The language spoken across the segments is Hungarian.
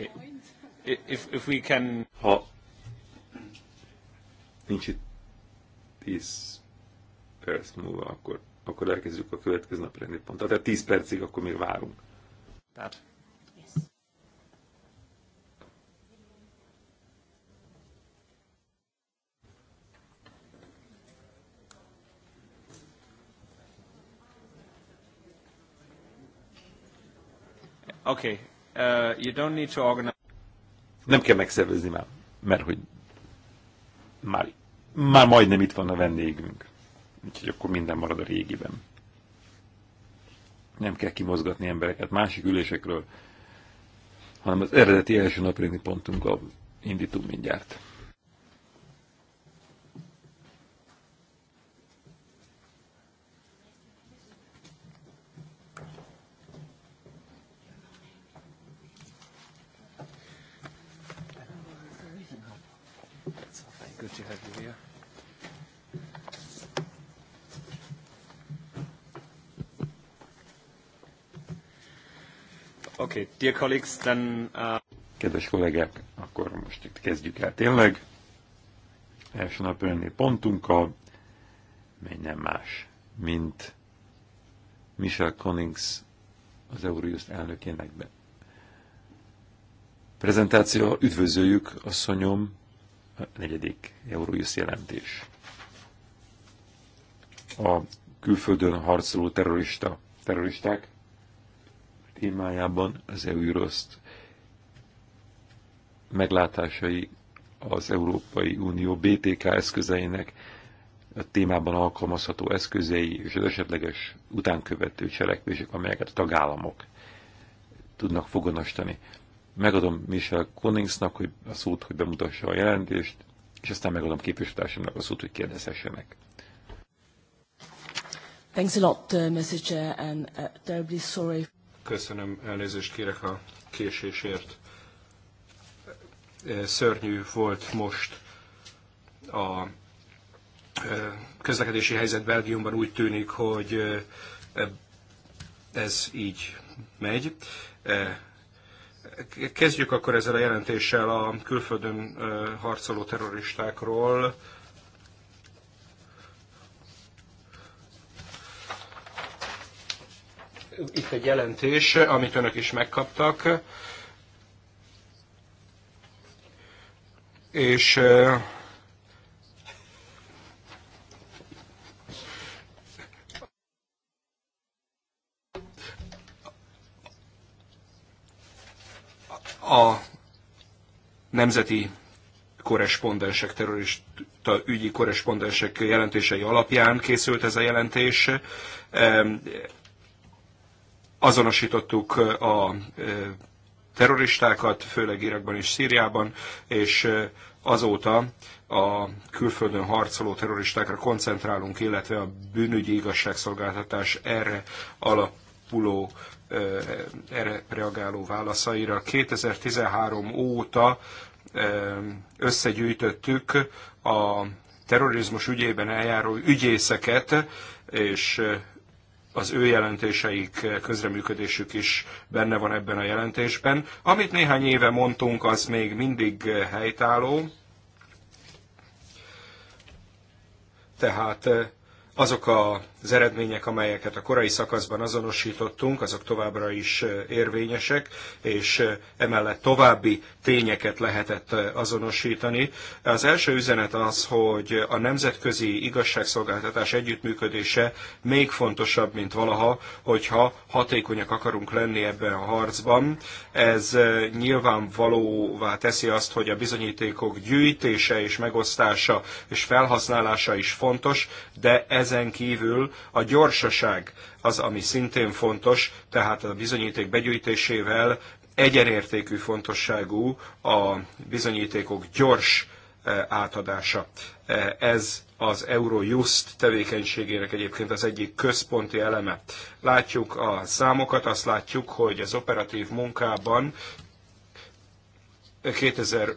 Okay. If, if we can... Ha nincs itt 10 perc múlva, akkor, akkor elkezdjük a következő nap rendi pont. Tehát 10 percig akkor még várunk. Tehát Okay. Uh, you don't need to organize... Nem kell megszervezni már, mert hogy már, már majdnem itt van a vendégünk. Úgyhogy akkor minden marad a régiben. Nem kell kimozgatni embereket másik ülésekről, hanem az eredeti első napi pontunkkal indítunk mindjárt. Dear colleagues, then, uh... Kedves kollégák, akkor most itt kezdjük el tényleg. Első nap önni pontunkkal, mely nem más, mint Michel Connings az Eurojust elnökének be. Prezentáció, üdvözöljük, asszonyom, a negyedik Eurojust jelentés. A külföldön harcoló terrorista, terroristák témájában az Euroszt meglátásai az Európai Unió BTK eszközeinek a témában alkalmazható eszközei és az esetleges utánkövető cselekvések, amelyeket a tagállamok tudnak foganastani. Megadom Michel Koningsnak hogy a szót, hogy bemutassa a jelentést, és aztán megadom képviselőtársamnak a szót, hogy kérdezhessenek. Thanks a lot, uh, Mr. Chair, and uh, terribly sorry. Köszönöm, elnézést kérek a késésért. Szörnyű volt most a e, közlekedési helyzet Belgiumban úgy tűnik, hogy e, ez így megy. E, kezdjük akkor ezzel a jelentéssel a külföldön harcoló terroristákról. itt egy jelentés, amit önök is megkaptak. És a nemzeti korrespondensek, terrorista ügyi korrespondensek jelentései alapján készült ez a jelentés azonosítottuk a terroristákat, főleg Irakban és Szíriában, és azóta a külföldön harcoló terroristákra koncentrálunk, illetve a bűnügyi igazságszolgáltatás erre alapuló, erre reagáló válaszaira. 2013 óta összegyűjtöttük a terrorizmus ügyében eljáró ügyészeket, és az ő jelentéseik, közreműködésük is benne van ebben a jelentésben. Amit néhány éve mondtunk, az még mindig helytálló. Tehát azok az eredmények, amelyeket a korai szakaszban azonosítottunk, azok továbbra is érvényesek, és emellett további tényeket lehetett azonosítani. Az első üzenet az, hogy a nemzetközi igazságszolgáltatás együttműködése még fontosabb, mint valaha, hogyha hatékonyak akarunk lenni ebben a harcban. Ez nyilvánvalóvá teszi azt, hogy a bizonyítékok gyűjtése és megosztása és felhasználása is fontos, de ez ezen kívül a gyorsaság az, ami szintén fontos, tehát a bizonyíték begyűjtésével egyenértékű fontosságú a bizonyítékok gyors e, átadása. E, ez az Eurojust tevékenységének egyébként az egyik központi eleme. Látjuk a számokat, azt látjuk, hogy az operatív munkában 2000 e,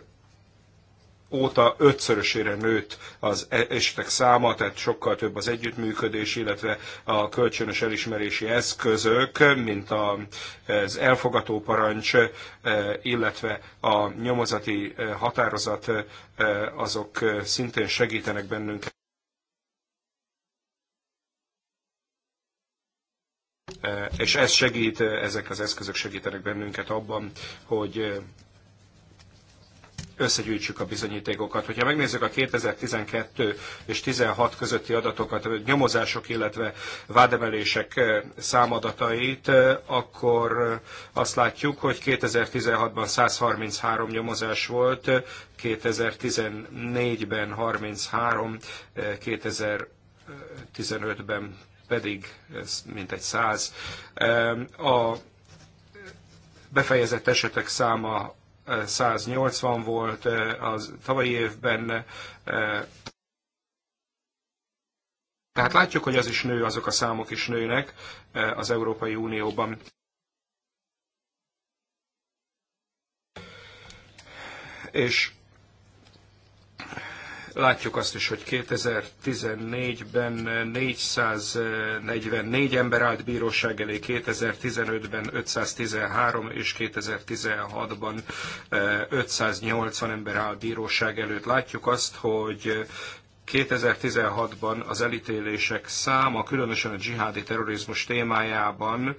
óta ötszörösére nőtt az e- esetek száma, tehát sokkal több az együttműködés, illetve a kölcsönös elismerési eszközök, mint az elfogató parancs, e, illetve a nyomozati e, határozat, azok szintén segítenek bennünket. És ez segít, ezek az eszközök segítenek bennünket abban, hogy összegyűjtsük a bizonyítékokat. Hogyha megnézzük a 2012 és 16 közötti adatokat, nyomozások, illetve vádemelések eh, számadatait, eh, akkor eh, azt látjuk, hogy 2016-ban 133 nyomozás volt, 2014-ben 33, 2015-ben pedig mintegy 100. A befejezett esetek száma 180 volt, az tavalyi évben tehát látjuk, hogy az is nő, azok a számok is nőnek az Európai Unióban. És Látjuk azt is, hogy 2014-ben 444 ember állt bíróság elé, 2015-ben 513 és 2016-ban 580 ember áll bíróság előtt. Látjuk azt, hogy 2016-ban az elítélések száma, különösen a dzsihádi terrorizmus témájában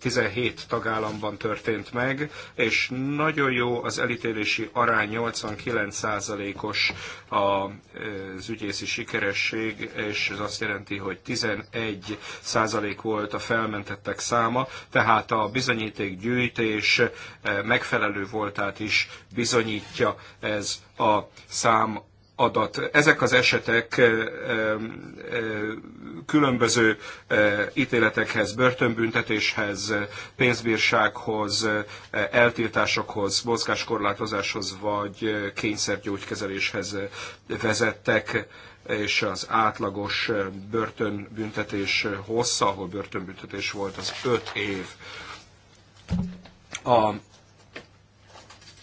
17 tagállamban történt meg, és nagyon jó az elítélési arány 89%-os az ügyészi sikeresség, és ez azt jelenti, hogy 11% volt a felmentettek száma, tehát a bizonyíték gyűjtés eh, megfelelő voltát is bizonyítja ez a szám adat. Ezek az esetek különböző ítéletekhez, börtönbüntetéshez, pénzbírsághoz, eltiltásokhoz, mozgáskorlátozáshoz vagy kényszergyógykezeléshez vezettek és az átlagos börtönbüntetés hossza, ahol börtönbüntetés volt, az 5 év. A,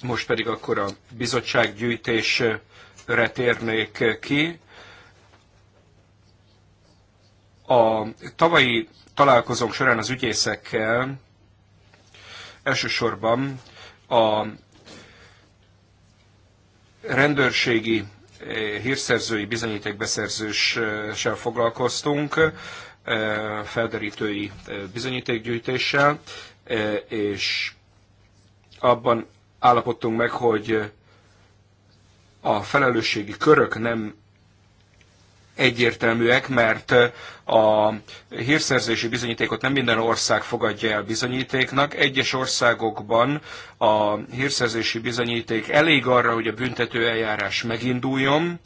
most pedig akkor a bizottsággyűjtés gyűjtés térnék ki. A tavalyi találkozónk során az ügyészekkel elsősorban a rendőrségi eh, hírszerzői bizonyítékbeszerzéssel foglalkoztunk, eh, felderítői eh, bizonyítékgyűjtéssel, és abban állapodtunk meg, hogy a felelősségi körök nem egyértelműek, mert eh, a hírszerzési bizonyítékot nem minden ország fogadja el bizonyítéknak. Egyes országokban a hírszerzési bizonyíték elég arra, hogy a büntető eljárás meginduljon,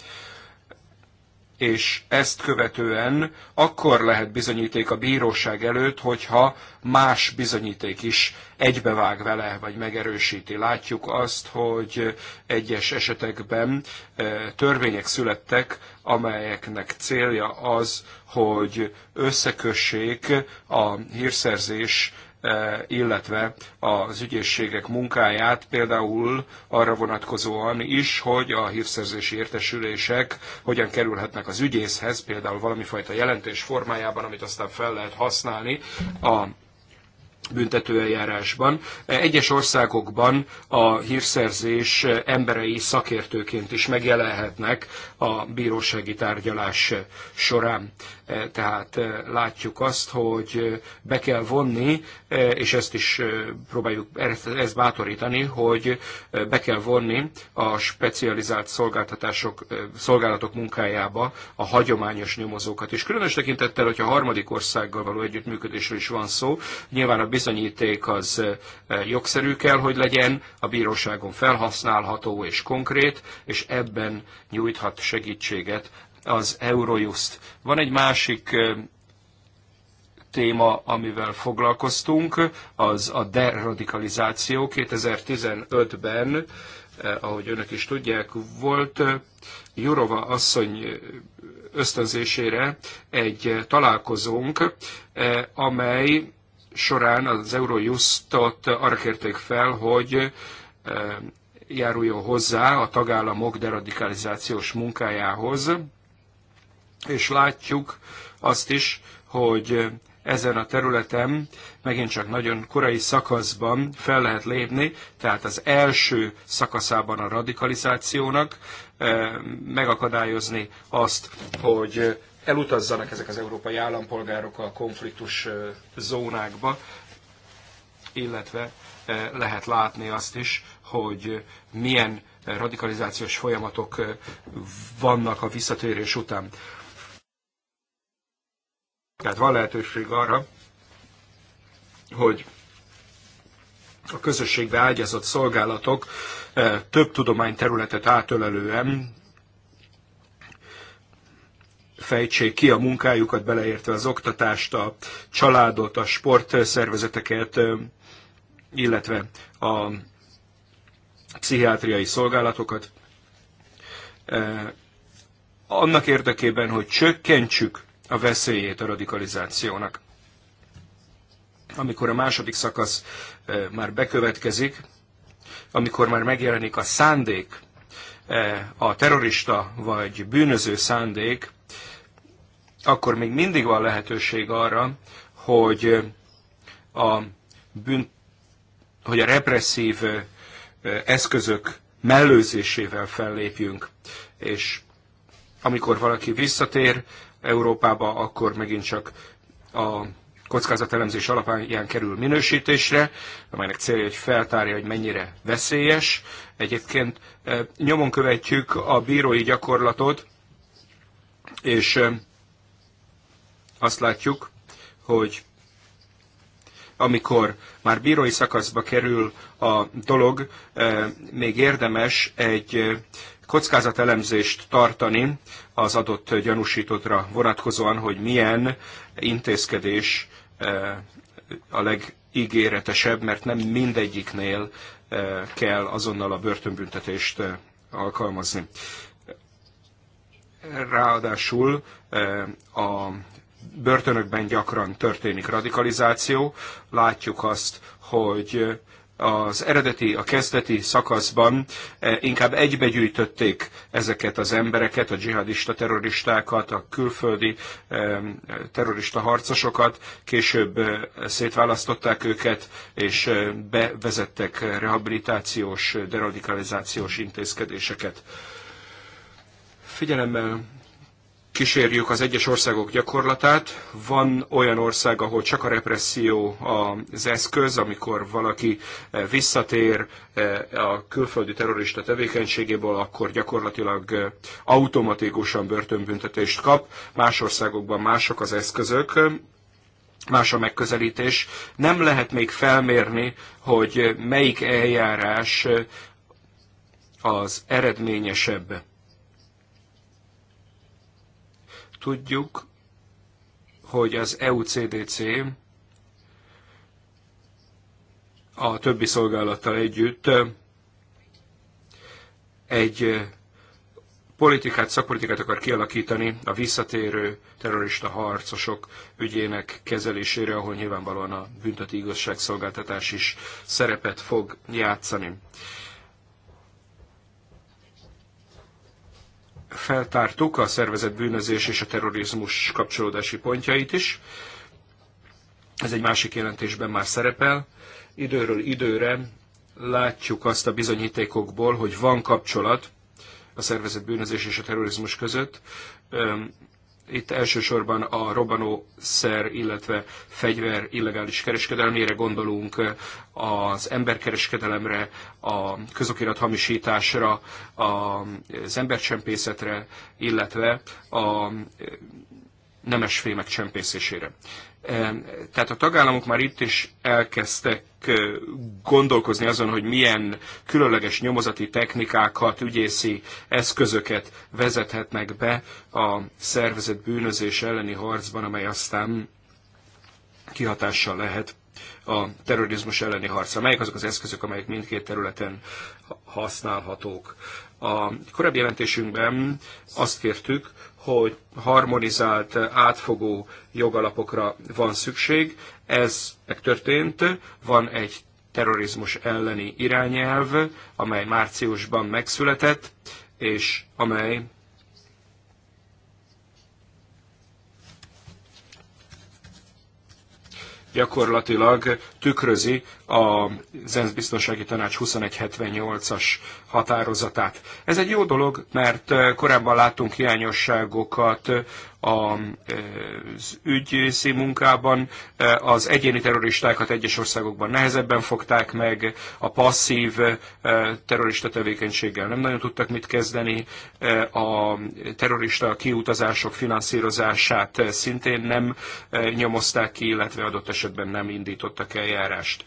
és ezt követően akkor lehet bizonyíték a bíróság előtt, hogyha más bizonyíték is egybevág vele, vagy megerősíti. Látjuk azt, hogy egyes esetekben eh, törvények születtek, amelyeknek célja az, hogy összekössék a hírszerzés E, illetve az ügyészségek munkáját, például arra vonatkozóan is, hogy a hírszerzési értesülések hogyan kerülhetnek az ügyészhez, például valami fajta jelentés formájában, amit aztán fel lehet használni a büntetőeljárásban. Egyes országokban a hírszerzés emberei szakértőként is megjelenhetnek a bírósági tárgyalás során. Tehát látjuk azt, hogy be kell vonni, és ezt is próbáljuk ezt bátorítani, hogy be kell vonni a specializált szolgáltatások, szolgálatok munkájába a hagyományos nyomozókat. És különös tekintettel, hogyha a harmadik országgal való együttműködésről is van szó, nyilván a bizonyíték az jogszerű kell, hogy legyen, a bíróságon felhasználható és konkrét, és ebben nyújthat segítséget az Eurojust. Van egy másik téma, amivel foglalkoztunk, az a deradikalizáció. 2015-ben, ahogy önök is tudják, volt Jurova asszony ösztönzésére egy találkozónk, amely során az Eurojustot arra kérték fel, hogy eh, járuljon hozzá a tagállamok deradikalizációs munkájához, és látjuk azt is, hogy ezen a területen megint csak nagyon korai szakaszban fel lehet lépni, tehát az első szakaszában a radikalizációnak eh, megakadályozni azt, hogy elutazzanak ezek az európai állampolgárok a konfliktus zónákba, illetve lehet látni azt is, hogy milyen radikalizációs folyamatok vannak a visszatérés után. Tehát van lehetőség arra, hogy a közösségbe ágyazott szolgálatok több tudományterületet átölelően fejtsék ki a munkájukat, beleértve az oktatást, a családot, a sportszervezeteket, illetve a pszichiátriai szolgálatokat. Annak érdekében, hogy csökkentsük a veszélyét a radikalizációnak. Amikor a második szakasz már bekövetkezik, amikor már megjelenik a szándék, a terrorista vagy bűnöző szándék, akkor még mindig van lehetőség arra, hogy a bűn, hogy a represszív eszközök mellőzésével fellépjünk. És amikor valaki visszatér Európába, akkor megint csak a kockázatelemzés alapján kerül minősítésre, amelynek célja, hogy feltárja, hogy mennyire veszélyes. Egyébként nyomon követjük a bírói gyakorlatot, és azt látjuk, hogy amikor már bírói szakaszba kerül a dolog, eh, még érdemes egy eh, kockázatelemzést tartani az adott gyanúsítottra vonatkozóan, hogy milyen intézkedés eh, a legígéretesebb, mert nem mindegyiknél kell azonnal a börtönbüntetést alkalmazni. Ráadásul a börtönökben gyakran történik radikalizáció. Látjuk azt, hogy az eredeti, a kezdeti szakaszban eh, inkább egybegyűjtötték ezeket az embereket, a dzsihadista terroristákat, a külföldi terrorista harcosokat, később eh, szétválasztották őket, és eh, bevezettek rehabilitációs, deradikalizációs intézkedéseket. Figyelemmel kísérjük az egyes országok gyakorlatát. Van olyan ország, ahol csak a represszió az eszköz, amikor valaki eh, visszatér eh, a külföldi terrorista tevékenységéből, akkor gyakorlatilag eh, automatikusan börtönbüntetést kap. Más országokban mások az eszközök, más a megközelítés. Nem lehet még felmérni, hogy melyik eljárás az eredményesebb Tudjuk, hogy az EUCDC a többi szolgálattal együtt egy politikát, szakpolitikát akar kialakítani a visszatérő terrorista harcosok ügyének kezelésére, ahol nyilvánvalóan a bünteti igazságszolgáltatás is szerepet fog játszani. feltártuk a szervezett bűnözés és a terrorizmus kapcsolódási pontjait is. Ez egy másik jelentésben már szerepel. Időről időre látjuk azt a bizonyítékokból, hogy van kapcsolat a szervezett bűnözés és a terrorizmus között. Itt elsősorban a robbanószer, illetve fegyver illegális kereskedelmére gondolunk, az emberkereskedelemre, a közokirat hamisításra, az embercsempészetre, illetve a nemesfémek csempészésére. Tehát a tagállamok már itt is elkezdtek gondolkozni azon, hogy milyen különleges nyomozati technikákat, ügyészi eszközöket vezethetnek be a szervezet bűnözés elleni harcban, amely aztán kihatással lehet a terrorizmus elleni harcra. Melyek azok az eszközök, amelyek mindkét területen használhatók? A korábbi jelentésünkben azt kértük, hogy harmonizált, átfogó jogalapokra van szükség. Ez megtörtént. Van egy terrorizmus elleni irányelv, amely márciusban megszületett, és amely gyakorlatilag tükrözi a ZENSZ Biztonsági Tanács 2178-as határozatát. Ez egy jó dolog, mert korábban láttunk hiányosságokat az ügyészi munkában, az egyéni terroristákat egyes országokban nehezebben fogták meg, a passzív terrorista tevékenységgel nem nagyon tudtak mit kezdeni, a terrorista kiutazások finanszírozását szintén nem nyomozták ki, illetve adott esetben nem indítottak el eljárást.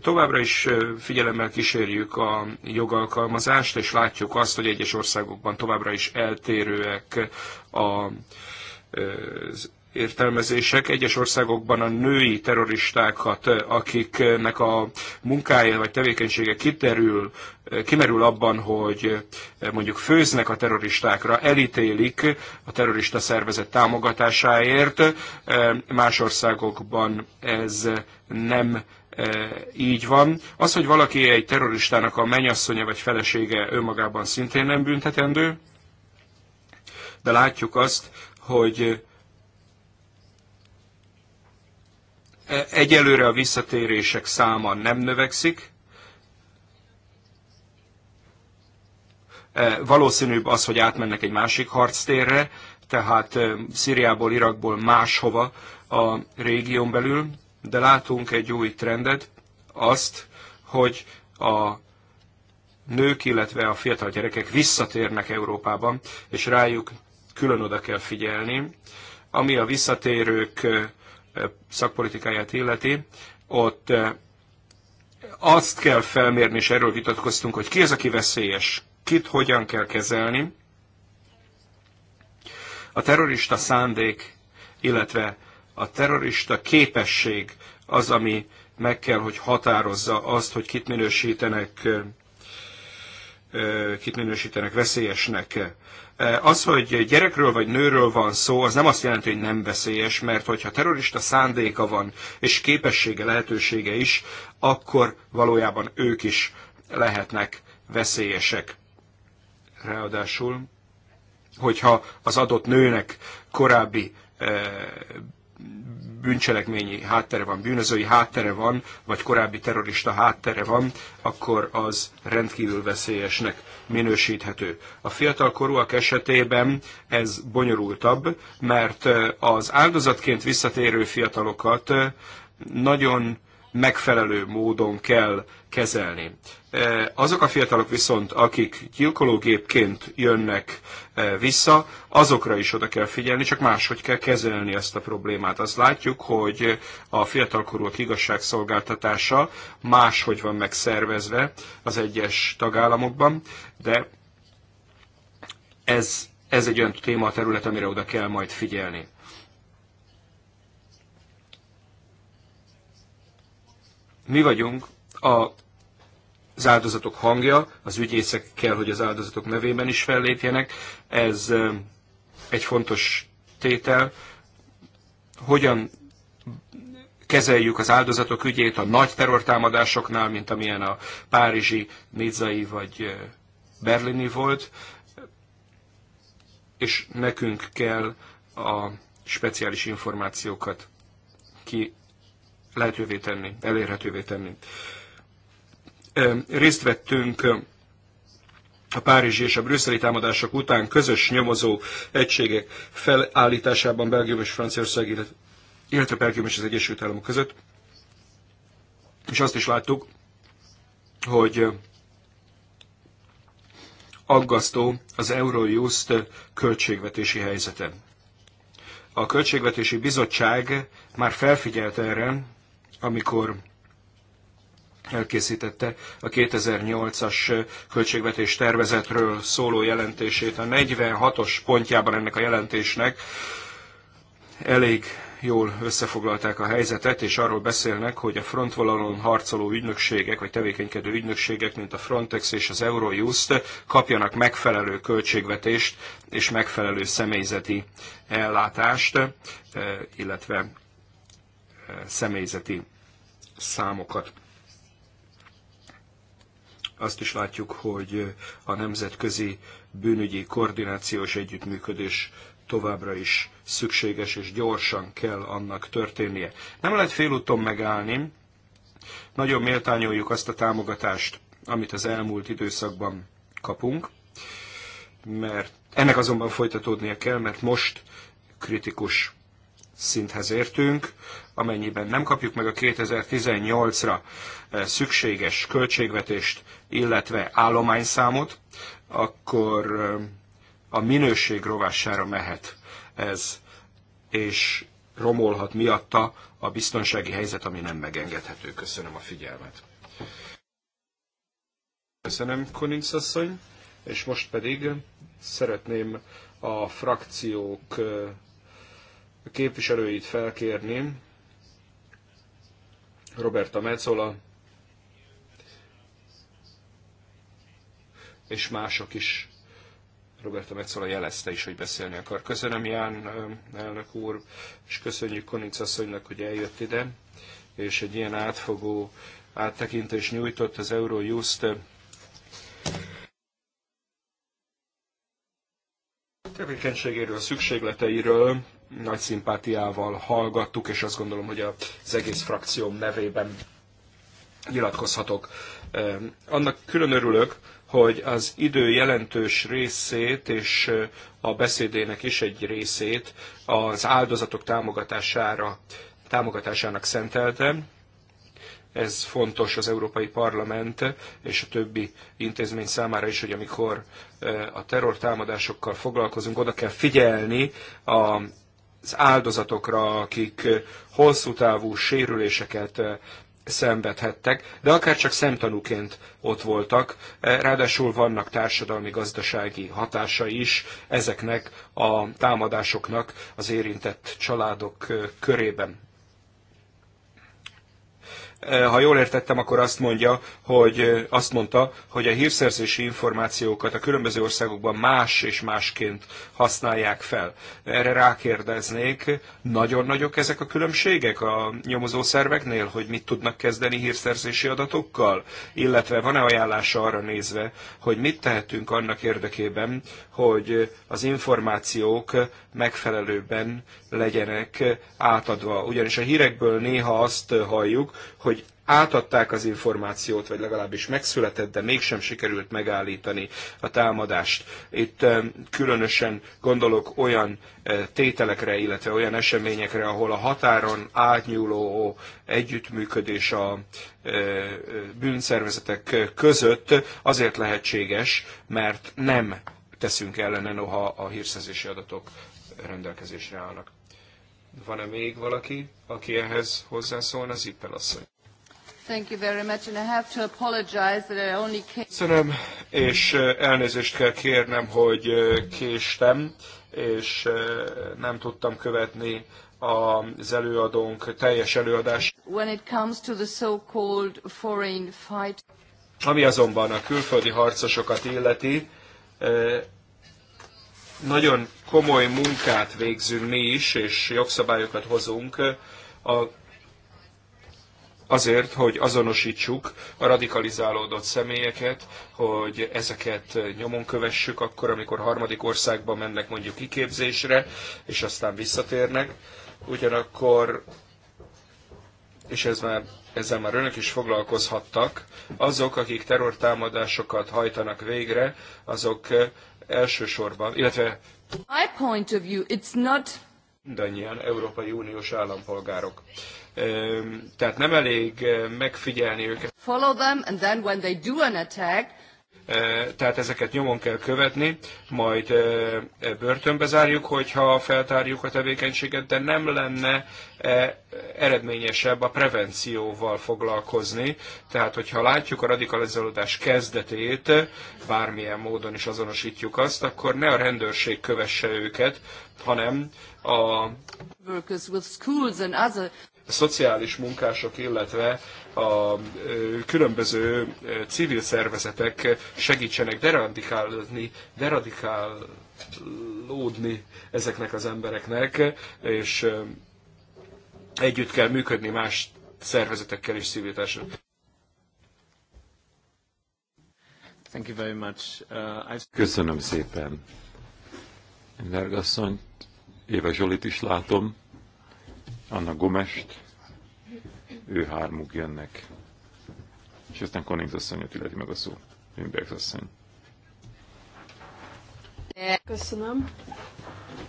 Továbbra is figyelemmel kísérjük a jogalkalmazást, és látjuk azt, hogy egyes országokban továbbra is eltérőek a az értelmezések. Egyes országokban a női terroristákat, akiknek a munkája vagy tevékenysége kiterül, kimerül abban, hogy mondjuk főznek a terroristákra, elítélik a terrorista szervezet támogatásáért. Más országokban ez nem e, így van. Az, hogy valaki egy terroristának a mennyasszonya vagy felesége önmagában szintén nem büntetendő, de látjuk azt, hogy Egyelőre a visszatérések száma nem növekszik. E, valószínűbb az, hogy átmennek egy másik harctérre, tehát e, Szíriából, Irakból máshova a régión belül, de látunk egy új trendet, azt, hogy a nők, illetve a fiatal gyerekek visszatérnek Európában, és rájuk külön oda kell figyelni. Ami a visszatérők e, szakpolitikáját illeti, ott azt kell felmérni, és erről vitatkoztunk, hogy ki az, aki veszélyes, kit hogyan kell kezelni. A terrorista szándék, illetve a terrorista képesség az, ami meg kell, hogy határozza azt, hogy kit minősítenek kit minősítenek veszélyesnek. Az, hogy gyerekről vagy nőről van szó, az nem azt jelenti, hogy nem veszélyes, mert hogyha terrorista szándéka van, és képessége, lehetősége is, akkor valójában ők is lehetnek veszélyesek. Ráadásul, hogyha az adott nőnek korábbi bűncselekményi háttere van, bűnözői háttere van, vagy korábbi terrorista háttere van, akkor az rendkívül veszélyesnek minősíthető. A fiatalkorúak esetében ez bonyolultabb, mert az áldozatként visszatérő fiatalokat nagyon megfelelő módon kell kezelni. E, azok a fiatalok viszont, akik gyilkológépként jönnek e, vissza, azokra is oda kell figyelni, csak máshogy kell kezelni ezt a problémát. Azt látjuk, hogy a fiatalkorúak igazságszolgáltatása máshogy van megszervezve az egyes tagállamokban, de ez, ez egy olyan terület, amire oda kell majd figyelni. Mi vagyunk a az áldozatok hangja, az ügyészek kell, hogy az áldozatok nevében is fellépjenek. Ez egy fontos tétel. Hogyan kezeljük az áldozatok ügyét a nagy terrortámadásoknál, mint amilyen a párizsi, nizzai vagy berlini volt, és nekünk kell a speciális információkat ki lehetővé tenni, elérhetővé tenni. Részt vettünk a párizsi és a brüsszeli támadások után közös nyomozó egységek felállításában Belgium és Franciaország, illetve Belgium és az Egyesült Államok között. És azt is láttuk, hogy aggasztó az Eurojust költségvetési helyzete. A Költségvetési Bizottság már felfigyelt erre, amikor elkészítette a 2008-as költségvetés tervezetről szóló jelentését. A 46-os pontjában ennek a jelentésnek elég jól összefoglalták a helyzetet, és arról beszélnek, hogy a frontvonalon harcoló ügynökségek, vagy tevékenykedő ügynökségek, mint a Frontex és az Eurojust kapjanak megfelelő költségvetést és megfelelő személyzeti ellátást, eh, illetve eh, személyzeti számokat. Azt is látjuk, hogy a nemzetközi bűnügyi koordinációs együttműködés továbbra is szükséges és gyorsan kell annak történnie. Nem lehet félúton megállni. Nagyon méltányoljuk azt a támogatást, amit az elmúlt időszakban kapunk, mert ennek azonban folytatódnia kell, mert most kritikus szinthez értünk amennyiben nem kapjuk meg a 2018-ra eh, szükséges költségvetést, illetve állományszámot, akkor eh, a minőség rovására mehet ez, és romolhat miatta a biztonsági helyzet, ami nem megengedhető. Köszönöm a figyelmet. Köszönöm, Konincs asszony, és most pedig szeretném a frakciók eh, képviselőit felkérni, Roberta Mezzola és mások is. Roberta Mezzola jelezte is, hogy beszélni akar. Köszönöm Ján elnök úr, és köszönjük Koninc asszonynak, hogy eljött ide, és egy ilyen átfogó áttekintés nyújtott az Eurojust tevékenységéről, szükségleteiről, nagy szimpátiával hallgattuk, és azt gondolom, hogy az egész frakcióm nevében nyilatkozhatok. Annak külön örülök, hogy az idő jelentős részét és a beszédének is egy részét az áldozatok támogatására, támogatásának szentelte. Ez fontos az Európai Parlament és a többi intézmény számára is, hogy amikor a terrortámadásokkal foglalkozunk, oda kell figyelni a az áldozatokra, akik hosszú távú sérüléseket eh, szenvedhettek, de akár csak szemtanúként ott voltak. Eh, ráadásul vannak társadalmi-gazdasági hatása is ezeknek a támadásoknak az érintett családok eh, körében. Ha jól értettem, akkor azt mondja, hogy azt mondta, hogy a hírszerzési információkat a különböző országokban más és másként használják fel. Erre rákérdeznék, nagyon nagyok ezek a különbségek a nyomozó szerveknél, hogy mit tudnak kezdeni hírszerzési adatokkal, illetve van-e ajánlása arra nézve, hogy mit tehetünk annak érdekében, hogy az információk megfelelőben legyenek átadva. Ugyanis a hírekből néha azt halljuk, hogy átadták az információt, vagy legalábbis megszületett, de mégsem sikerült megállítani a támadást. Itt különösen gondolok olyan e, tételekre, illetve olyan eseményekre, ahol a határon átnyúló együttműködés a e, e, bűnszervezetek között azért lehetséges, mert nem teszünk ellene, noha a hírszerzési adatok rendelkezésre állnak. Van-e még valaki, aki ehhez hozzászólna? Zippel asszony. Köszönöm, és elnézést kell kérnem, hogy késtem, és nem tudtam követni az előadónk teljes előadást. When it comes to the so-called foreign fight... Ami azonban a külföldi harcosokat illeti, nagyon komoly munkát végzünk mi is, és jogszabályokat hozunk a azért, hogy azonosítsuk a radikalizálódott személyeket, hogy ezeket nyomon kövessük akkor, amikor harmadik országba mennek mondjuk kiképzésre, és aztán visszatérnek. Ugyanakkor, és ez már ezzel már önök is foglalkozhattak, azok, akik terrortámadásokat hajtanak végre, azok elsősorban, illetve My point of view, it's not... mindannyian Európai Uniós állampolgárok. Tehát nem elég megfigyelni őket. Follow them, and then when they do an attack, tehát ezeket nyomon kell követni, majd börtönbe zárjuk, hogyha feltárjuk a tevékenységet, de nem lenne eredményesebb a prevencióval foglalkozni. Tehát, hogyha látjuk a radikalizálódás kezdetét, bármilyen módon is azonosítjuk azt, akkor ne a rendőrség kövesse őket, hanem a szociális munkások, illetve a különböző civil szervezetek segítsenek deradikálni, deradikálódni ezeknek az embereknek, és együtt kell működni más szervezetekkel és civil társadalmi. Thank you very much. Uh, I've... Köszönöm szépen. Energasszonyt, Éva Zsolit is látom. Anna Gomest, ő hármuk jönnek. És aztán Konings asszonyot illeti meg a szó. Lindberg asszony. Köszönöm.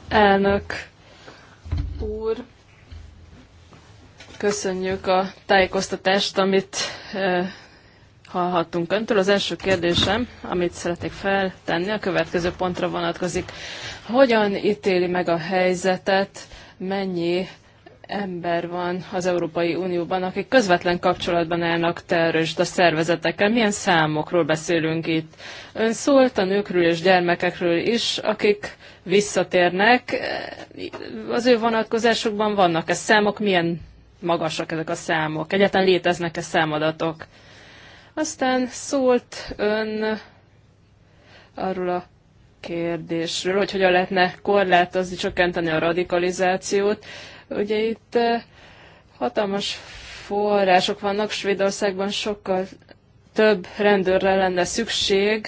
Elnök úr, köszönjük a tájékoztatást, amit e, hallhattunk öntől. Az első kérdésem, amit szeretnék feltenni, a következő pontra vonatkozik. Hogyan ítéli meg a helyzetet, mennyi ember van az Európai Unióban, akik közvetlen kapcsolatban állnak a szervezetekkel. Milyen számokról beszélünk itt? Ön szólt a nőkről és gyermekekről is, akik visszatérnek. Az ő vonatkozásokban vannak-e számok? Milyen magasak ezek a számok? Egyáltalán léteznek-e számadatok? Aztán szólt ön arról a kérdésről, hogy hogyan lehetne korlátozni, csökkenteni a radikalizációt. Ugye itt eh, hatalmas források vannak, Svédországban sokkal több rendőrre lenne szükség.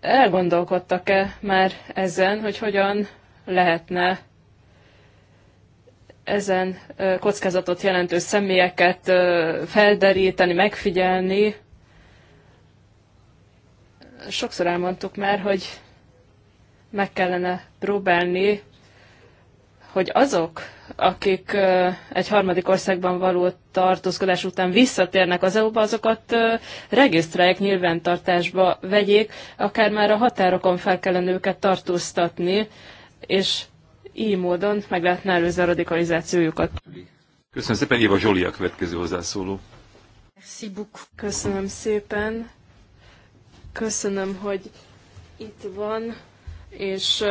Elgondolkodtak-e már ezen, hogy hogyan lehetne ezen eh, kockázatot jelentő személyeket eh, felderíteni, megfigyelni. Sokszor elmondtuk már, hogy meg kellene próbálni hogy azok, akik egy harmadik országban való tartózkodás után visszatérnek az EU-ba, azokat regisztrálják, nyilvántartásba vegyék, akár már a határokon fel kellene őket tartóztatni, és így módon meg lehetne előzni a radikalizációjukat. Köszönöm szépen, Éva Zsoli a következő hozzászóló. Köszönöm szépen. Köszönöm, hogy itt van és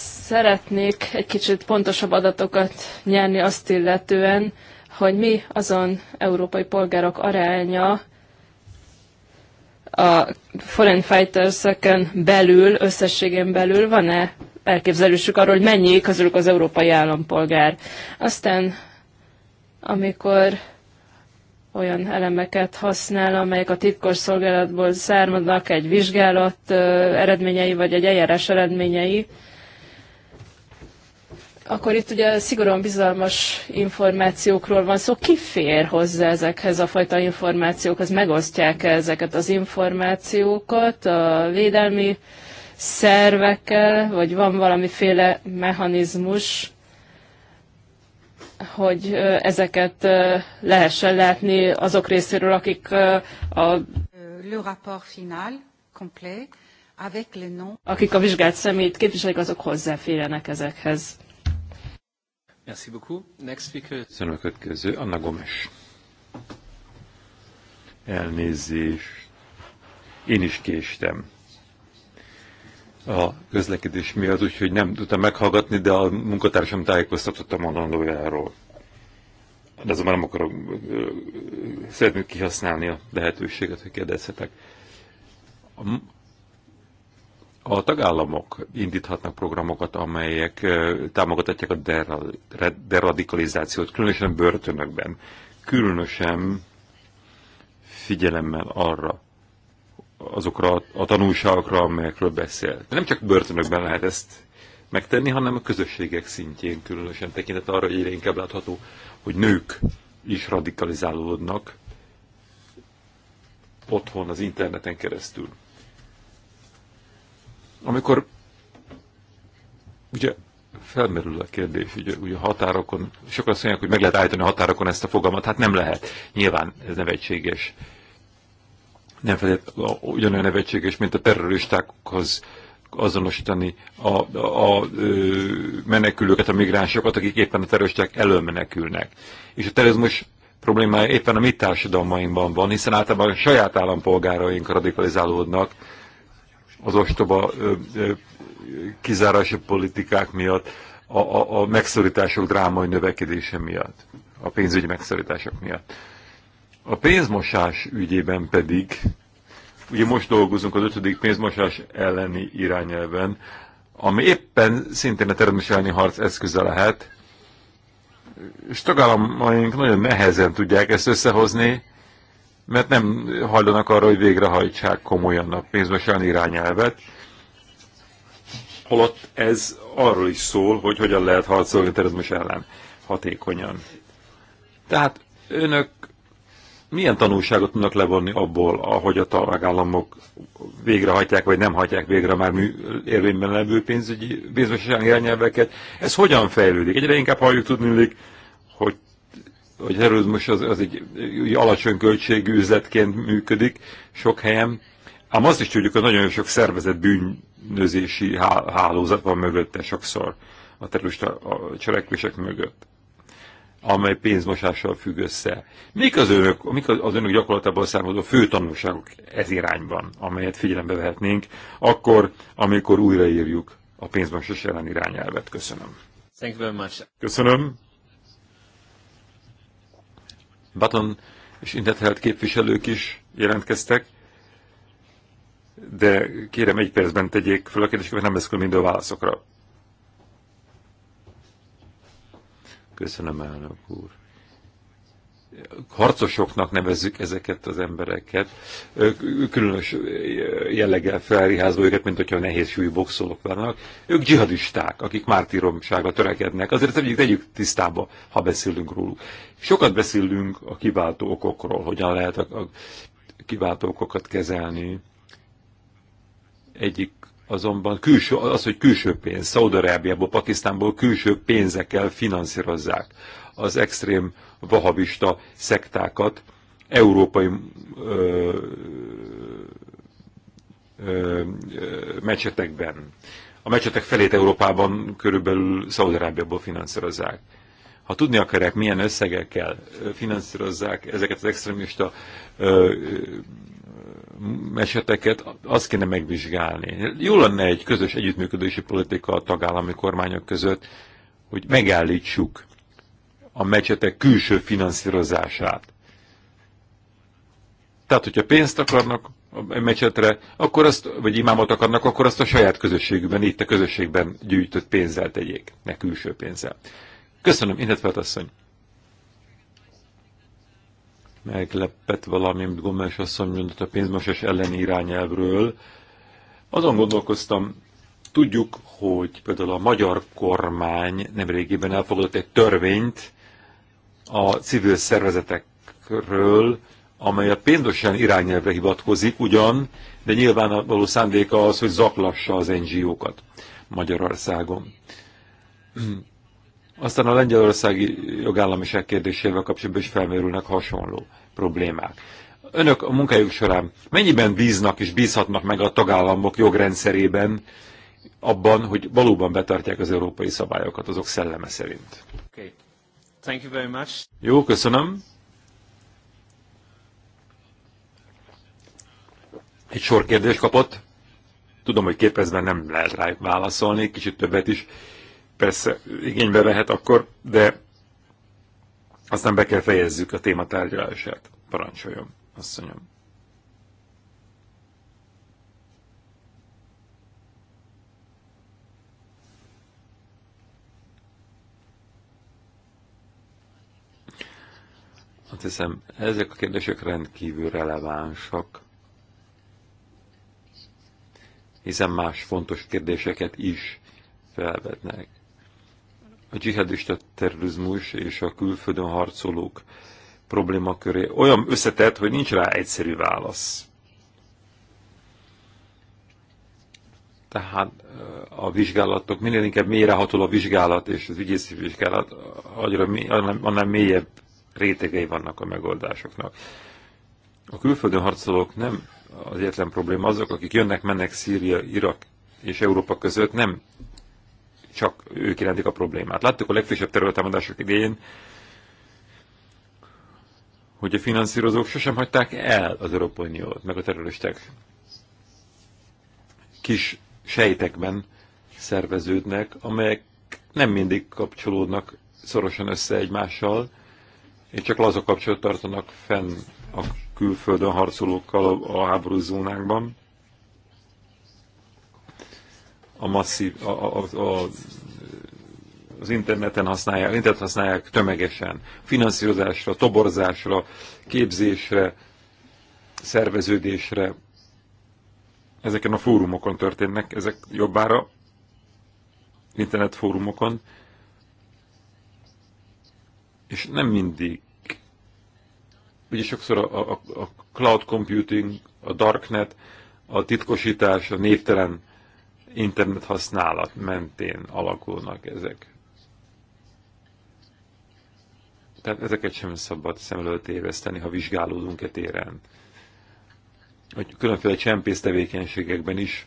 szeretnék egy kicsit pontosabb adatokat nyerni azt illetően, hogy mi azon európai polgárok aránya a foreign fighters belül, összességén belül van-e elképzelésük arról, hogy mennyi közülük az európai állampolgár. Aztán, amikor olyan elemeket használ, amelyek a titkos szolgálatból származnak, egy vizsgálat eredményei, vagy egy eljárás eredményei, akkor itt ugye szigorúan bizalmas információkról van szó. Ki fér hozzá ezekhez a fajta információkhoz? Megosztják -e ezeket az információkat a védelmi szervekkel, vagy van valamiféle mechanizmus, hogy ezeket lehessen látni azok részéről, akik a le rapport final complet avec Akik a vizsgált személyt képviselik, azok hozzáférjenek ezekhez. Merci beaucoup. Next speaker. Köszönöm a következő, Anna Gomes. Én is késtem a közlekedés miatt, úgyhogy nem tudtam meghallgatni, de a munkatársam tájékoztatott a mondandójáról. De azonban nem akarok, szeretnék kihasználni a lehetőséget, hogy kérdezhetek. A, a tagállamok indíthatnak programokat, amelyek támogatják a deradikalizációt, különösen börtönökben, különösen figyelemmel arra, azokra a tanulságokra, amelyekről beszél. Nem csak börtönökben lehet ezt megtenni, hanem a közösségek szintjén különösen tekintet arra, hogy egyre inkább látható, hogy nők is radikalizálódnak otthon, az interneten keresztül. Amikor ugye felmerül a kérdés, ugye, ugye határokon, sokan azt mondják, hogy meg lehet állítani a határokon ezt a fogalmat, hát nem lehet. Nyilván ez nevetséges nem felett ugyanolyan nevetséges, mint a terroristákhoz azonosítani a, a, a menekülőket, a migránsokat, akik éppen a terroristák elől menekülnek. És a terrorizmus problémája éppen a mi társadalmainkban van, hiszen általában a saját állampolgáraink radikalizálódnak az ostoba ö, ö, kizárási politikák miatt, a, a, a megszorítások drámai növekedése miatt, a pénzügyi megszorítások miatt. A pénzmosás ügyében pedig, ugye most dolgozunk az ötödik pénzmosás elleni irányelven, ami éppen szintén a teremtés elleni harc eszköze lehet, és tagállamaink nagyon nehezen tudják ezt összehozni, mert nem hajlanak arra, hogy végrehajtsák komolyan a pénzmosán irányelvet. Holott ez arról is szól, hogy hogyan lehet harcolni a terrorizmus ellen hatékonyan. Tehát önök milyen tanulságot tudnak levonni abból, ahogy a tagállamok végrehajtják vagy nem hajtják végre már mű, érvényben levő pénzügyi bizonyosági irányelveket? Ez hogyan fejlődik? Egyre inkább halljuk tudni, hogy hogy terrorizmus az, az egy, egy alacsony költségű üzletként működik sok helyen, ám azt is tudjuk, hogy nagyon sok szervezet bűnözési hálózat van mögötte sokszor a terrorista cselekvések mögött amely pénzmosással függ össze. Mik az önök, mik az önök gyakorlatából származó fő tanulságok ez irányban, amelyet figyelembe vehetnénk, akkor, amikor újraírjuk a pénzmosás ellen irányelvet? Köszönöm. Thank you very much. Köszönöm. Baton és Intethelt képviselők is jelentkeztek, de kérem egy percben tegyék fel a kérdéseket, nem lesz mind a válaszokra. Köszönöm, elnök úr. Harcosoknak nevezzük ezeket az embereket, különös jelleggel felriházva őket, mint hogyha nehéz súlyú boxolók vannak. Ők dzsihadisták, akik mártíromságra törekednek. Azért tegyük, tegyük tisztába, ha beszélünk róluk. Sokat beszélünk a kiváltó okokról, hogyan lehet a, a kiváltó okokat kezelni. Egyik azonban külső, az, hogy külső pénz, Szaudarábiából, Pakisztánból külső pénzekkel finanszírozzák az extrém vahabista szektákat, európai ö, ö, ö, mecsetekben. A mecsetek felét Európában körülbelül Szaudarábiából finanszírozzák. Ha tudni akarják, milyen összegekkel finanszírozzák ezeket az extrémista ö, ö, eseteket azt kéne megvizsgálni. Jó lenne egy közös együttműködési politika a tagállami kormányok között, hogy megállítsuk a mecsetek külső finanszírozását. Tehát, hogyha pénzt akarnak a mecsetre, akkor azt, vagy imámot akarnak, akkor azt a saját közösségükben, itt a közösségben gyűjtött pénzzel tegyék, ne külső pénzzel. Köszönöm, Inhet asszony meglepett valami, amit Gomes asszony mondott a pénzmosás elleni irányelvről. Azon gondolkoztam, tudjuk, hogy például a magyar kormány nemrégiben elfogadott egy törvényt a civil szervezetekről, amely a pénzmosás irányelvre hivatkozik ugyan, de nyilván való szándéka az, hogy zaklassa az NGO-kat Magyarországon aztán a lengyelországi jogállamiság kérdésével kapcsolatban is felmerülnek hasonló problémák. Önök a munkájuk során mennyiben bíznak és bízhatnak meg a tagállamok jogrendszerében abban, hogy valóban betartják az európai szabályokat azok szelleme szerint? Okay. Thank you very much. Jó, köszönöm. Egy sor kérdést kapott. Tudom, hogy képezben nem lehet rá válaszolni, kicsit többet is persze igénybe lehet akkor, de aztán be kell fejezzük a téma tárgyalását. Parancsoljon, asszonyom. Azt hiszem, ezek a kérdések rendkívül relevánsak, hiszen más fontos kérdéseket is felvetnek a dzsihadista terrorizmus és a külföldön harcolók problémaköré olyan összetett, hogy nincs rá egyszerű válasz. Tehát a vizsgálatok, minél inkább mélyrehatol a vizsgálat és az ügyészi vizsgálat, annál mélyebb rétegei vannak a megoldásoknak. A külföldön harcolók nem az egyetlen probléma, azok, akik jönnek, mennek Szíria, Irak és Európa között, nem csak ők jelentik a problémát. Láttuk a legfrissebb területtámadások idején, hogy a finanszírozók sosem hagyták el az Európai Uniót, meg a terroristák kis sejtekben szerveződnek, amelyek nem mindig kapcsolódnak szorosan össze egymással, és csak lazok kapcsolat tartanak fenn a külföldön harcolókkal a háború zónákban a masszív, a, a, a, az interneten használják, internet használják tömegesen, finanszírozásra, toborzásra, képzésre, szerveződésre. Ezeken a fórumokon történnek, ezek jobbára, internetfórumokon, és nem mindig. Ugye sokszor a, a, a cloud computing, a darknet, a titkosítás, a névtelen internet használat mentén alakulnak ezek. Tehát ezeket sem szabad szem előtt éveszteni, ha vizsgálódunk e téren. Hogy különféle csempész tevékenységekben is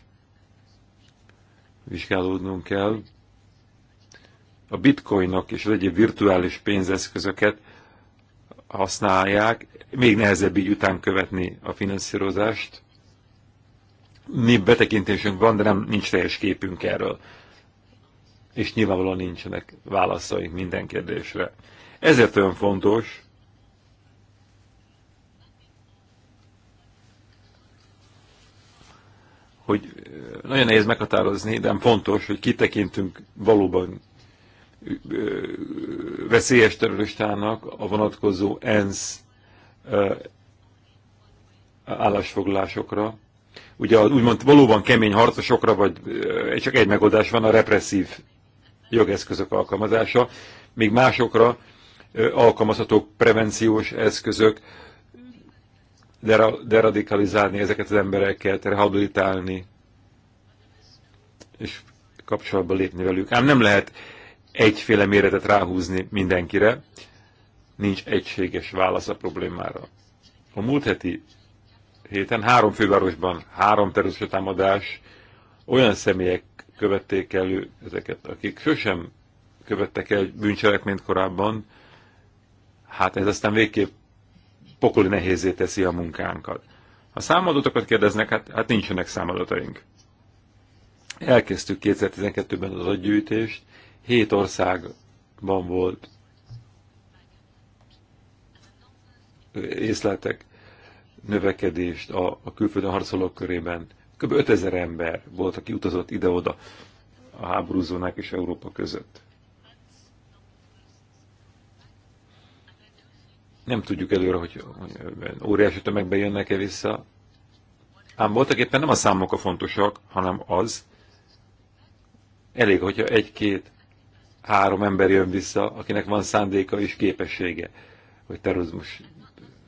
vizsgálódnunk kell. A bitcoinok és az egyéb virtuális pénzeszközöket használják, még nehezebb így után követni a finanszírozást, mi betekintésünk van, de nem nincs teljes képünk erről. És nyilvánvalóan nincsenek válaszaink minden kérdésre. Ezért olyan fontos, hogy nagyon nehéz meghatározni, de fontos, hogy kitekintünk valóban veszélyes terroristának a vonatkozó ENSZ állásfoglalásokra, ugye az úgymond valóban kemény harcosokra, vagy csak egy megoldás van, a represszív jogeszközök alkalmazása, még másokra alkalmazható prevenciós eszközök, deradikalizálni ezeket az embereket, rehabilitálni, és kapcsolatba lépni velük. Ám nem lehet egyféle méretet ráhúzni mindenkire, nincs egységes válasz a problémára. A múlt heti héten három fővárosban három támadás olyan személyek követték elő ezeket, akik sosem követtek el bűncselekményt korábban, hát ez aztán végképp pokoli nehézé teszi a munkánkat. Ha számadatokat kérdeznek, hát, hát nincsenek számadataink. Elkezdtük 2012-ben az adatgyűjtést, hét országban volt észletek növekedést a, a külföldön harcolók körében. Kb. 5000 ember volt, aki utazott ide-oda a háborúzónák és Európa között. Nem tudjuk előre, hogy, hogy óriási tömegbe jönnek-e vissza, ám voltak éppen nem a számok a fontosak, hanem az, elég, hogyha egy-két, három ember jön vissza, akinek van szándéka és képessége, hogy terrorizmus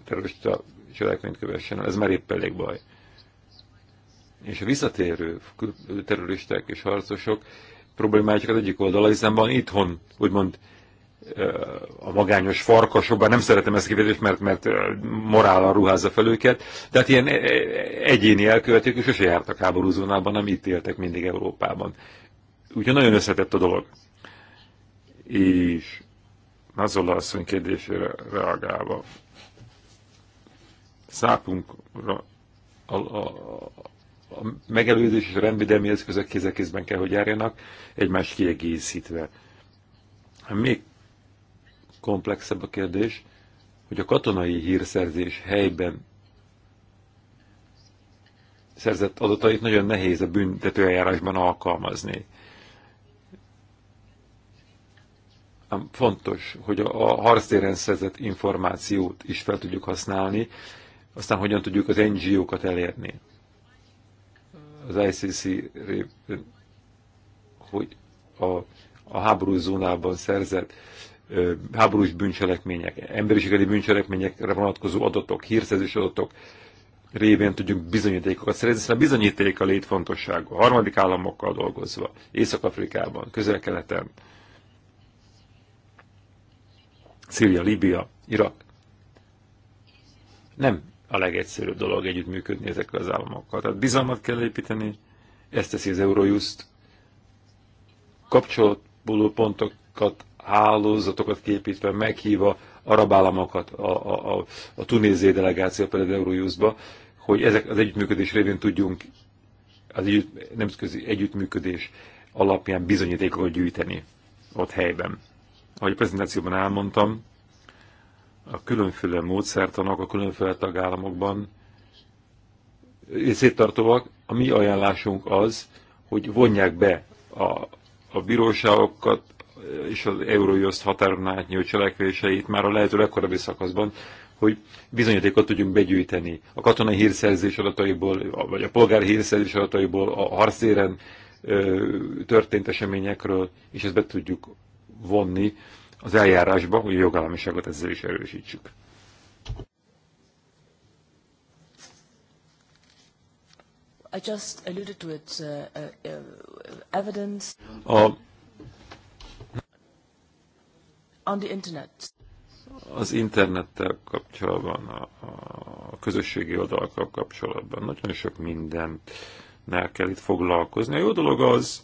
terrorista cselekményt kövessen, ez már épp elég baj. És a visszatérő terroristák és harcosok problémája csak az egyik oldala, hiszen van itthon, úgymond a magányos farkasok, bár nem szeretem ezt kifejezést, mert, mert morállal ruházza fel őket, de hát ilyen egyéni elkövetők és sose jártak háborúzónában, nem itt éltek mindig Európában. Úgyhogy nagyon összetett a dolog. És a asszony kérdésére reagálva, szápunkra a, a, a megelőzés és a rendvédelmi eszközök kézekézben kell, hogy járjanak, egymást kiegészítve. Még komplexebb a kérdés, hogy a katonai hírszerzés helyben szerzett adatait nagyon nehéz a büntetőeljárásban alkalmazni. Ám fontos, hogy a harctéren szerzett információt is fel tudjuk használni, aztán hogyan tudjuk az NGO-kat elérni? Az ICC hogy a, a háborús zónában szerzett háborús bűncselekmények, emberiségedi bűncselekményekre vonatkozó adatok, hírszerzés adatok révén tudjunk bizonyítékokat szerezni, hiszen a bizonyíték a létfontosságú. A harmadik államokkal dolgozva, Észak-Afrikában, Közel-Keleten, Szíria, Líbia, Irak. Nem a legegyszerűbb dolog együttműködni ezekkel az államokkal. Tehát bizalmat kell építeni, ezt teszi az Eurojust. Kapcsolatból pontokat, hálózatokat képítve, meghívva arab államokat, a, a, a, a tunéziai delegáció például Eurojustba, hogy ezek az együttműködés révén tudjunk az együtt, nemzetközi együttműködés alapján bizonyítékokat gyűjteni ott helyben. Ahogy a prezentációban elmondtam, a különféle módszertanak a különféle tagállamokban tartóak, A mi ajánlásunk az, hogy vonják be a, a bíróságokat és az Eurojust határon átnyújt cselekvéseit már a lehető legkorábbi szakaszban, hogy bizonyítékot tudjunk begyűjteni a katonai hírszerzés adataiból, vagy a polgár hírszerzés adataiból, a harcéren történt eseményekről, és ezt be tudjuk vonni az eljárásba, hogy a jogállamiságot ezzel is erősítsük. I just alluded to its uh, uh, evidence a, on the internet. Az internettel kapcsolatban, a, a közösségi oldalakkal kapcsolatban nagyon sok mindent el kell itt foglalkozni. A jó dolog az,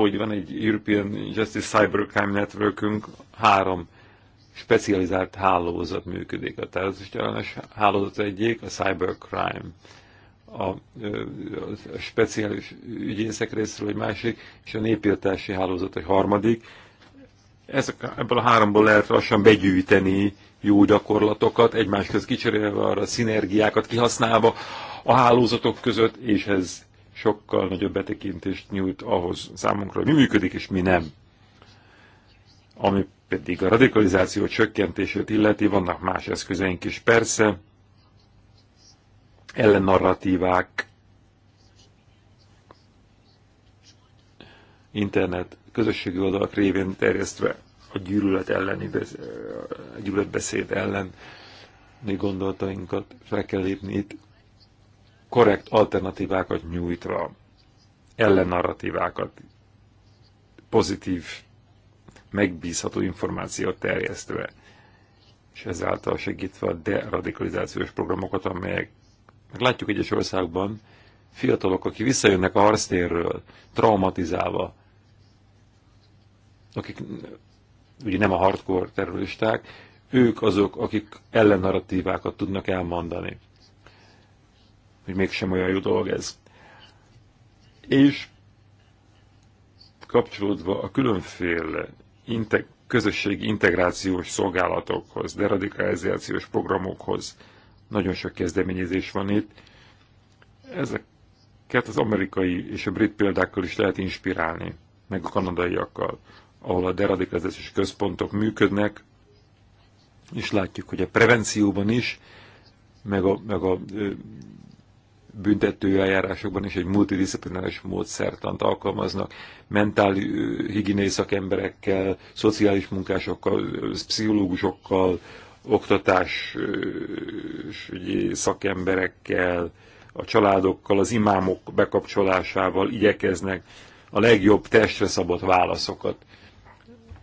hogy van egy European Justice Cybercrime Networkünk, három specializált hálózat működik. A terrorizmus hálózat egyik, a cybercrime a, a speciális ügyészek részről egy másik, és a népírtási hálózat egy harmadik. Ezek, ebből a háromból lehet lassan begyűjteni jó gyakorlatokat, egymás köz kicserélve arra szinergiákat kihasználva a hálózatok között, és ez sokkal nagyobb betekintést nyújt ahhoz számunkra, hogy mi működik és mi nem. Ami pedig a radikalizáció csökkentését illeti, vannak más eszközeink is. Persze, ellennarratívák, internet, közösségi oldalak révén terjesztve a gyűlölet elleni, a gyűlöletbeszéd ellen gondolatainkat fel kell lépni itt korrekt alternatívákat nyújtva, ellennarratívákat, pozitív, megbízható információt terjesztve, és ezáltal segítve a deradikalizációs programokat, amelyek meg látjuk egyes országban, fiatalok, akik visszajönnek a harctérről, traumatizálva, akik ugye nem a hardcore terroristák, ők azok, akik ellennarratívákat tudnak elmondani hogy mégsem olyan jó dolog ez. És kapcsolódva a különféle integ közösségi integrációs szolgálatokhoz, deradikalizációs programokhoz, nagyon sok kezdeményezés van itt. Ezeket az amerikai és a brit példákkal is lehet inspirálni, meg a kanadaiakkal, ahol a deradikalizációs központok működnek, és látjuk, hogy a prevencióban is, meg a, meg a büntetőeljárásokban is egy multidisziplináris módszertant alkalmaznak, mentális higiéniai szakemberekkel, szociális munkásokkal, pszichológusokkal, oktatás szakemberekkel, a családokkal, az imámok bekapcsolásával igyekeznek a legjobb testre szabott válaszokat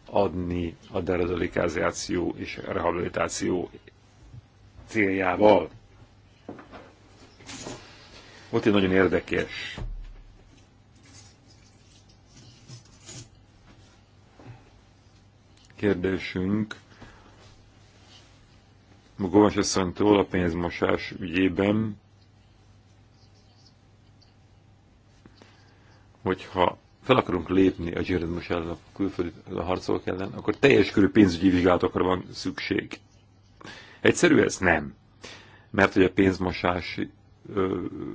adni a deradikalizáció és rehabilitáció céljával. Volt egy nagyon érdekes kérdésünk Gomas asszonytól a pénzmosás ügyében, hogyha fel akarunk lépni a zsíradmus ellen, a külföldi a harcolók ellen, akkor teljes körű pénzügyi vizsgálatokra van szükség. Egyszerű ez? Nem. Mert hogy a pénzmosási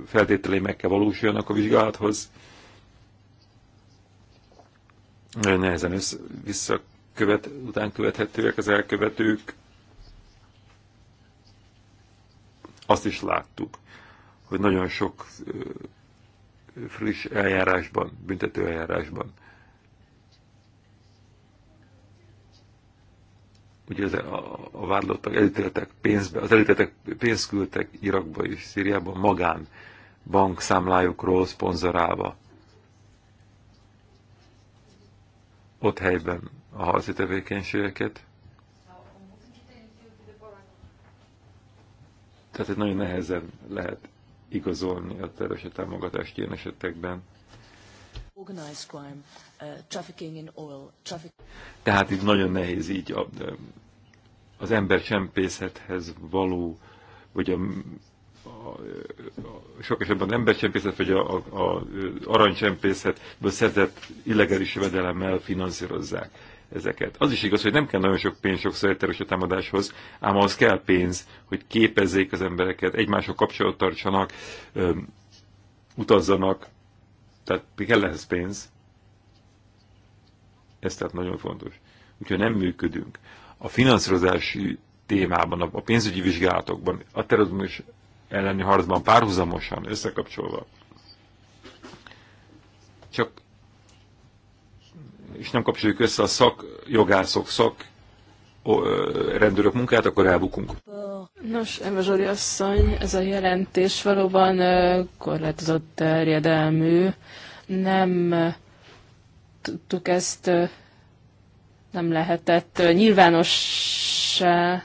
feltételé meg kell valósuljanak a vizsgálathoz. Nagyon nehezen össze, visszakövet, után követhetőek az elkövetők. Azt is láttuk, hogy nagyon sok friss eljárásban, büntető eljárásban ugye az, a, a vádlottak, elítéltek pénzbe, az elítéltek pénzt küldtek Irakba és Szíriába magán bankszámlájukról szponzorálva. Ott helyben a harci tevékenységeket. Tehát egy nagyon nehezen lehet igazolni a terrorista támogatást ilyen esetekben. Uh, Tehát itt nagyon nehéz így a, az ember csempészethez való, vagy a, a, a sok esetben az csempészet, vagy a, arany csempészetből szerzett illegális jövedelemmel finanszírozzák ezeket. Az is igaz, hogy nem kell nagyon sok pénz sokszor egyterős a támadáshoz, ám az kell pénz, hogy képezzék az embereket, egymással kapcsolatot tartsanak, utazzanak, tehát kell ehhez pénz. Ez tehát nagyon fontos. Úgyhogy nem működünk. A finanszírozási témában, a pénzügyi vizsgálatokban, a terrorizmus elleni harcban párhuzamosan, összekapcsolva. Csak és nem kapcsoljuk össze a szakjogászok, szak rendőrök munkáját, akkor elbukunk. Nos, Emma Zsori asszony, ez a jelentés valóban korlátozott terjedelmű. Nem tudtuk ezt, nem lehetett nyilvánossá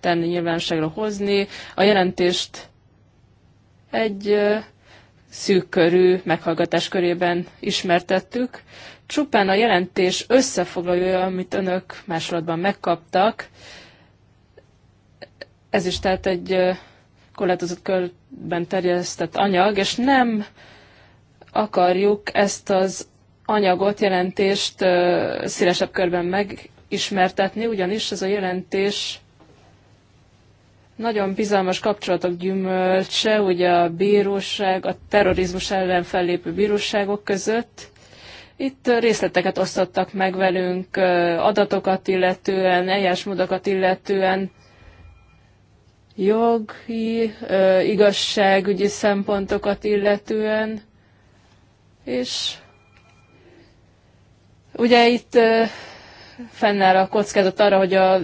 tenni, nyilvánosságra hozni. A jelentést egy szűk körű meghallgatás körében ismertettük. Csupán a jelentés összefoglalója, amit önök másolatban megkaptak, ez is tehát egy korlátozott körben terjesztett anyag, és nem akarjuk ezt az anyagot, jelentést szélesebb körben megismertetni, ugyanis ez a jelentés nagyon bizalmas kapcsolatok gyümölcse, ugye a bíróság, a terrorizmus ellen fellépő bíróságok között, itt részleteket osztottak meg velünk, adatokat illetően, eljásmódokat illetően, jogi, igazságügyi szempontokat illetően, és ugye itt fennáll a kockázat arra, hogy a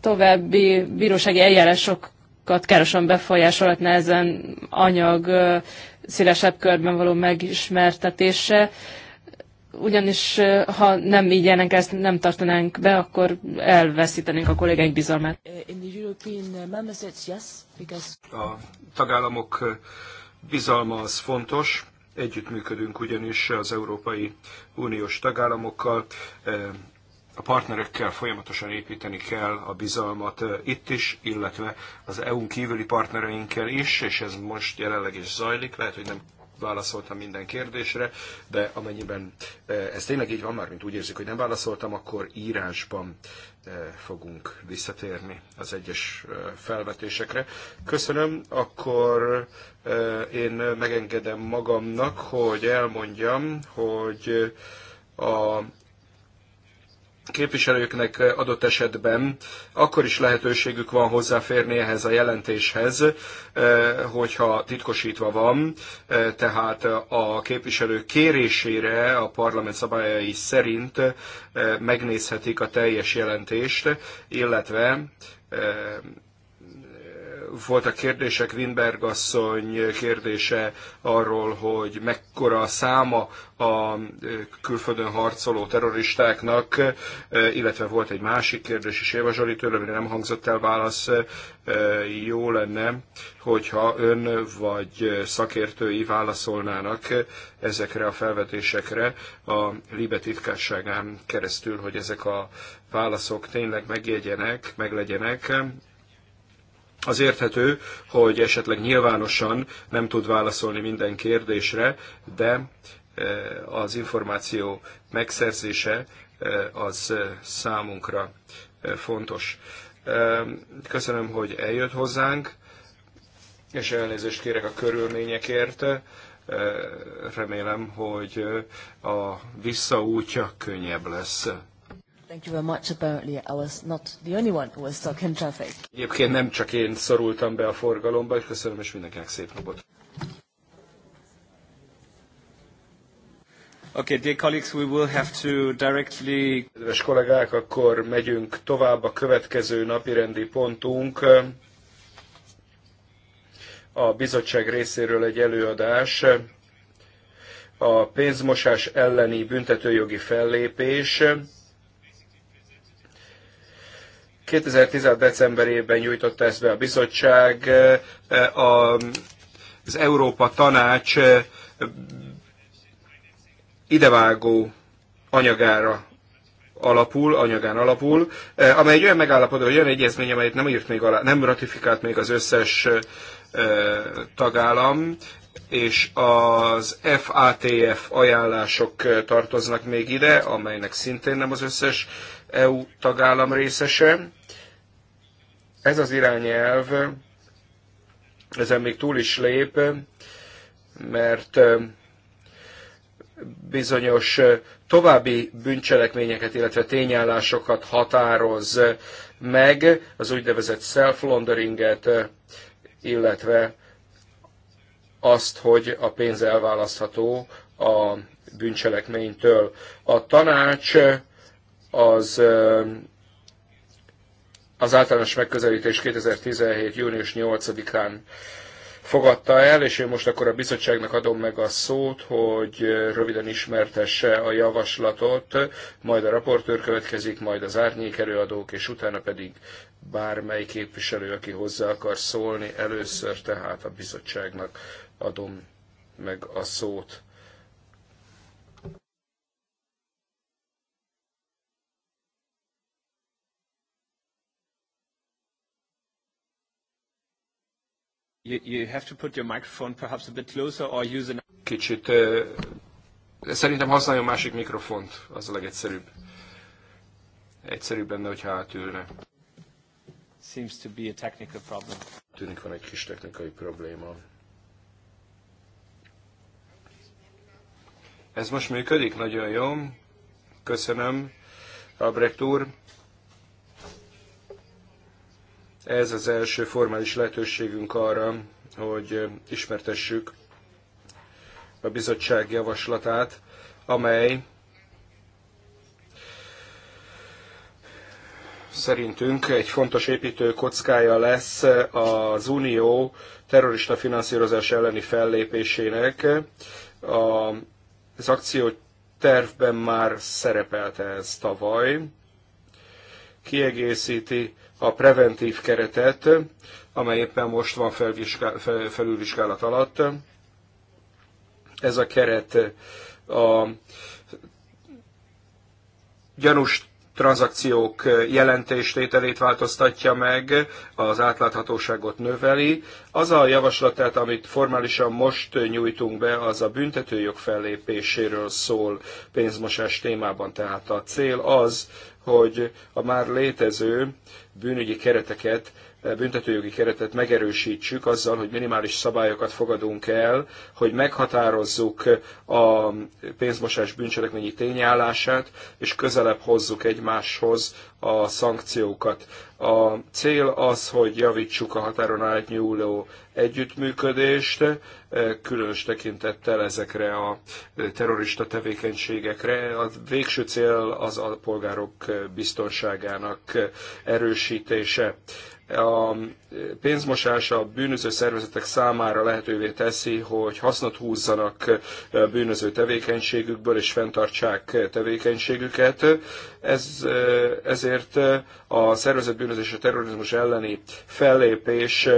további bírósági eljárásokat károsan befolyásolhatna ezen anyag szélesebb körben való megismertetése, ugyanis ha nem így jelenek ezt, nem tartanánk be, akkor elveszítenénk a kollégáink bizalmát. Uh, uh, a tagállamok bizalma az fontos, együttműködünk ugyanis az Európai Uniós tagállamokkal, a partnerekkel folyamatosan építeni kell a bizalmat itt is, illetve az EU-n kívüli partnereinkkel is, és ez most jelenleg is zajlik, lehet, hogy nem válaszoltam minden kérdésre, de amennyiben ez tényleg így van, már mint úgy érzik, hogy nem válaszoltam, akkor írásban fogunk visszatérni az egyes felvetésekre. Köszönöm, akkor én megengedem magamnak, hogy elmondjam, hogy a képviselőknek adott esetben akkor is lehetőségük van hozzáférni ehhez a jelentéshez, eh, hogyha titkosítva van, eh, tehát a képviselő kérésére a parlament szabályai szerint eh, megnézhetik a teljes jelentést, illetve voltak kérdések, Winberg asszony kérdése arról, hogy mekkora a száma a külföldön harcoló terroristáknak, illetve volt egy másik kérdés is Éva Zsoli tőle, amire nem hangzott el válasz. Jó lenne, hogyha ön vagy szakértői válaszolnának ezekre a felvetésekre a Libe titkárságán keresztül, hogy ezek a válaszok tényleg megjegyenek, meglegyenek, az érthető, hogy esetleg nyilvánosan nem tud válaszolni minden kérdésre, de e, az információ megszerzése e, az e, számunkra fontos. Köszönöm, hogy eljött hozzánk, és elnézést kérek a körülményekért. Remélem, hogy a visszaútja könnyebb lesz. Thank you very much. Apparently I was not the only one who was stuck in traffic. Egyébként nem csak én szorultam be a forgalomba, és köszönöm, és mindenkinek szép napot. Okay, dear colleagues, we will have to directly... Kedves kollégák, akkor megyünk tovább a következő napirendi pontunk. A bizottság részéről egy előadás. A pénzmosás elleni büntetőjogi fellépés. 2016. decemberében nyújtotta ezt be a bizottság, e, e, az Európa Tanács e, idevágó anyagára alapul, anyagán alapul, amely egy olyan megállapodó, olyan egyezmény, amelyet nem írt még alá, nem ratifikált még az összes tagállam, és az FATF ajánlások tartoznak még ide, amelynek szintén nem az összes EU tagállam részese. Ez az irányelv ezen még túl is lép, mert bizonyos további bűncselekményeket, illetve tényállásokat határoz meg, az úgynevezett self-launderinget, illetve azt, hogy a pénz elválasztható a bűncselekménytől. A tanács az um, az általános megközelítés 2017. június 8-án fogadta el, és én most akkor a bizottságnak adom meg a szót, hogy uh, röviden ismertesse a javaslatot, majd a raportőr következik, majd az árnyék előadók, és utána pedig bármely képviselő, aki hozzá akar szólni, először tehát a bizottságnak adom meg a szót. Kicsit you Kicsit... Szerintem használjon másik mikrofont, az a legegyszerűbb. Egyszerűbb lenne, hogyha átülne. Seems to be a technical problem. Tűnik van egy kis technikai probléma. Ez most működik? Nagyon jó. Köszönöm, Albrecht úr. Ez az első formális lehetőségünk arra, hogy ismertessük a bizottság javaslatát, amely szerintünk egy fontos építő kockája lesz az Unió terrorista finanszírozás elleni fellépésének. Az az akciótervben már szerepelt ez tavaly kiegészíti a preventív keretet, amely éppen most van felülvizsgálat alatt. Ez a keret a gyanús tranzakciók jelentéstételét változtatja meg, az átláthatóságot növeli. Az a tehát, amit formálisan most nyújtunk be, az a büntetőjog fellépéséről szól pénzmosás témában. Tehát a cél az, hogy a már létező bűnügyi kereteket büntetőjogi keretet megerősítsük azzal, hogy minimális szabályokat fogadunk el, hogy meghatározzuk a pénzmosás bűncselekményi tényállását, és közelebb hozzuk egymáshoz a szankciókat. A cél az, hogy javítsuk a határon átnyúló együttműködést, különös tekintettel ezekre a terrorista tevékenységekre. A végső cél az a polgárok biztonságának erősítése a pénzmosás a bűnöző szervezetek számára lehetővé teszi, hogy hasznot húzzanak bűnöző tevékenységükből és fenntartsák tevékenységüket. Ez, ezért a szervezet bűnözés a terrorizmus elleni fellépés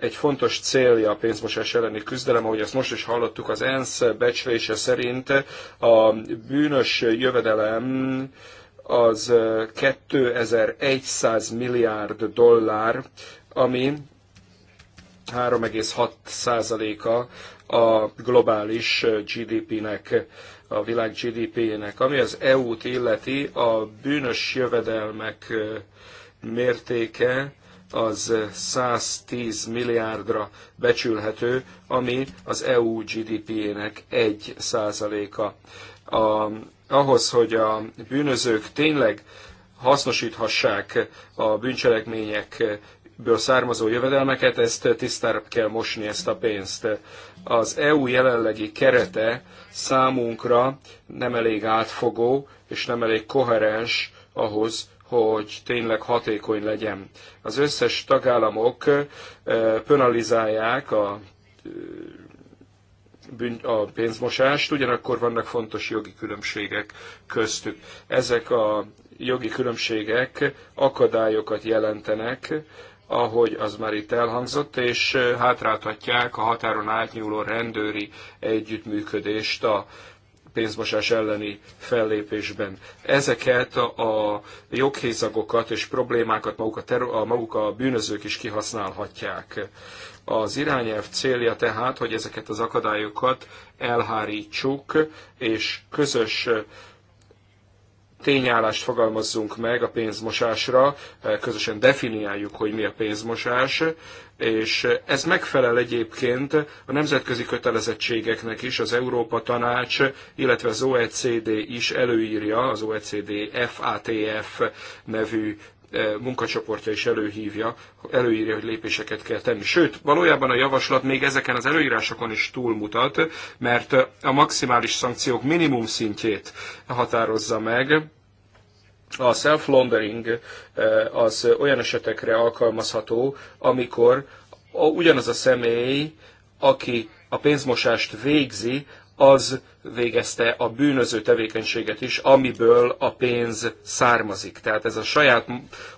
egy fontos célja a pénzmosás elleni küzdelem, ahogy ezt most is hallottuk, az ENSZ becslése szerint a bűnös jövedelem az 2100 milliárd dollár, ami 3,6%-a a globális GDP-nek, a világ GDP-nek. Ami az EU-t illeti, a bűnös jövedelmek mértéke az 110 milliárdra becsülhető, ami az EU gdp ének 1 százaléka. A ahhoz, hogy a bűnözők tényleg hasznosíthassák a bűncselekményekből származó jövedelmeket, ezt tisztára kell mosni ezt a pénzt. Az EU jelenlegi kerete számunkra nem elég átfogó és nem elég koherens ahhoz, hogy tényleg hatékony legyen. Az összes tagállamok eh, penalizálják a eh, a pénzmosást, ugyanakkor vannak fontos jogi különbségek köztük. Ezek a jogi különbségek akadályokat jelentenek, ahogy az már itt elhangzott, és hátráltatják a határon átnyúló rendőri együttműködést a pénzmosás elleni fellépésben. Ezeket a joghézagokat és problémákat maguk a, maguk a bűnözők is kihasználhatják. Az irányelv célja tehát, hogy ezeket az akadályokat elhárítsuk, és közös tényállást fogalmazzunk meg a pénzmosásra, közösen definiáljuk, hogy mi a pénzmosás, és ez megfelel egyébként a nemzetközi kötelezettségeknek is, az Európa Tanács, illetve az OECD is előírja, az OECD FATF nevű munkacsoportja is előhívja, előírja, hogy lépéseket kell tenni. Sőt, valójában a javaslat még ezeken az előírásokon is túlmutat, mert a maximális szankciók minimum szintjét határozza meg, a self-laundering az olyan esetekre alkalmazható, amikor ugyanaz a személy, aki a pénzmosást végzi, az végezte a bűnöző tevékenységet is, amiből a pénz származik. Tehát ez a saját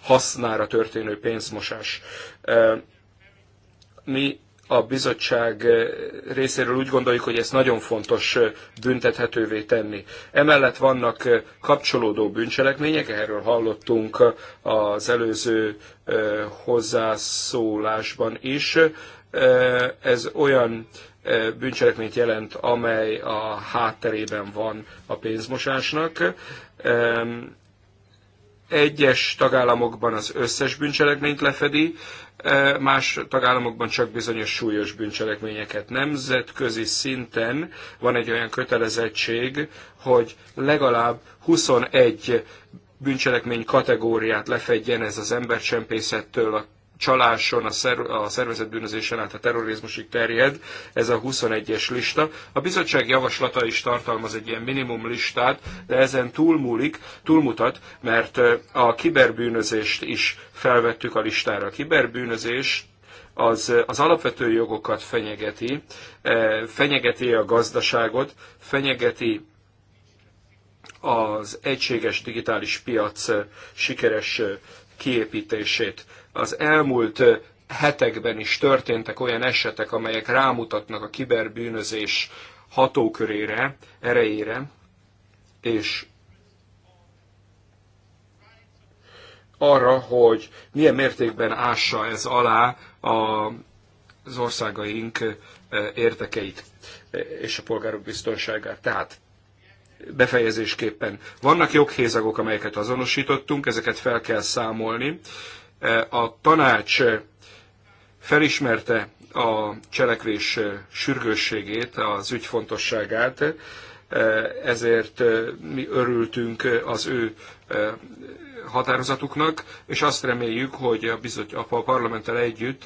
hasznára történő pénzmosás. Mi a bizottság részéről úgy gondoljuk, hogy ezt nagyon fontos büntethetővé tenni. Emellett vannak kapcsolódó bűncselekmények, erről hallottunk az előző hozzászólásban is. Ez olyan bűncselekményt jelent, amely a hátterében van a pénzmosásnak. Egyes tagállamokban az összes bűncselekményt lefedi, más tagállamokban csak bizonyos súlyos bűncselekményeket. Nemzetközi szinten van egy olyan kötelezettség, hogy legalább 21 bűncselekmény kategóriát lefedjen ez az embercsempészettől a csaláson, a, szer, a szervezett át a terrorizmusig terjed, ez a 21-es lista. A bizottság javaslata is tartalmaz egy ilyen minimum listát, de ezen túlmúlik, túlmutat, mert a kiberbűnözést is felvettük a listára. A kiberbűnözés az, az alapvető jogokat fenyegeti, fenyegeti a gazdaságot, fenyegeti az egységes digitális piac sikeres kiépítését. Az elmúlt hetekben is történtek olyan esetek, amelyek rámutatnak a kiberbűnözés hatókörére, erejére, és arra, hogy milyen mértékben ássa ez alá az országaink értekeit és a polgárok biztonságát. Tehát befejezésképpen vannak joghézagok, amelyeket azonosítottunk, ezeket fel kell számolni, a tanács felismerte a cselekvés sürgősségét, az ügy fontosságát, ezért mi örültünk az ő határozatuknak, és azt reméljük, hogy a, bizony, a parlamenttel együtt,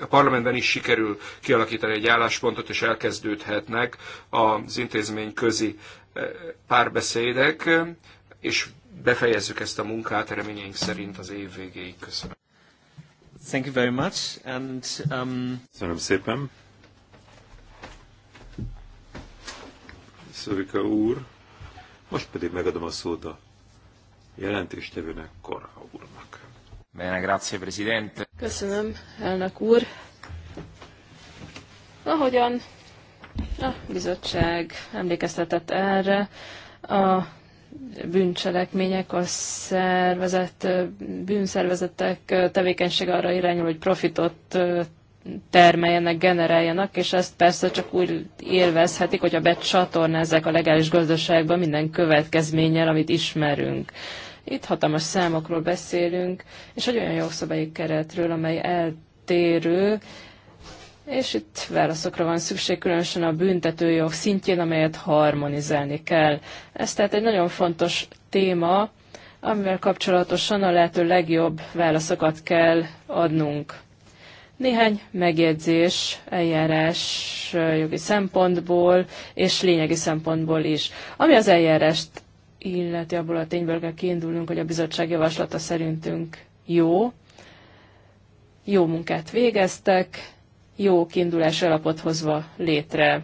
a parlamentben is sikerül kialakítani egy álláspontot, és elkezdődhetnek az intézmény közi párbeszédek, és befejezzük ezt a munkát reményeink szerint az év végéig. Köszönöm. Thank you very much. And, um... Köszönöm szépen. Szövika úr, most pedig megadom a szót a jelentéstevőnek, Korra úrnak. Bene, grazie, Presidente. Köszönöm, elnök úr. Ahogyan a bizottság emlékeztetett erre, a bűncselekmények, a szervezet bűnszervezetek tevékenysége arra irányul, hogy profitot termeljenek, generáljanak, és ezt persze csak úgy élvezhetik, hogyha becsatornázzák a legális gazdaságba minden következménnyel, amit ismerünk. Itt hatalmas számokról beszélünk, és egy olyan jogszabályi keretről, amely eltérő, és itt válaszokra van szükség, különösen a büntetőjog szintjén, amelyet harmonizálni kell. Ez tehát egy nagyon fontos téma, amivel kapcsolatosan a lehető legjobb válaszokat kell adnunk. Néhány megjegyzés eljárás jogi szempontból és lényegi szempontból is. Ami az eljárást illeti, abból a tényből kell kiindulnunk, hogy a bizottság javaslata szerintünk jó, jó munkát végeztek, jó kiindulás alapot hozva létre.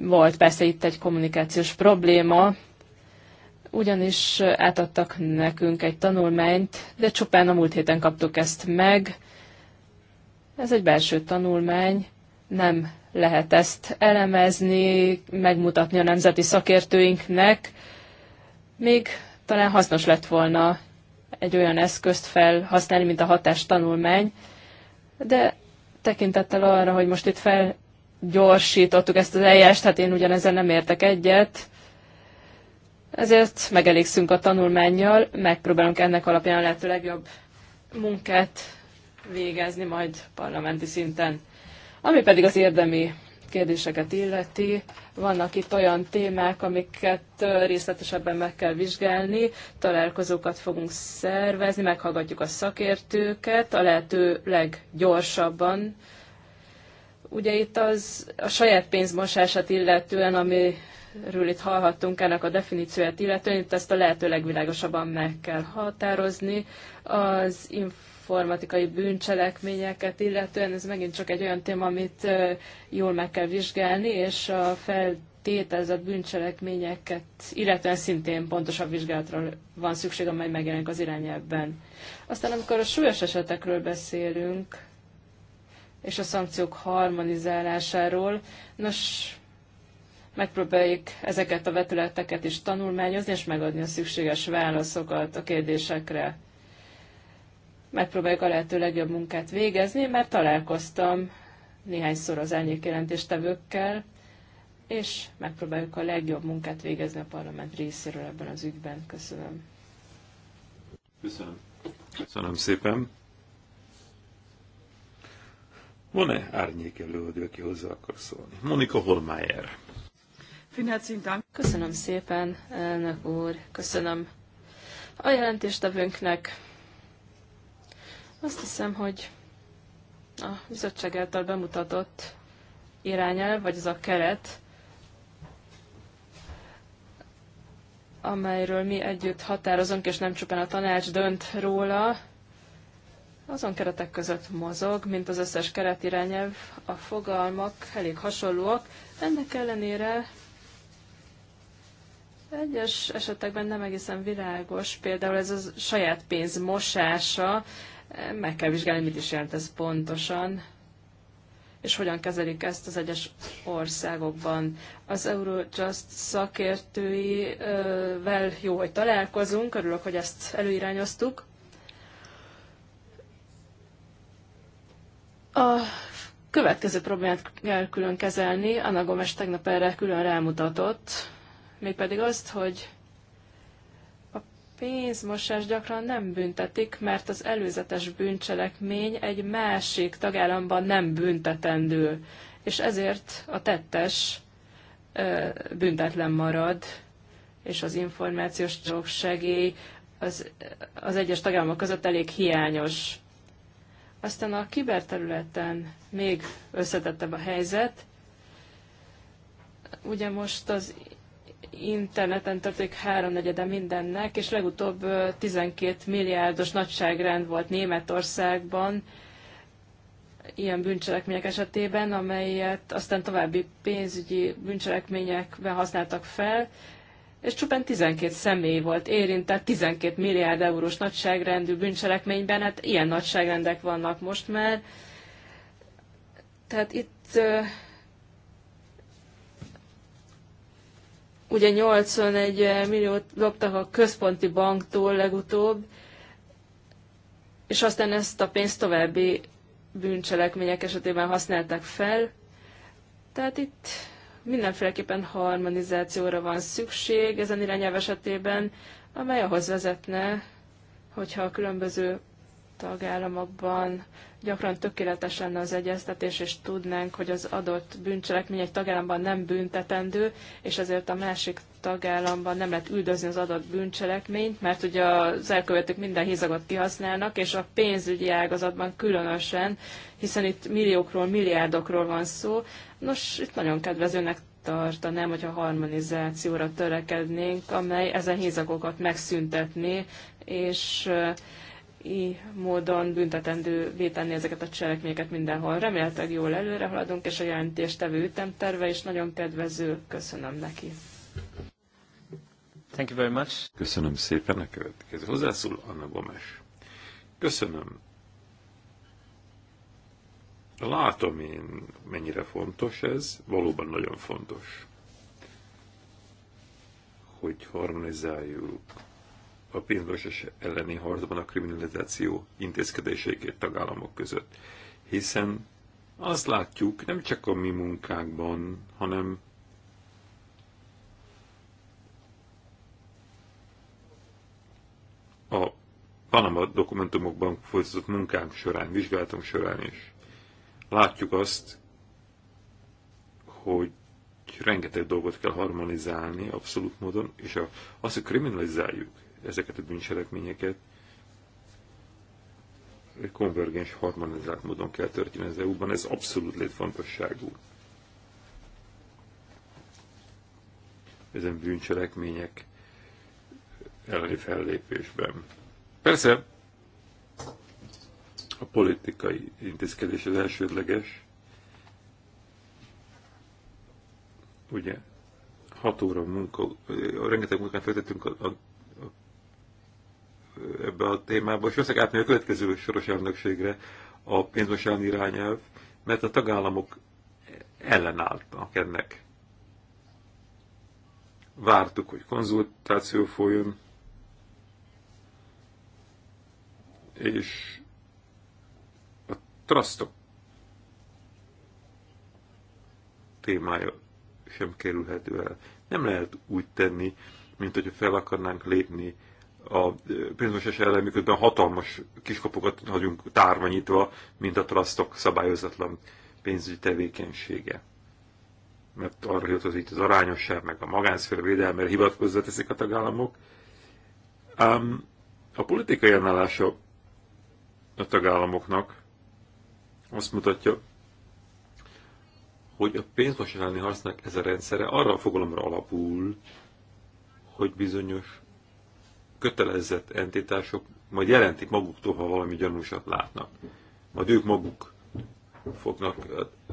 Volt persze itt egy kommunikációs probléma, ugyanis átadtak nekünk egy tanulmányt, de csupán a múlt héten kaptuk ezt meg. Ez egy belső tanulmány, nem lehet ezt elemezni, megmutatni a nemzeti szakértőinknek. Még talán hasznos lett volna egy olyan eszközt felhasználni, mint a hatástanulmány, tanulmány, de tekintettel arra, hogy most itt felgyorsítottuk ezt az eljárást, hát én ugyanezen nem értek egyet, ezért megelégszünk a tanulmányjal, megpróbálunk ennek alapján a lehető legjobb munkát végezni majd parlamenti szinten. Ami pedig az érdemi kérdéseket illeti. Vannak itt olyan témák, amiket részletesebben meg kell vizsgálni, találkozókat fogunk szervezni, meghallgatjuk a szakértőket a lehető leggyorsabban. Ugye itt az a saját pénzmosását illetően, amiről itt hallhattunk ennek a definícióját illetően, itt ezt a lehető legvilágosabban meg kell határozni. Az inf- informatikai bűncselekményeket illetően, ez megint csak egy olyan téma, amit jól meg kell vizsgálni, és a feltételezett bűncselekményeket, illetően szintén pontosabb vizsgálatra van szükség, amely megjelenik az irányelvben. Aztán amikor a súlyos esetekről beszélünk, és a szankciók harmonizálásáról, nos, megpróbáljuk ezeket a vetületeket is tanulmányozni, és megadni a szükséges válaszokat a kérdésekre megpróbáljuk a lehető legjobb munkát végezni, mert találkoztam néhányszor az jelentéstevőkkel, és megpróbáljuk a legjobb munkát végezni a parlament részéről ebben az ügyben. Köszönöm. Köszönöm. Köszönöm szépen. Van-e árnyék előadő, aki hozzá akar szólni? Monika Holmájer. Köszönöm szépen, elnök úr. Köszönöm a jelentéstevőnknek azt hiszem, hogy a bizottság által bemutatott irányelv, vagy az a keret, amelyről mi együtt határozunk, és nem csupán a tanács dönt róla, azon keretek között mozog, mint az összes keretirányelv, a fogalmak elég hasonlóak. Ennek ellenére egyes esetekben nem egészen világos, például ez a saját pénz mosása, meg kell vizsgálni, mit is jelent ez pontosan, és hogyan kezelik ezt az egyes országokban. Az Eurojust szakértőivel jó, hogy találkozunk, örülök, hogy ezt előirányoztuk. A következő problémát kell külön kezelni, Anna Gomes tegnap erre külön rámutatott, mégpedig azt, hogy pénzmosás gyakran nem büntetik, mert az előzetes bűncselekmény egy másik tagállamban nem büntetendő, és ezért a tettes büntetlen marad, és az információs jogsegély az, az egyes tagállamok között elég hiányos. Aztán a kiberterületen még összetettebb a helyzet. Ugye most az interneten történik háromnegyede mindennek, és legutóbb 12 milliárdos nagyságrend volt Németországban ilyen bűncselekmények esetében, amelyet aztán további pénzügyi bűncselekményekben használtak fel, és csupán 12 személy volt érintett 12 milliárd eurós nagyságrendű bűncselekményben, hát ilyen nagyságrendek vannak most már. Tehát itt Ugye 81 eh, milliót loptak a központi banktól legutóbb, és aztán ezt a pénzt további bűncselekmények esetében használták fel. Tehát itt mindenféleképpen harmonizációra van szükség ezen irányelv esetében, amely ahhoz vezetne, hogyha a különböző tagállamokban gyakran tökéletes lenne az egyeztetés, és tudnánk, hogy az adott bűncselekmény egy tagállamban nem büntetendő, és ezért a másik tagállamban nem lehet üldözni az adott bűncselekményt, mert ugye az elkövetők minden hízagot kihasználnak, és a pénzügyi ágazatban különösen, hiszen itt milliókról, milliárdokról van szó. Nos, itt nagyon kedvezőnek tartanám, hogyha harmonizációra törekednénk, amely ezen hízakokat megszüntetné, és így módon büntetendő vétenni ezeket a cselekményeket mindenhol. Reméltek jól előre haladunk, és a jelentéstevő ütemterve is nagyon kedvező. Köszönöm neki. Thank you very much. Köszönöm szépen a következő. Hozzászól Anna Gomes. Köszönöm. Látom én, mennyire fontos ez, valóban nagyon fontos, hogy harmonizáljuk a pénzmosás elleni harcban a kriminalizáció intézkedéseikét tagállamok között. Hiszen azt látjuk nem csak a mi munkánkban, hanem a Panama dokumentumokban folytatott munkánk során, vizsgálatunk során is. Látjuk azt, hogy rengeteg dolgot kell harmonizálni abszolút módon, és azt, hogy kriminalizáljuk ezeket a bűncselekményeket egy konvergens, harmonizált módon kell történni az EU-ban, ez abszolút létfontosságú. Ezen bűncselekmények elleni fellépésben. Persze a politikai intézkedés az elsődleges, ugye hat óra munka, rengeteg munkát fektetünk a, a ebbe a témába, és összeg átmegy a következő soros elnökségre a pénzmosán irányelv, mert a tagállamok ellenálltak ennek. Vártuk, hogy konzultáció folyjon, és a trasztok témája sem kerülhető el. Nem lehet úgy tenni, mint hogyha fel akarnánk lépni a pénzmosás ellen, miközben hatalmas kiskapukat hagyunk tárva nyitva, mint a trustok szabályozatlan pénzügyi tevékenysége. Mert arra hivatkozik az arányosság, meg a magánszféra védelmére hivatkozva teszik a tagállamok. Ám a politikai ellenállása a tagállamoknak azt mutatja, hogy a pénzmosás elleni harcnak ez a rendszere arra a fogalomra alapul, hogy bizonyos kötelezett entitások majd jelentik maguktól, ha valami gyanúsat látnak. Majd ők maguk fognak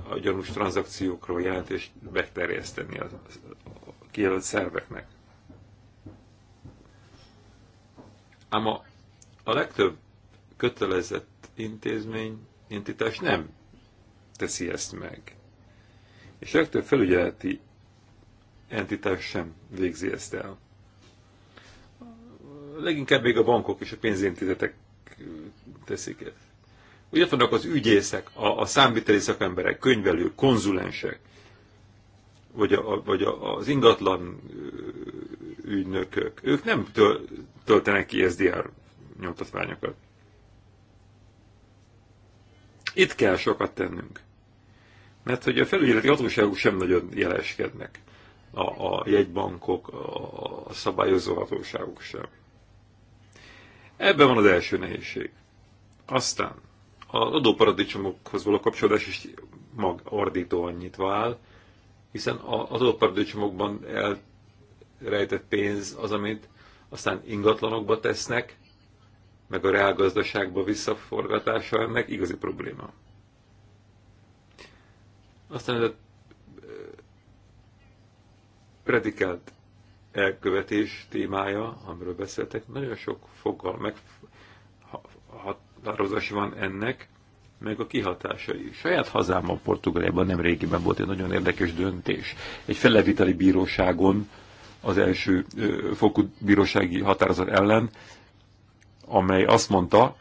a gyanús tranzakciókról jelentést megterjeszteni a kijelölt szerveknek. Ám a, a legtöbb kötelezett intézmény, entitás nem teszi ezt meg. És a legtöbb felügyeleti entitás sem végzi ezt el leginkább még a bankok és a pénzintézetek teszik ezt. Ugye ott vannak az ügyészek, a, a számviteli szakemberek, könyvelők, konzulensek, vagy, a, vagy a, az ingatlan ügynökök. Ők nem töl, töltenek ki SDR nyomtatványokat. Itt kell sokat tennünk. Mert hogy a felügyeleti hatóságok sem nagyon jeleskednek. A, a jegybankok, a, a szabályozó hatóságok sem. Ebben van az első nehézség. Aztán az adóparadicsomokhoz való kapcsolódás is mag ordítóan nyitva áll, hiszen az adóparadicsomokban elrejtett pénz az, amit aztán ingatlanokba tesznek, meg a reálgazdaságba visszaforgatása ennek igazi probléma. Aztán ez a predikált elkövetés témája, amiről beszéltek, nagyon sok meg meghatározási van ennek, meg a kihatásai. Saját hazámban, Portugáliában nem régiben volt egy nagyon érdekes döntés. Egy feleviteli bíróságon az első fokú bírósági határozat ellen, amely azt mondta,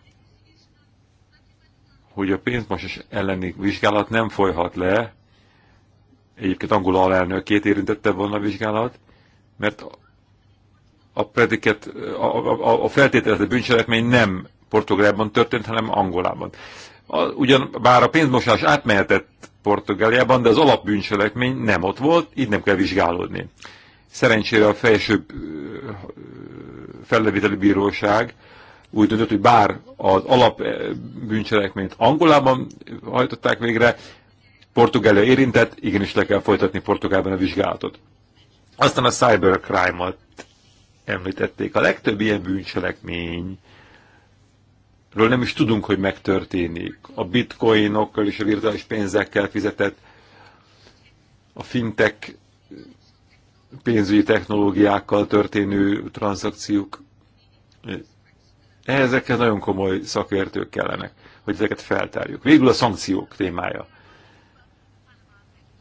hogy a pénzmosás elleni vizsgálat nem folyhat le, egyébként angol két érintette volna a vizsgálat, mert a prediket, a, a, a feltételezett bűncselekmény nem Portugálban történt, hanem Angolában. A, ugyan bár a pénzmosás átmehetett Portugáliában, de az alapbűncselekmény nem ott volt, így nem kell vizsgálódni. Szerencsére a felsőbb felleviteli bíróság úgy döntött, hogy bár az alapbűncselekményt Angolában hajtották végre, Portugália érintett, igenis le kell folytatni Portugálban a vizsgálatot. Aztán a cybercrime-ot említették. A legtöbb ilyen bűncselekmény ről nem is tudunk, hogy megtörténik. A bitcoinokkal és a virtuális pénzekkel fizetett, a fintek pénzügyi technológiákkal történő tranzakciók. ezekhez nagyon komoly szakértők kellenek, hogy ezeket feltárjuk. Végül a szankciók témája.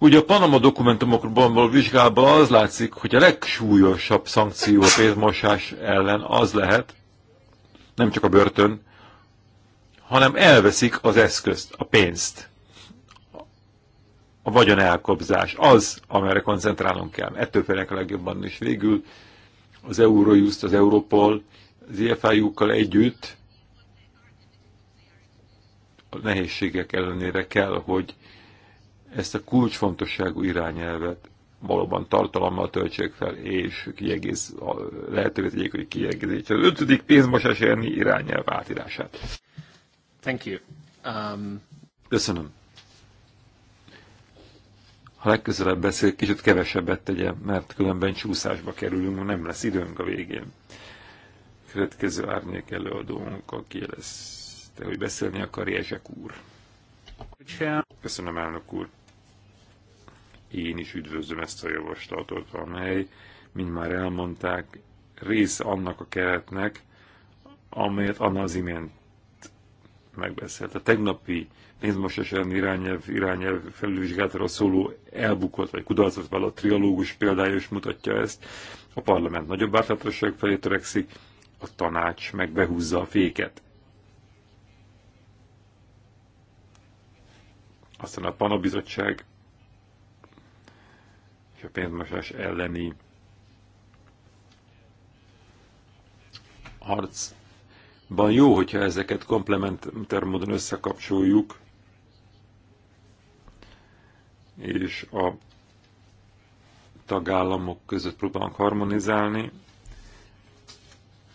Ugye a Panama dokumentumokban való vizsgálban az látszik, hogy a legsúlyosabb szankció a pénzmosás ellen az lehet, nem csak a börtön, hanem elveszik az eszközt, a pénzt. A vagyon elkobzás, az, amelyre koncentrálnunk kell. Ettől félek a legjobban is. Végül az Eurojust, az Europol, az IFIU-kkal együtt a nehézségek ellenére kell, hogy ezt a kulcsfontosságú irányelvet valóban tartalommal töltsék fel, és kiegész, lehetővé tegyék, hogy kiegészítse az ötödik pénzmosás elleni irányelv átírását. Thank you. Um... Köszönöm. Ha legközelebb beszél, kicsit kevesebbet tegye, mert különben csúszásba kerülünk, nem lesz időnk a végén. Következő árnyék előadónk, aki lesz, te, hogy beszélni akar, Jezsek úr. Köszönöm, elnök úr én is üdvözlöm ezt a javaslatot, amely, mint már elmondták, része annak a keretnek, amelyet Anna az imént megbeszélt. A tegnapi pénzmosás ellen irányelv, irányelv felülvizsgálatára szóló elbukott vagy kudarcot a trialógus példája is mutatja ezt. A parlament nagyobb átláthatóság felé törekszik, a tanács meg behúzza a féket. Aztán a panabizottság a pénzmosás elleni harcban jó, hogyha ezeket komplementer módon összekapcsoljuk, és a tagállamok között próbálunk harmonizálni.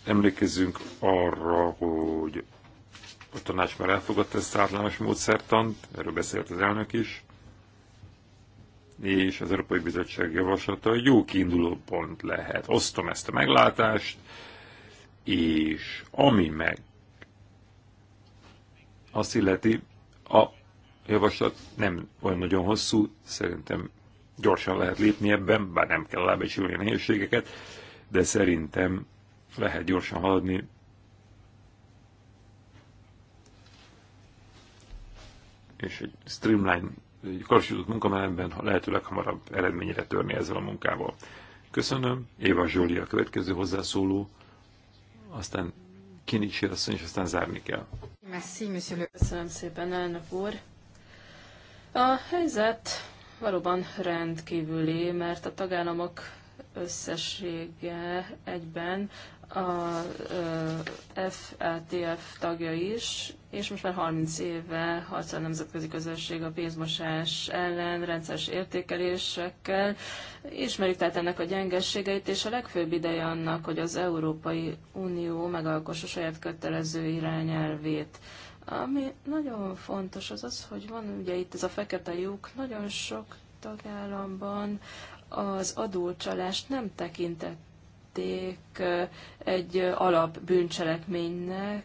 Emlékezzünk arra, hogy a tanács már elfogadta ezt általános módszertant, erről beszélt az elnök is és az Európai Bizottság javaslata jó kiinduló pont lehet. Osztom ezt a meglátást, és ami meg azt illeti, a javaslat nem olyan nagyon hosszú, szerintem gyorsan lehet lépni ebben, bár nem kell alábecsülni a nehézségeket, de szerintem lehet gyorsan haladni. És egy streamline kapcsolatot munkamában lehetőleg hamarabb eredményre törni ezzel a munkával. Köszönöm. Éva Zsóli a következő hozzászóló, aztán Kinicsi asszony, és aztán zárni kell. Merci, monsieur. Köszönöm szépen, elnök úr. A helyzet valóban rendkívüli, mert a tagállamok összessége egyben a FATF e tagja is, és most már 30 éve harcol a nemzetközi közösség a pénzmosás ellen rendszeres értékelésekkel. Ismerjük tehát ennek a gyengességeit, és a legfőbb ideje annak, hogy az Európai Unió megalkossa saját kötelező irányelvét. Ami nagyon fontos az az, hogy van ugye itt ez a fekete lyuk, nagyon sok tagállamban az adócsalást nem tekintett tekintették egy bűncselekménynek,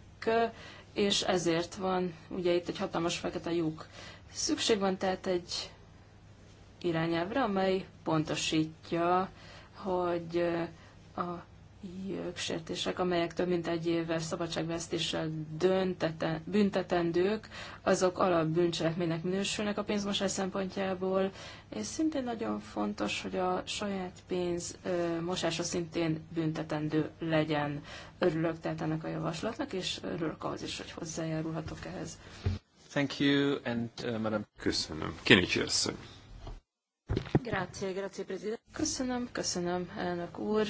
és ezért van ugye itt egy hatalmas fekete lyuk. Szükség van tehát egy irányelvre, amely pontosítja, hogy a jogsértések, amelyek több mint egy éves szabadságvesztéssel dönteten, büntetendők, azok alapbűncselekménynek minősülnek a pénzmosás szempontjából, és szintén nagyon fontos, hogy a saját pénz mosása szintén büntetendő legyen. Örülök tehát ennek a javaslatnak, és örülök ahhoz is, hogy hozzájárulhatok ehhez. Thank you, and uh, madam. Köszönöm. Kinicsi asszony. Grazie, grazie, Köszönöm, köszönöm, elnök úr.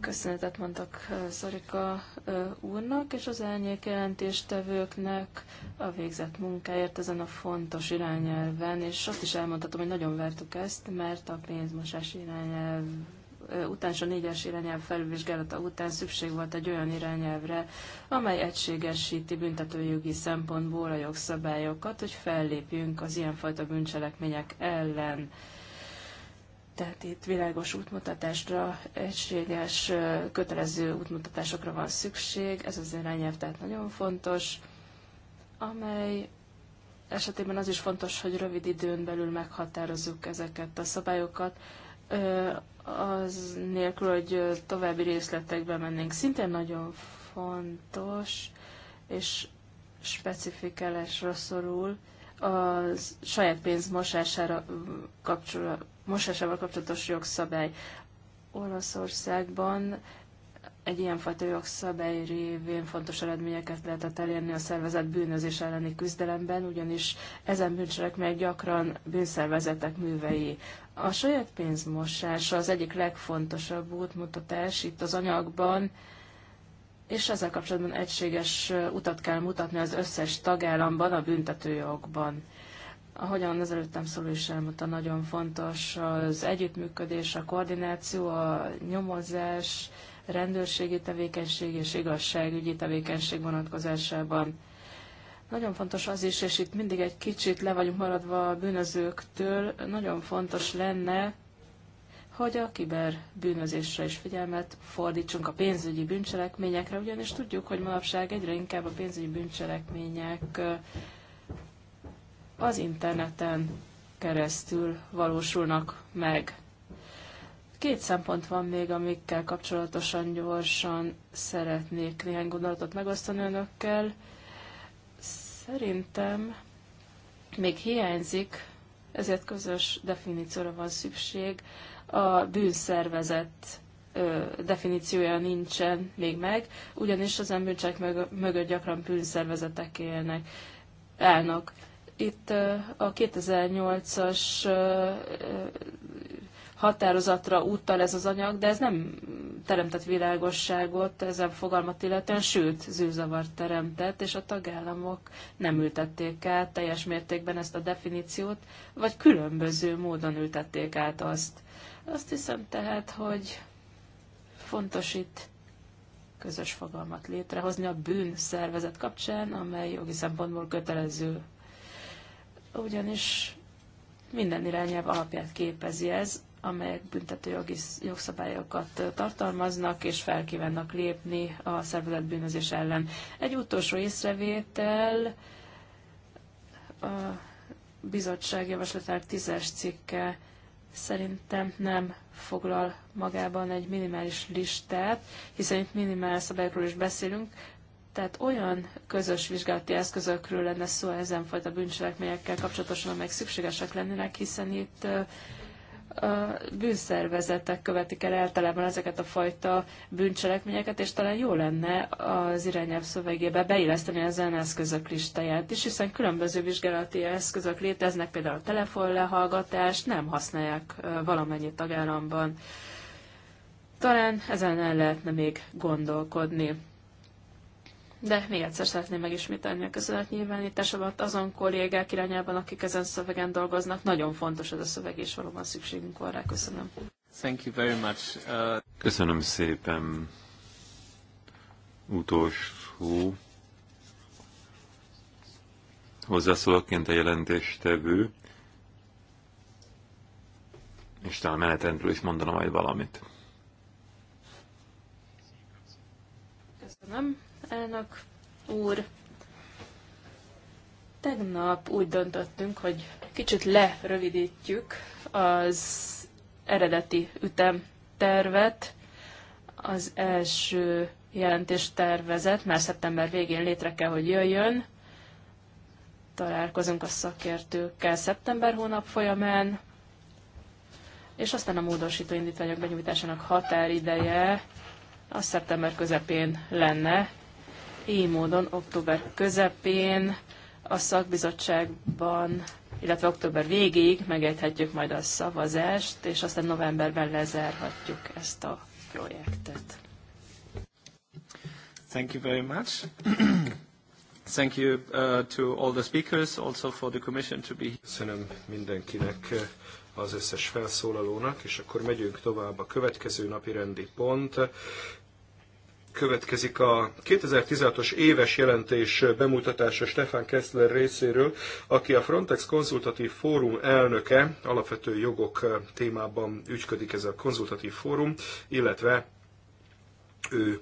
Köszönetet mondtak Szorika úrnak és az elnyék jelentéstevőknek a végzett munkáért ezen a fontos irányelven, és azt is elmondhatom, hogy nagyon vártuk ezt, mert a pénzmosás irányelv után, a négyes irányelv felülvizsgálata után szükség volt egy olyan irányelvre, amely egységesíti büntetőjogi szempontból a jogszabályokat, hogy fellépjünk az ilyenfajta bűncselekmények ellen. Tehát itt világos útmutatásra, egységes, kötelező útmutatásokra van szükség. Ez az irányelv tehát nagyon fontos, amely esetében az is fontos, hogy rövid időn belül meghatározzuk ezeket a szabályokat, az nélkül, hogy további részletekbe mennénk. Szintén nagyon fontos, és specifikálásra szorul, a saját pénz mosására kapcsolatban mosásával kapcsolatos jogszabály. Olaszországban egy ilyenfajta jogszabály révén fontos eredményeket lehetett elérni a szervezet bűnözés elleni küzdelemben, ugyanis ezen bűncselekmények gyakran bűnszervezetek művei. A saját pénzmosása az egyik legfontosabb útmutatás itt az anyagban, és ezzel kapcsolatban egységes utat kell mutatni az összes tagállamban a büntetőjogban. Ahogyan az előttem szóló is elmondta, nagyon fontos az együttműködés, a koordináció, a nyomozás, rendőrségi tevékenység és igazságügyi tevékenység vonatkozásában. Nagyon fontos az is, és itt mindig egy kicsit le vagyunk maradva a bűnözőktől, nagyon fontos lenne, hogy a bűnözésre is figyelmet fordítsunk a pénzügyi bűncselekményekre, ugyanis tudjuk, hogy manapság egyre inkább a pénzügyi bűncselekmények az interneten keresztül valósulnak meg. Két szempont van még, amikkel kapcsolatosan gyorsan szeretnék néhány gondolatot megosztani önökkel. Szerintem még hiányzik, ezért közös definícióra van szükség. A bűnszervezet definíciója nincsen még meg, ugyanis az bűncsek mögött gyakran bűnszervezetek élnek, állnak. Itt a 2008-as határozatra utal ez az anyag, de ez nem teremtett világosságot ezen fogalmat illetően, sőt, zűrzavart teremtett, és a tagállamok nem ültették át teljes mértékben ezt a definíciót, vagy különböző módon ültették át azt. Azt hiszem tehát, hogy fontos itt közös fogalmat létrehozni a bűn szervezet kapcsán, amely jogi szempontból kötelező ugyanis minden irányelv alapját képezi ez, amelyek jogi jogszabályokat tartalmaznak és felkívánnak lépni a szervezetbűnözés ellen. Egy utolsó észrevétel a bizottság javaslatának tízes cikke szerintem nem foglal magában egy minimális listát, hiszen itt minimál szabályokról is beszélünk, tehát olyan közös vizsgálati eszközökről lenne szó ezenfajta bűncselekményekkel kapcsolatosan, amelyek szükségesek lennének, hiszen itt a bűnszervezetek követik el általában ezeket a fajta bűncselekményeket, és talán jó lenne az irányelv szövegébe beilleszteni ezen eszközök listáját is, hiszen különböző vizsgálati eszközök léteznek, például a telefonlehallgatást nem használják valamennyi tagállamban. Talán ezen el lehetne még gondolkodni de még egyszer szeretném megismételni a köszönetnyilvánításomat azon kollégák irányában, akik ezen szövegen dolgoznak. Nagyon fontos ez a szöveg, és valóban szükségünk van rá. Köszönöm. Thank you very much. Uh... Köszönöm szépen. Utolsó hozzászólóként a jelentéstevő, és talán menetrendről is mondanom majd valamit. Köszönöm elnök úr. Tegnap úgy döntöttünk, hogy kicsit lerövidítjük az eredeti ütemtervet. Az első tervezet már szeptember végén létre kell, hogy jöjjön. Találkozunk a szakértőkkel szeptember hónap folyamán, és aztán a módosító indítványok benyújtásának határideje a szeptember közepén lenne, így módon október közepén a szakbizottságban, illetve október végéig megejthetjük majd a szavazást, és aztán novemberben lezárhatjuk ezt a projektet. Thank you very much. Thank you uh, to all the speakers, also for the commission to be here. Köszönöm mindenkinek, uh, az összes felszólalónak, és akkor megyünk tovább a következő napi rendi pont. Következik a 2016-os éves jelentés bemutatása Stefan Kessler részéről, aki a Frontex konzultatív fórum elnöke, alapvető jogok témában ügyködik ez a konzultatív fórum, illetve ő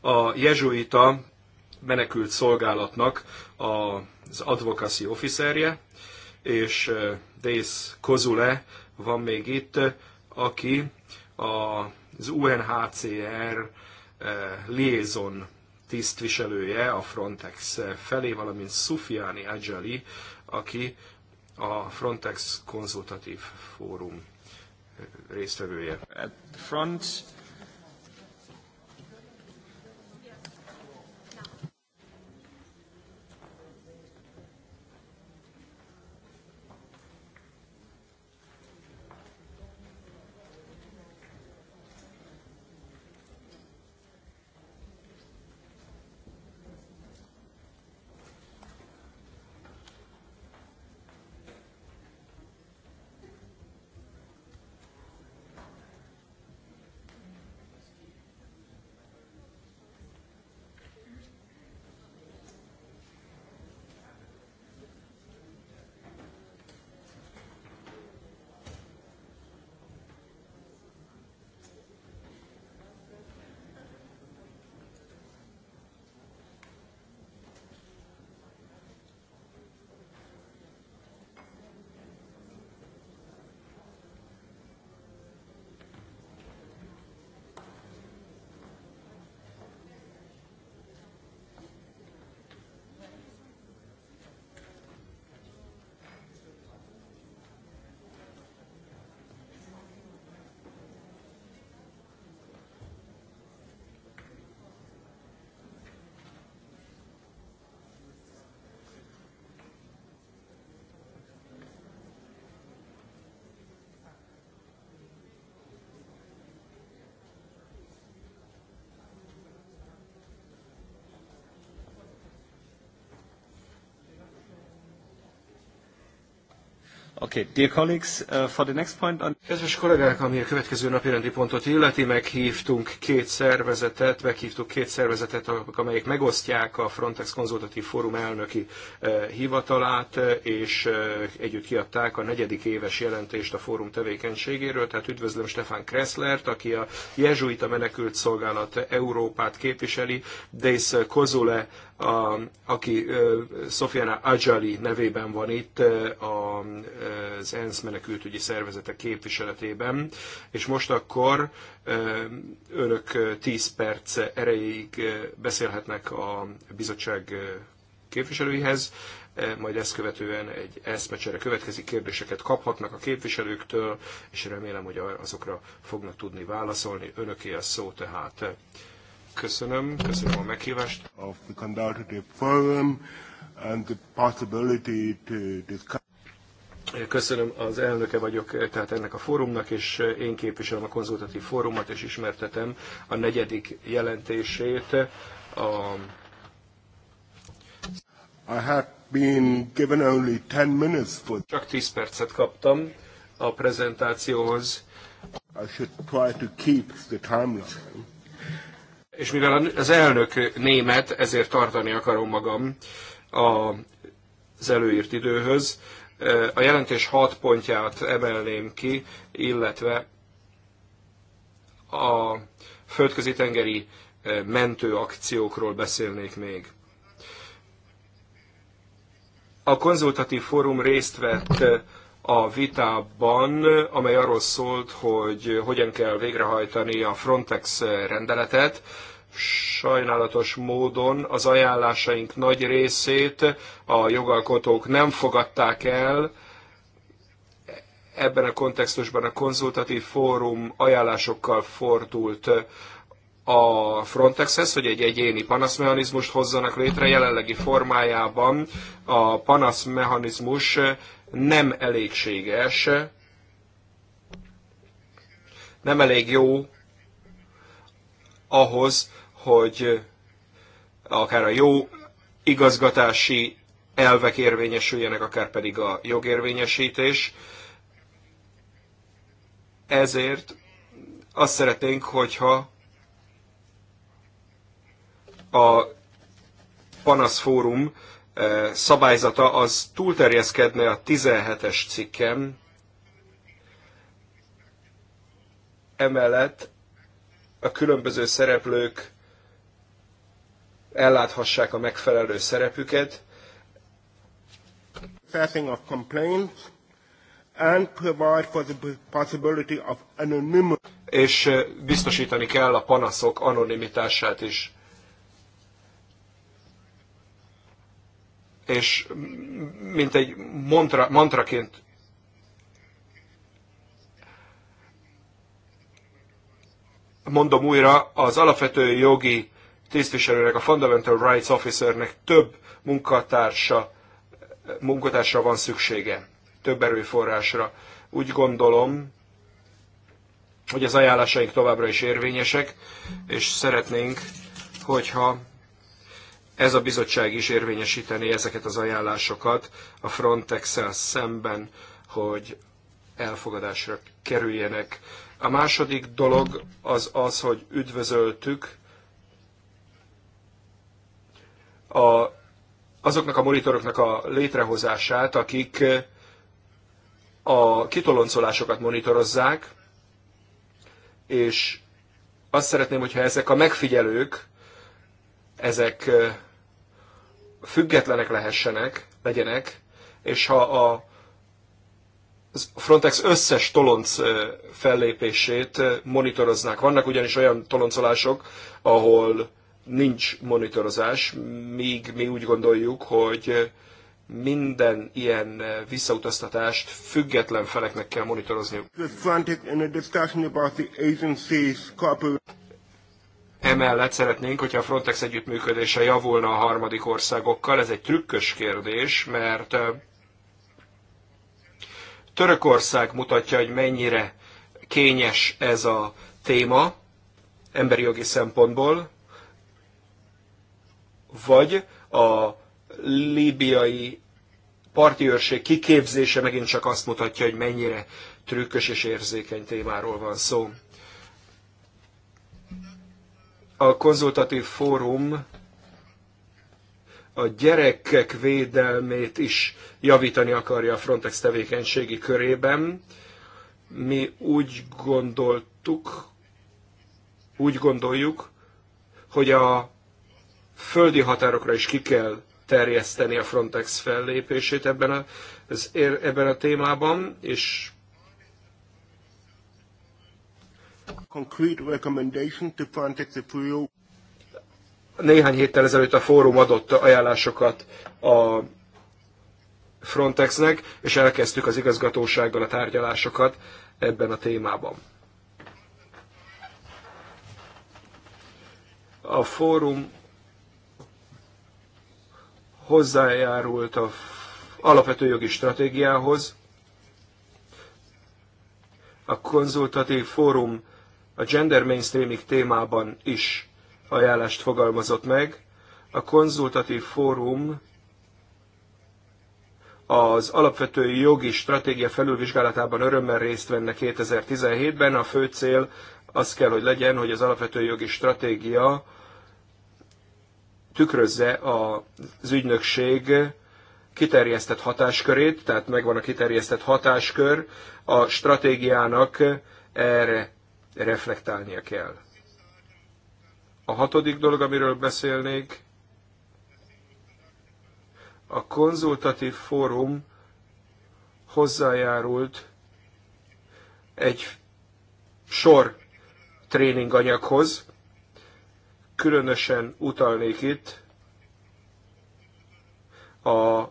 a jezsuita menekült szolgálatnak az advocacy officerje, és eh, Dész Kozule van még itt, aki a az UNHCR eh, liaison tisztviselője a Frontex felé, valamint Sufiani Ajali, aki a Frontex konzultatív fórum résztvevője. At the front, Okay, dear colleagues, uh, for the next point on Kedves kollégák, ami a következő napi rendi pontot illeti, meghívtunk két szervezetet, meghívtuk két szervezetet, amelyek megosztják a Frontex Konzultatív Fórum elnöki eh, hivatalát, és eh, együtt kiadták a negyedik éves jelentést a fórum tevékenységéről. Tehát üdvözlöm Stefan Kresslert, aki a Jezsuita Menekült Szolgálat Európát képviseli, Dész Kozule, a, aki eh, Sofiana Ajali nevében van itt, az ENSZ menekültügyi szervezete képviselő képviseletében, és most akkor önök 10 perc erejéig beszélhetnek a bizottság képviselőihez, majd ezt követően egy eszmecsere következik, kérdéseket kaphatnak a képviselőktől, és remélem, hogy azokra fognak tudni válaszolni. Önöké a szó tehát. Köszönöm, köszönöm a meghívást. Of the Köszönöm, az elnöke vagyok tehát ennek a fórumnak, és én képviselem a konzultatív fórumot, és ismertetem a negyedik jelentését. A... I have been given only 10 minutes for... Csak 10 percet kaptam a prezentációhoz. I should try to keep the timeline. És mivel az elnök német, ezért tartani akarom magam az előírt időhöz a jelentés hat pontját emelném ki, illetve a földközi tengeri mentőakciókról beszélnék még. A konzultatív fórum részt vett a vitában, amely arról szólt, hogy hogyan kell végrehajtani a Frontex rendeletet, sajnálatos módon az ajánlásaink nagy részét a jogalkotók nem fogadták el. Ebben a kontextusban a konzultatív fórum ajánlásokkal fordult a Frontexhez, hogy egy egyéni panaszmechanizmust hozzanak létre jelenlegi formájában. A panaszmechanizmus nem elégséges, nem elég jó ahhoz, hogy akár a jó igazgatási elvek érvényesüljenek, akár pedig a jogérvényesítés. Ezért azt szeretnénk, hogyha a panaszfórum eh, szabályzata az túlterjeszkedne a 17-es cikkem. Emellett a különböző szereplők elláthassák a megfelelő szerepüket. Setting of complaints and provide for the possibility of anonymity. És eh, biztosítani kell a panaszok anonimitását is. És mint egy mantra, mantraként mondom újra, az alapvető jogi tisztviselőnek, a Fundamental Rights Officernek több munkatársa, munkatársa van szüksége, több erőforrásra. Úgy gondolom, hogy az ajánlásaink továbbra is érvényesek, és szeretnénk, hogyha ez a bizottság is érvényesíteni ezeket az ajánlásokat a frontex szemben, hogy elfogadásra kerüljenek. A második dolog az az, hogy üdvözöltük a, azoknak a monitoroknak a létrehozását, akik eh, a kitoloncolásokat monitorozzák, és azt szeretném, hogyha ezek a megfigyelők, ezek eh, függetlenek lehessenek, legyenek, és ha a Frontex összes tolonc eh, fellépését monitoroznák. Vannak ugyanis olyan toloncolások, ahol nincs monitorozás, míg mi úgy gondoljuk, hogy minden ilyen visszautasztatást független feleknek kell monitorozniuk. Emellett szeretnénk, hogyha a Frontex együttműködése javulna a harmadik országokkal. Ez egy trükkös kérdés, mert Törökország mutatja, hogy mennyire kényes ez a téma emberi jogi szempontból, vagy a líbiai parti őrség kiképzése megint csak azt mutatja, hogy mennyire trükkös és érzékeny témáról van szó. A konzultatív fórum a gyerekek védelmét is javítani akarja a Frontex tevékenységi körében. Mi úgy gondoltuk, úgy gondoljuk, hogy a földi határokra is ki kell terjeszteni a Frontex fellépését ebben a, ez, ebben a témában, és Néhány héttel ezelőtt a fórum adott ajánlásokat a Frontexnek, és elkezdtük az igazgatósággal a tárgyalásokat ebben a témában. A fórum hozzájárult a alapvető jogi stratégiához. A konzultatív fórum a gender mainstreaming témában is ajánlást fogalmazott meg. A konzultatív fórum az alapvető jogi stratégia felülvizsgálatában örömmel részt venne 2017-ben. A fő cél az kell, hogy legyen, hogy az alapvető jogi stratégia tükrözze az ügynökség kiterjesztett hatáskörét, tehát megvan a kiterjesztett hatáskör, a stratégiának erre reflektálnia kell. A hatodik dolog, amiről beszélnék, a konzultatív fórum hozzájárult egy sor tréninganyaghoz, Különösen utalnék itt a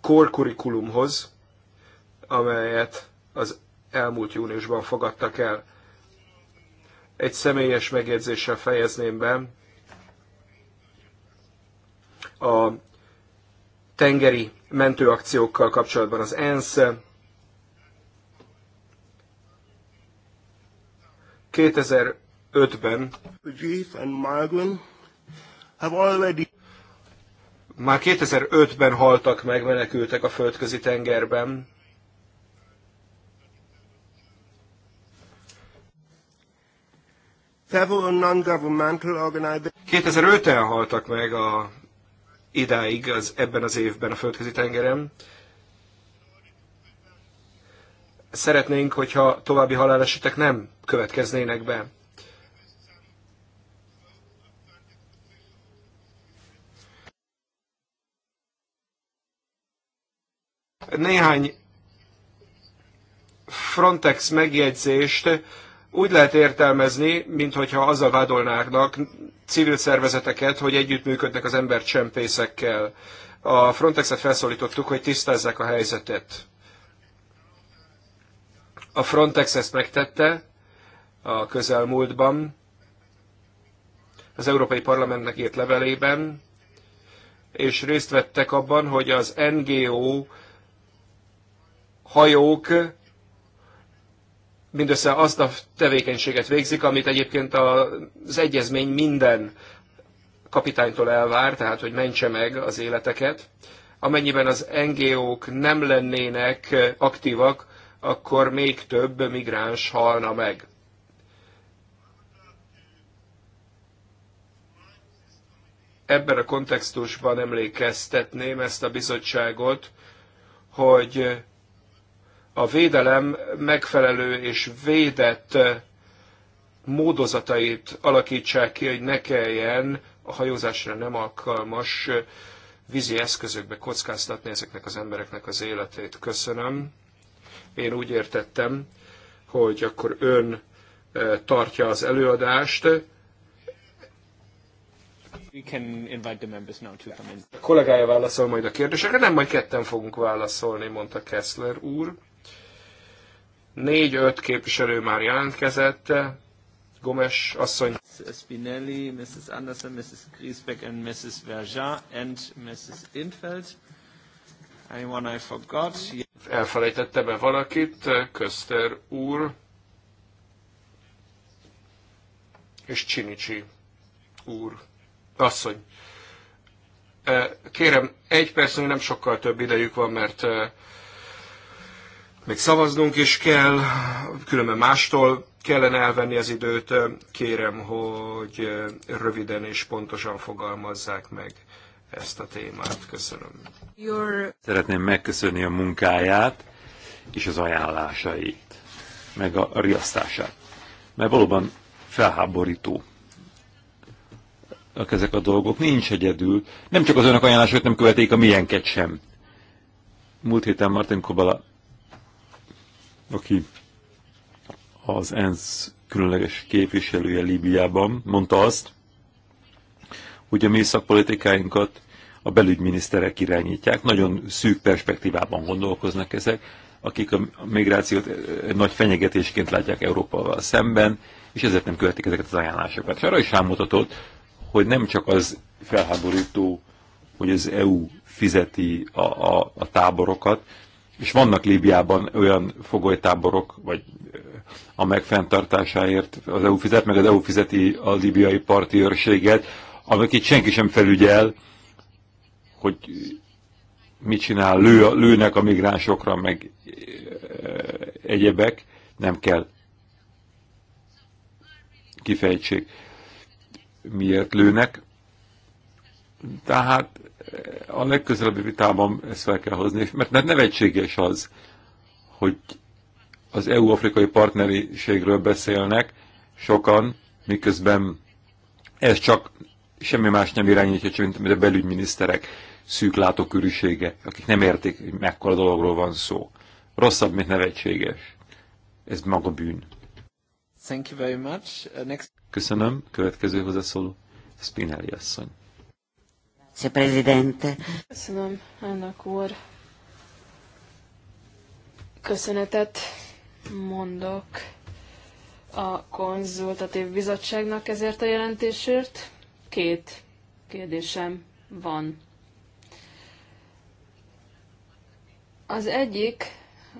korkurikulumhoz, amelyet az elmúlt júniusban fogadtak el. Egy személyes megjegyzéssel fejezném be a tengeri mentőakciókkal kapcsolatban az ENSZ 2000 5 ben már 2005-ben haltak meg menekültek a földközi tengerben. Several non-governmental 2005-en haltak meg a, idáig, az, ebben az évben a földközi tengeren. Szeretnénk, hogyha további halálesetek nem következnének be. Néhány Frontex megjegyzést úgy lehet értelmezni, mintha azzal vádolnának civil szervezeteket, hogy együttműködnek az csempészekkel. A Frontexet felszólítottuk, hogy tisztázzák a helyzetet. A Frontex ezt megtette a közelmúltban, az Európai Parlamentnek írt levelében, és részt vettek abban, hogy az NGO hajók mindössze azt a tevékenységet végzik, amit egyébként az egyezmény minden kapitánytól elvár, tehát hogy mentse meg az életeket. Amennyiben az NGO-k nem lennének aktívak, akkor még több migráns halna meg. Ebben a kontextusban emlékeztetném ezt a bizottságot, hogy a védelem megfelelő és védett eh, módozatait alakítsák ki, hogy ne kelljen a hajózásra nem alkalmas eh, vízi eszközökbe kockáztatni ezeknek az embereknek az életét. Köszönöm. Én úgy értettem, hogy akkor ön eh, tartja az előadást. We can invite the members now to come in. A kollégája válaszol majd a kérdésekre, nem majd ketten fogunk válaszolni, mondta Kessler úr. Négy-öt képviselő már jelentkezett. Gomes asszony. Spinelli, Mrs. Anderson, Mrs. Griesbeck and Mrs. Verjean and Mrs. Infeld. Anyone I forgot? Elfelejtette be valakit, Köster úr és Csinicsi úr, asszony. Kérem, egy perc, nem sokkal több idejük van, mert még szavaznunk is kell, különben mástól kellene elvenni az időt. Kérem, hogy röviden és pontosan fogalmazzák meg ezt a témát. Köszönöm. Your... Szeretném megköszönni a munkáját és az ajánlásait, meg a riasztását. Mert valóban felháborító ezek a dolgok. Nincs egyedül. Nem csak az önök ajánlásait nem követik a milyenket sem. Múlt héten Martin Kobala aki az ENSZ különleges képviselője Líbiában, mondta azt, hogy a mi szakpolitikáinkat a belügyminiszterek irányítják, nagyon szűk perspektívában gondolkoznak ezek, akik a migrációt eh, nagy fenyegetésként látják Európával szemben, és ezért nem követik ezeket az ajánlásokat. És arra is rámutatott, hogy nem csak az felháborító, hogy az EU fizeti a, a, a táborokat, és vannak Líbiában olyan fogolytáborok, vagy a megfenntartásáért az EU fizet, meg az EU fizeti a libiai parti őrséget, amik itt senki sem felügyel, hogy mit csinál, lő, lőnek a migránsokra, meg egyebek, nem kell kifejtsék, miért lőnek. Tehát a legközelebbi vitában ezt fel kell hozni, mert nevetséges az, hogy az EU-afrikai partneriségről beszélnek sokan, miközben ez csak semmi más nem irányítja, csak mint a belügyminiszterek szűk látókörűsége, akik nem értik, hogy mekkora dologról van szó. Rosszabb, mint nevetséges. Ez maga bűn. Thank you very much. Uh, next... Köszönöm. Következő hozzászóló. Spinelli asszony. Grazie, Presidente. Köszönöm, elnök úr. Köszönetet mondok a konzultatív bizottságnak ezért a jelentésért. Két kérdésem van. Az egyik,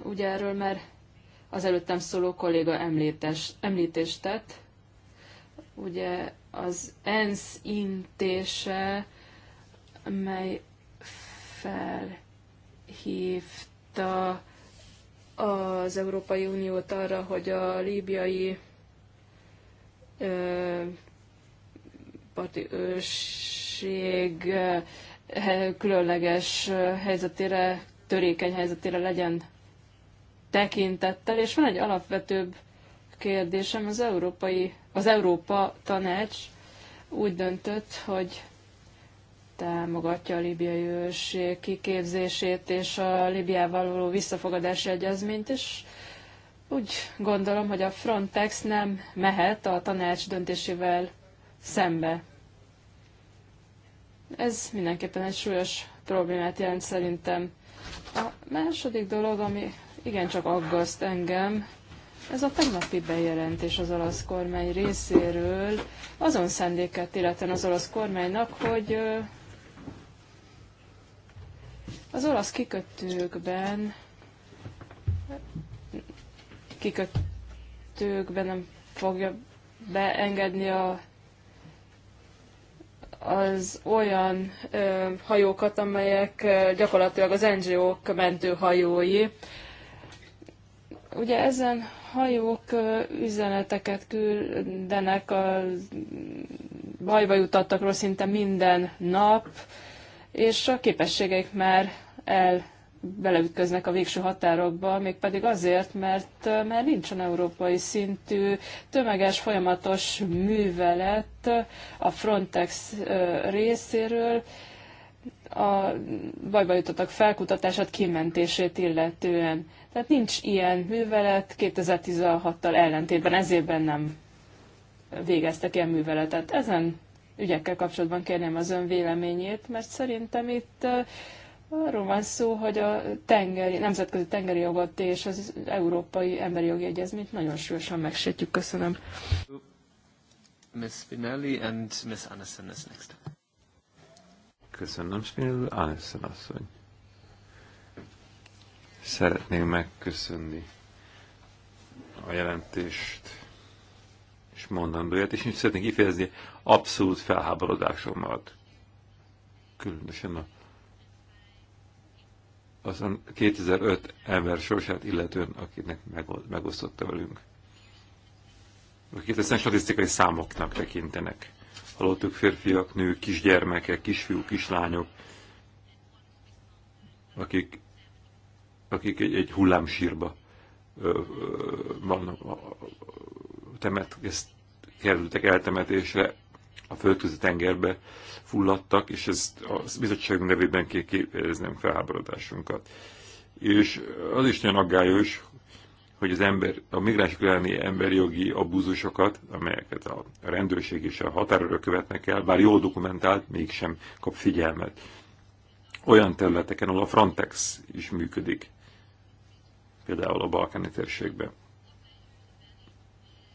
ugye erről már az előttem szóló kolléga említés, említést tett, ugye az ENSZ intése mely felhívta az Európai Uniót arra, hogy a líbiai ö, parti őrség különleges helyzetére, törékeny helyzetére legyen tekintettel, és van egy alapvetőbb kérdésem, az Európai, az Európa Tanács úgy döntött, hogy támogatja a libiai őrség kiképzését és a Libiával való visszafogadási egyezményt, és úgy gondolom, hogy a Frontex nem mehet a tanács döntésével szembe. Ez mindenképpen egy súlyos problémát jelent szerintem. A második dolog, ami igencsak aggaszt engem, ez a tegnapi bejelentés az olasz kormány részéről azon szendéket illetve az olasz kormánynak, hogy az olasz kikötőkben kikötőkben nem fogja beengedni a, az olyan ö, hajókat, amelyek ö, gyakorlatilag az NGO-k mentőhajói. Ugye ezen hajók ö, üzeneteket küldenek, a bajba jutottakról szinte minden nap, ö, és a képességeik már el beleütköznek a végső határokba, mégpedig azért, mert már nincsen európai szintű tömeges folyamatos művelet a Frontex részéről, a bajba jutottak felkutatását, kimentését illetően. Tehát nincs ilyen művelet, 2016-tal ellentétben ezért nem végeztek ilyen műveletet. Ezen ügyekkel kapcsolatban kérném az ön véleményét, mert szerintem itt arról van szó, hogy a tengeri, nemzetközi tengeri jogot és az Európai Emberi Jogi Egyezményt nagyon súlyosan megsértjük. Köszönöm. Miss Spinelli and Miss Anderson is next. Köszönöm, Spinelli. Anderson asszony. Szeretném megköszönni a jelentést mondandóját, és szeretnék kifejezni abszolút felháborodásomat. Különösen a az 2005 ember sorsát illetően, akinek megosztotta velünk. Akit ezt statisztikai számoknak tekintenek. Halottuk férfiak, nők, kisgyermekek, kisfiúk, kislányok, akik, akik egy, egy hullámsírba ö, ö, vannak, temet, ezt kerültek eltemetésre, a földközi tengerbe fulladtak, és ez a bizottság nevében kell képeznem felháborodásunkat. És az is nagyon aggályos, hogy az ember, a migránsok elleni emberjogi abúzusokat, amelyeket a rendőrség és a határőrök követnek el, bár jól dokumentált, mégsem kap figyelmet. Olyan területeken, ahol a Frontex is működik, például a balkáni térségben.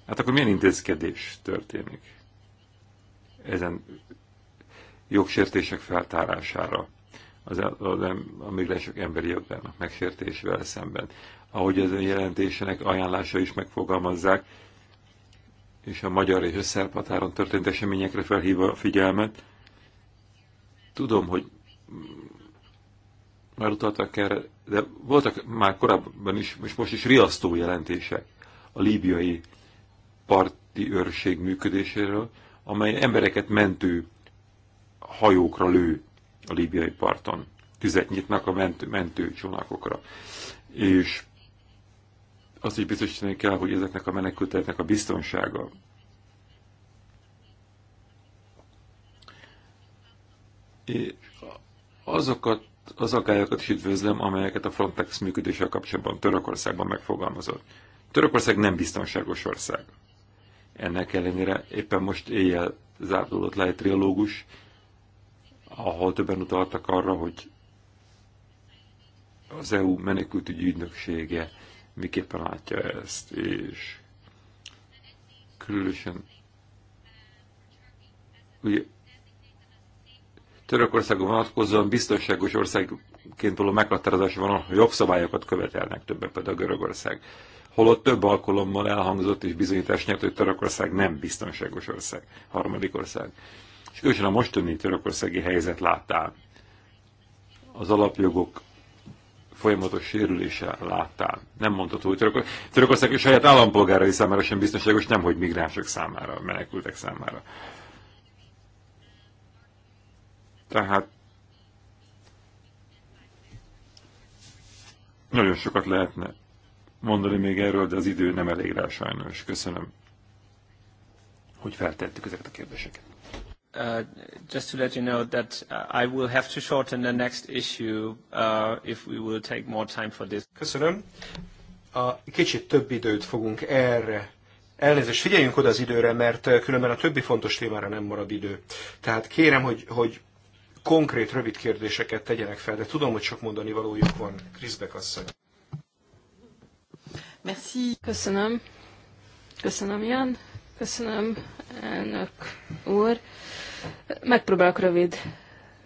Hát akkor milyen intézkedés történik ezen jogsértések feltárására, az, az, a migránsok emberi jogának megsértésével szemben? Ahogy az ön jelentésének ajánlása is megfogalmazzák, és a magyar és a szerb határon történt eseményekre felhívva a figyelmet. Tudom, hogy már utaltak erre, de voltak már korábban is, és most is riasztó jelentések a líbiai parti őrség működéséről, amely embereket mentő hajókra lő a líbiai parton. Tüzet nyitnak a mentő, mentő csónakokra. És azt is biztosítani kell, hogy ezeknek a menekülteknek a biztonsága és azokat az akályokat is üdvözlöm, amelyeket a Frontex működéssel kapcsolatban Törökországban megfogalmazott. Törökország nem biztonságos ország. Ennek ellenére éppen most éjjel zárdulott le egy trilógus, ahol többen utaltak arra, hogy az EU menekültügyi ügynöksége miképpen látja ezt, és különösen ugye, Törökországon vonatkozóan biztonságos országként való meghatározás van, hogy jobb szabályokat követelnek többen, például Görögország holott több alkalommal elhangzott és bizonyítás nyert, hogy Törökország nem biztonságos ország, harmadik ország. És különösen a mostani törökországi helyzet láttál, az alapjogok folyamatos sérülése láttál. Nem mondható, hogy Törökország, és saját állampolgárai számára sem biztonságos, nem hogy migránsok számára, menekültek számára. Tehát nagyon sokat lehetne mondani még erről, de az idő nem elég rá sajnos. Köszönöm, hogy feltettük ezeket a kérdéseket. Uh, just to let you know that uh, I will have to shorten the next issue uh, if we will take more time for this. Köszönöm. A kicsit több időt fogunk erre. Elnézést, figyeljünk oda az időre, mert uh, különben a többi fontos témára nem marad idő. Tehát kérem, hogy, hogy konkrét, rövid kérdéseket tegyenek fel, de tudom, hogy sok mondani valójuk van. Kriszbek asszony. Merci. Köszönöm. Köszönöm, Jan. Köszönöm, elnök úr. Megpróbálok rövid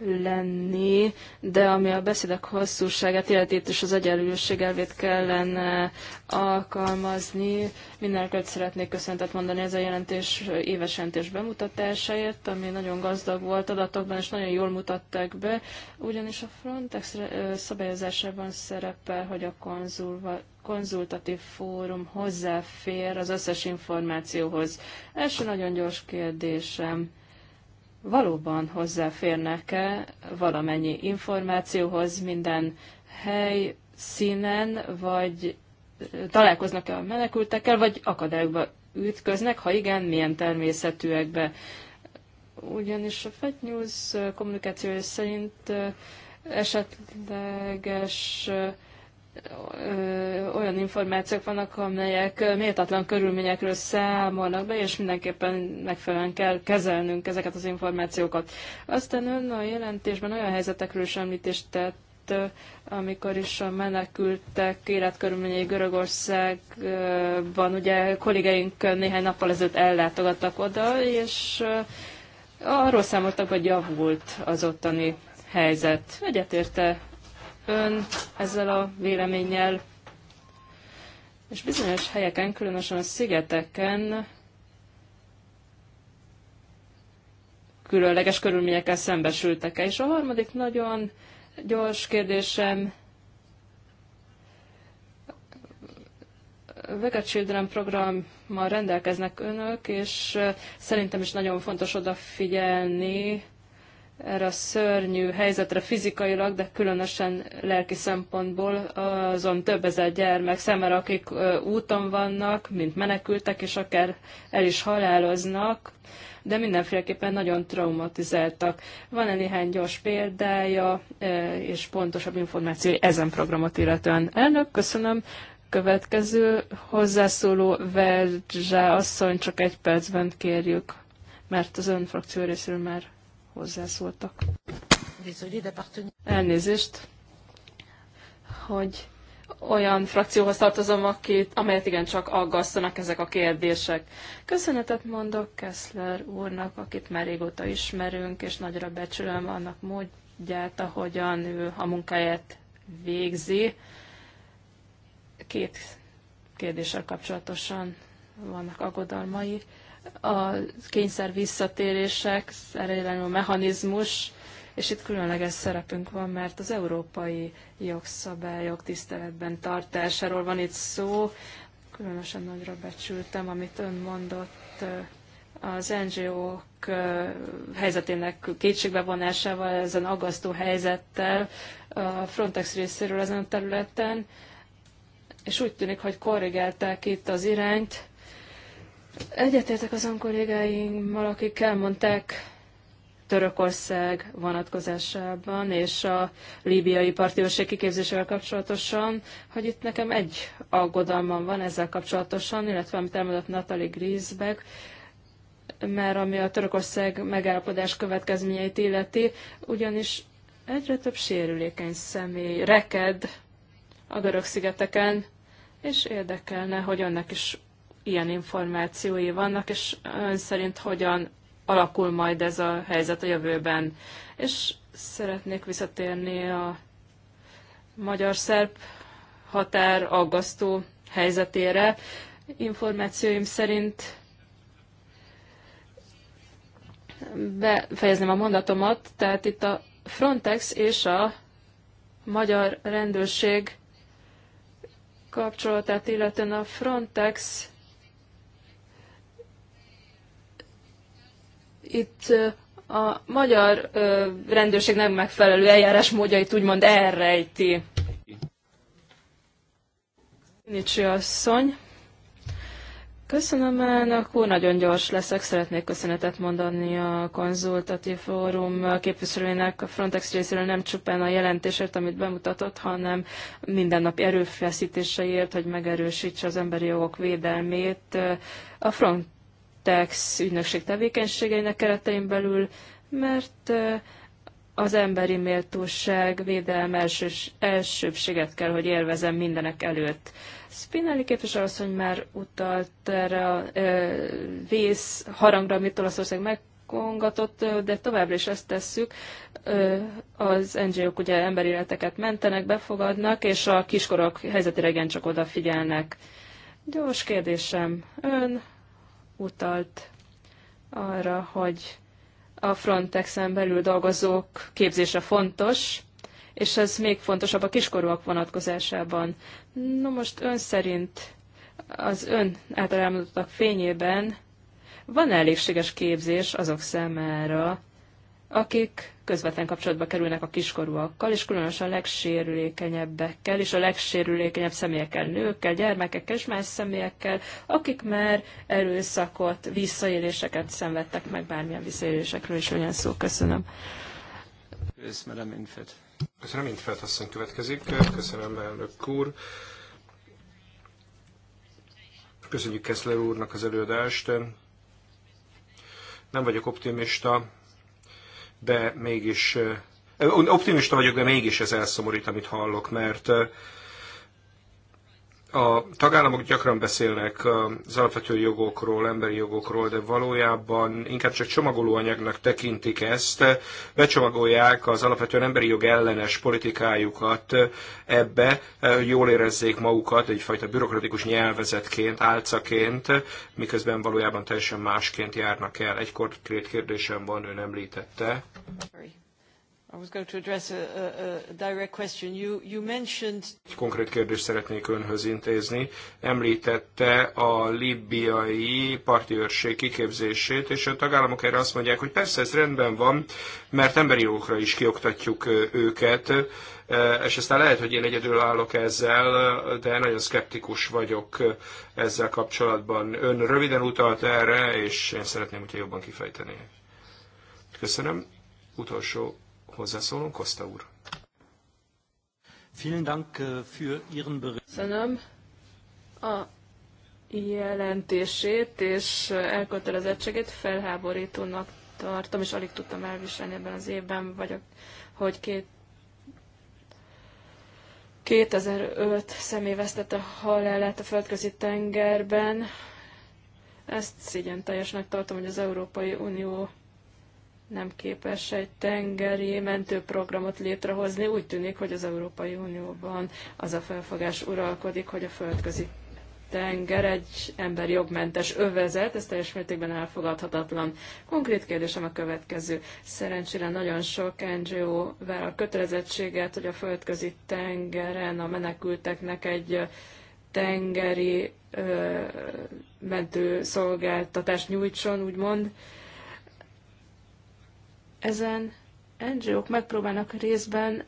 lenni, de ami a beszédek hosszúságát, életét és az egyenlőség elvét kellene alkalmazni. Mindenkit szeretnék köszöntet mondani ez a jelentés éves jelentés bemutatásáért, ami nagyon gazdag volt adatokban, és nagyon jól mutatták be, ugyanis a Frontex eh, szabályozásában szerepel, hogy a konzulva konzultatív fórum hozzáfér az összes információhoz. Első nagyon gyors kérdésem valóban hozzáférnek-e valamennyi információhoz minden hely színen, vagy találkoznak-e a menekültekkel, vagy akadályokba ütköznek, ha igen, milyen természetűekbe. Ugyanis a Fed News kommunikációja szerint esetleges olyan információk vannak, amelyek méltatlan körülményekről számolnak be, és mindenképpen megfelelően kell kezelnünk ezeket az információkat. Aztán ön a jelentésben olyan helyzetekről is említést tett, amikor is a menekültek életkörülményei Görögországban, ugye kollégeink néhány nappal ezelőtt ellátogattak oda, és arról számoltak, hogy javult az ottani helyzet. Egyetérte ön ezzel a véleménnyel? És bizonyos helyeken, különösen a szigeteken különleges körülményekkel szembesültek-e. És a harmadik nagyon gyors kérdésem, Vega Children programmal rendelkeznek önök, és szerintem is nagyon fontos odafigyelni erre a szörnyű helyzetre fizikailag, de különösen lelki szempontból azon több ezer gyermek számára, akik úton vannak, mint menekültek, és akár el is haláloznak, de mindenféleképpen nagyon traumatizáltak. Van-e néhány gyors példája és pontosabb információ ezen programot illetően? Elnök, köszönöm. Következő hozzászóló Verzsá asszony csak egy percben kérjük, mert az ön frakció részéről már hozzászóltak. Elnézést, hogy olyan frakcióhoz tartozom, akit, amelyet igencsak aggasztanak ezek a kérdések. Köszönetet mondok Kessler úrnak, akit már régóta ismerünk, és nagyra becsülöm annak módját, ahogyan ő a munkáját végzi. Két kérdéssel kapcsolatosan vannak aggodalmai a kényszer visszatérések, erre a mechanizmus, és itt különleges szerepünk van, mert az európai jogszabályok tiszteletben tartásáról van itt szó. Különösen nagyra becsültem, amit ön mondott eh, az NGO-k eh, helyzetének kétségbevonásával, ezen aggasztó helyzettel a Frontex részéről ezen a területen, és úgy tűnik, hogy korrigálták itt az irányt, Egyetértek azon kollégáimmal, akik elmondták Törökország vonatkozásában és a líbiai partiőrség kiképzésével kapcsolatosan, hogy itt nekem egy aggodalmam van ezzel kapcsolatosan, illetve amit elmondott Natalie Griesbeck, mert ami a Törökország megállapodás következményeit illeti, ugyanis egyre több sérülékeny személy reked a görög szigeteken, és érdekelne, hogy önnek is ilyen információi vannak, és ön szerint hogyan alakul majd ez a helyzet a jövőben. És szeretnék visszatérni a magyar-szerb határ aggasztó helyzetére. Információim szerint befejezném a mondatomat, tehát itt a Frontex és a magyar rendőrség kapcsolatát, illetően a Frontex Itt a magyar rendőrség nem megfelelő eljárásmódjait úgymond elrejti. Nincsi asszony. Köszönöm elnök úr, nagyon gyors leszek, szeretnék köszönetet mondani a konzultatív fórum képviselőjének a Frontex részéről nem csupán a jelentésért, amit bemutatott, hanem mindennapi erőfeszítéseért, hogy megerősítse az emberi jogok védelmét. A Frontex TEX ügynökség tevékenységeinek keretein belül, mert eh, az emberi méltóság védelme elsős, elsőbséget kell, hogy élvezem mindenek előtt. Spinelli képviselő már utalt erre a e, vész harangra, amit Olaszország megkongatott, eh, de továbbra is ezt tesszük. Az NGO-k ugye emberi életeket mentenek, befogadnak, és a kiskorok helyzetére csak odafigyelnek. Gyors kérdésem. Ön utalt arra, hogy a Frontexen belül dolgozók képzése fontos, és ez még fontosabb a kiskorúak vonatkozásában. No most ön szerint az ön által elmondottak fényében van -e elégséges képzés azok számára, akik közvetlen kapcsolatba kerülnek a kiskorúakkal, és különösen a legsérülékenyebbekkel, és a legsérülékenyebb személyekkel, nőkkel, gyermekekkel és más személyekkel, akik már erőszakot, visszaéléseket szenvedtek meg, bármilyen visszaélésekről is olyan szó. Köszönöm. Köszönöm, Infet. Köszönöm, Infet, asszony következik. Köszönöm, elnök úr. Köszönjük Keszler úrnak az előadást. Nem vagyok optimista de mégis optimista vagyok, de mégis ez elszomorít, amit hallok, mert a tagállamok gyakran beszélnek az alapvető jogokról, emberi jogokról, de valójában inkább csak csomagolóanyagnak tekintik ezt, becsomagolják az alapvetően emberi jog ellenes politikájukat ebbe, hogy e, jól érezzék magukat egyfajta bürokratikus nyelvezetként, álcaként, miközben valójában teljesen másként járnak el. Egy konkrét kérdésem van, ön említette. Sorry. I was going to address a, a, a direct question. You, you mentioned... Konkrét kérdést szeretnék önhöz intézni. Említette a libiai parti őrség kiképzését, és a tagállamok erre azt mondják, hogy persze ez rendben van, mert emberi jogokra is kioktatjuk őket, és aztán lehet, hogy én egyedül állok ezzel, de nagyon szkeptikus vagyok ezzel kapcsolatban. Ön röviden utalt erre, és én szeretném, hogyha jobban kifejteni. Köszönöm. Utolsó hozzászólunk, Kosta úr. Äh, Köszönöm a jelentését és elkötelezettségét felháborítónak tartom, és alig tudtam elviselni ebben az évben, vagyok, hogy két 2005 személy vesztette halálát a földközi tengerben. Ezt szégyen teljesnek tartom, hogy az Európai Unió nem képes egy tengeri mentőprogramot létrehozni. Úgy tűnik, hogy az Európai Unióban az a felfogás uralkodik, hogy a földközi tenger egy ember jogmentes övezet, ez teljes mértékben elfogadhatatlan. Konkrét kérdésem a következő. Szerencsére nagyon sok NGO vár a kötelezettséget, hogy a földközi tengeren a menekülteknek egy tengeri ö, mentőszolgáltatást nyújtson, úgymond. Ezen NGO-k megpróbálnak részben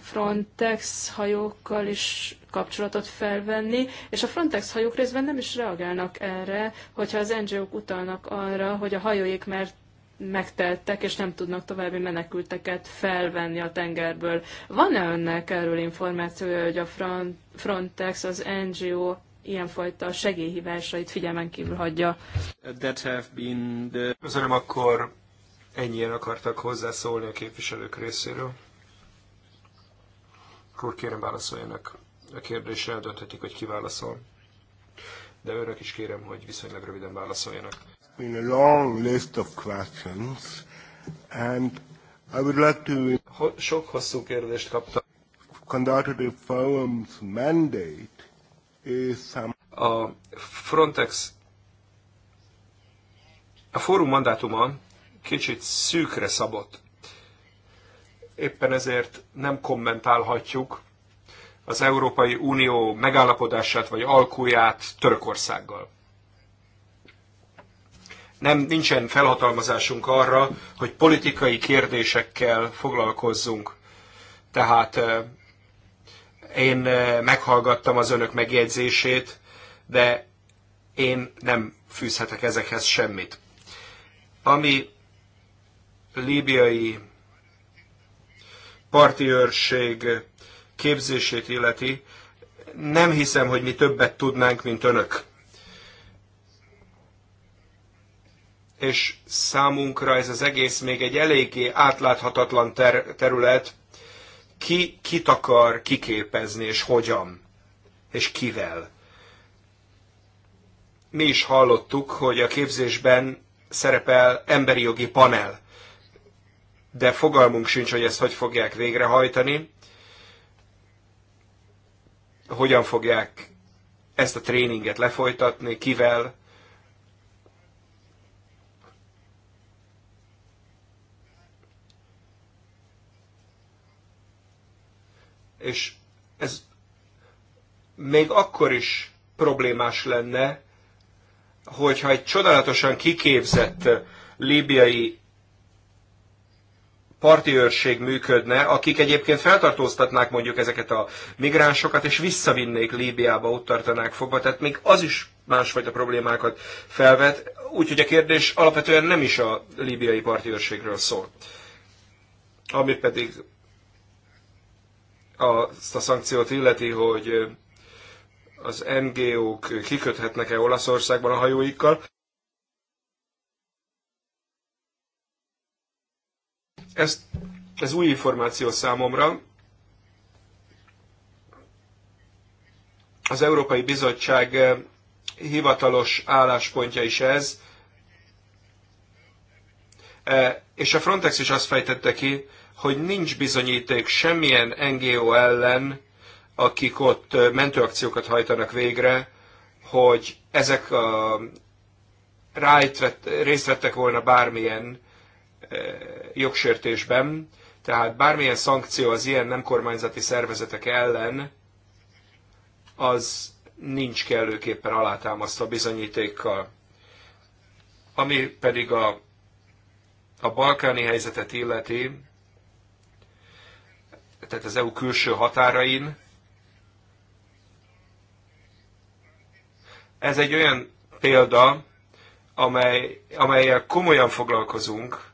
Frontex hajókkal is kapcsolatot felvenni, és a Frontex hajók részben nem is reagálnak erre, hogyha az NGO-k utalnak arra, hogy a hajóik már megteltek, és nem tudnak további menekülteket felvenni a tengerből. Van-e önnek erről információja, hogy a Frontex, az NGO ilyenfajta segélyhívásait figyelmen kívül hagyja? That have been Köszönöm, akkor ennyien akartak hozzászólni a képviselők részéről. Akkor kérem válaszoljanak. A kérdésre eldönthetik, hogy ki válaszol. De önök is kérem, hogy viszonylag röviden válaszoljanak. Been a long list of questions, and I would like to... Ho- sok hosszú kérdést kaptam. a forum's mandate is some... A Frontex a fórum mandátuma kicsit szűkre szabott. Éppen ezért nem kommentálhatjuk az Európai Unió megállapodását vagy alkuját Törökországgal. Nem, nincsen felhatalmazásunk arra, hogy politikai kérdésekkel foglalkozzunk. Tehát eh, én eh, meghallgattam az önök megjegyzését, de én nem fűzhetek ezekhez semmit. Ami líbiai parti őrség képzését illeti, nem hiszem, hogy mi többet tudnánk, mint önök. És számunkra ez az egész még egy eléggé átláthatatlan ter- terület, ki kit akar kiképezni, és hogyan, és kivel. Mi is hallottuk, hogy a képzésben szerepel emberi jogi panel de fogalmunk sincs, hogy ezt hogy fogják végrehajtani, hogyan fogják ezt a tréninget lefolytatni, kivel, és ez még akkor is problémás lenne, hogyha egy csodálatosan kiképzett líbiai parti őrség működne, akik egyébként feltartóztatnák mondjuk ezeket a migránsokat, és visszavinnék Líbiába, ott tartanák fogva, tehát még az is másfajta problémákat felvet, úgyhogy a kérdés alapvetően nem is a líbiai parti őrségről szól. Ami pedig azt a szankciót illeti, hogy az NGO-k kiköthetnek-e Olaszországban a hajóikkal. Ezt, ez új információ számomra. Az Európai Bizottság eh, hivatalos álláspontja is ez. Eh, és a Frontex is azt fejtette ki, hogy nincs bizonyíték semmilyen NGO ellen, akik ott eh, mentőakciókat hajtanak végre, hogy ezek a rájt vett, részt vettek volna bármilyen jogsértésben, tehát bármilyen szankció az ilyen nem kormányzati szervezetek ellen, az nincs kellőképpen alátámasztva bizonyítékkal. Ami pedig a, a balkáni helyzetet illeti, tehát az EU külső határain, ez egy olyan példa, amely, amelyel komolyan foglalkozunk,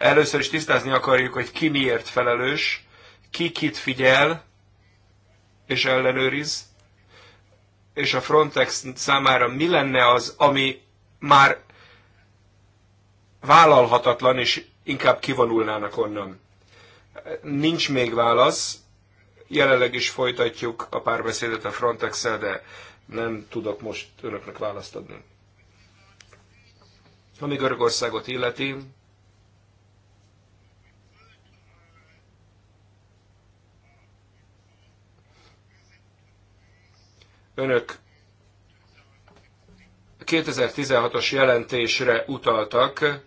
Először is tisztázni akarjuk, hogy ki miért felelős, ki kit figyel és ellenőriz, és a Frontex számára mi lenne az, ami már vállalhatatlan, és inkább kivonulnának onnan. Nincs még válasz, jelenleg is folytatjuk a párbeszédet a frontex de nem tudok most önöknek választ adni. Ami Görögországot illeti, Önök 2016-os jelentésre utaltak,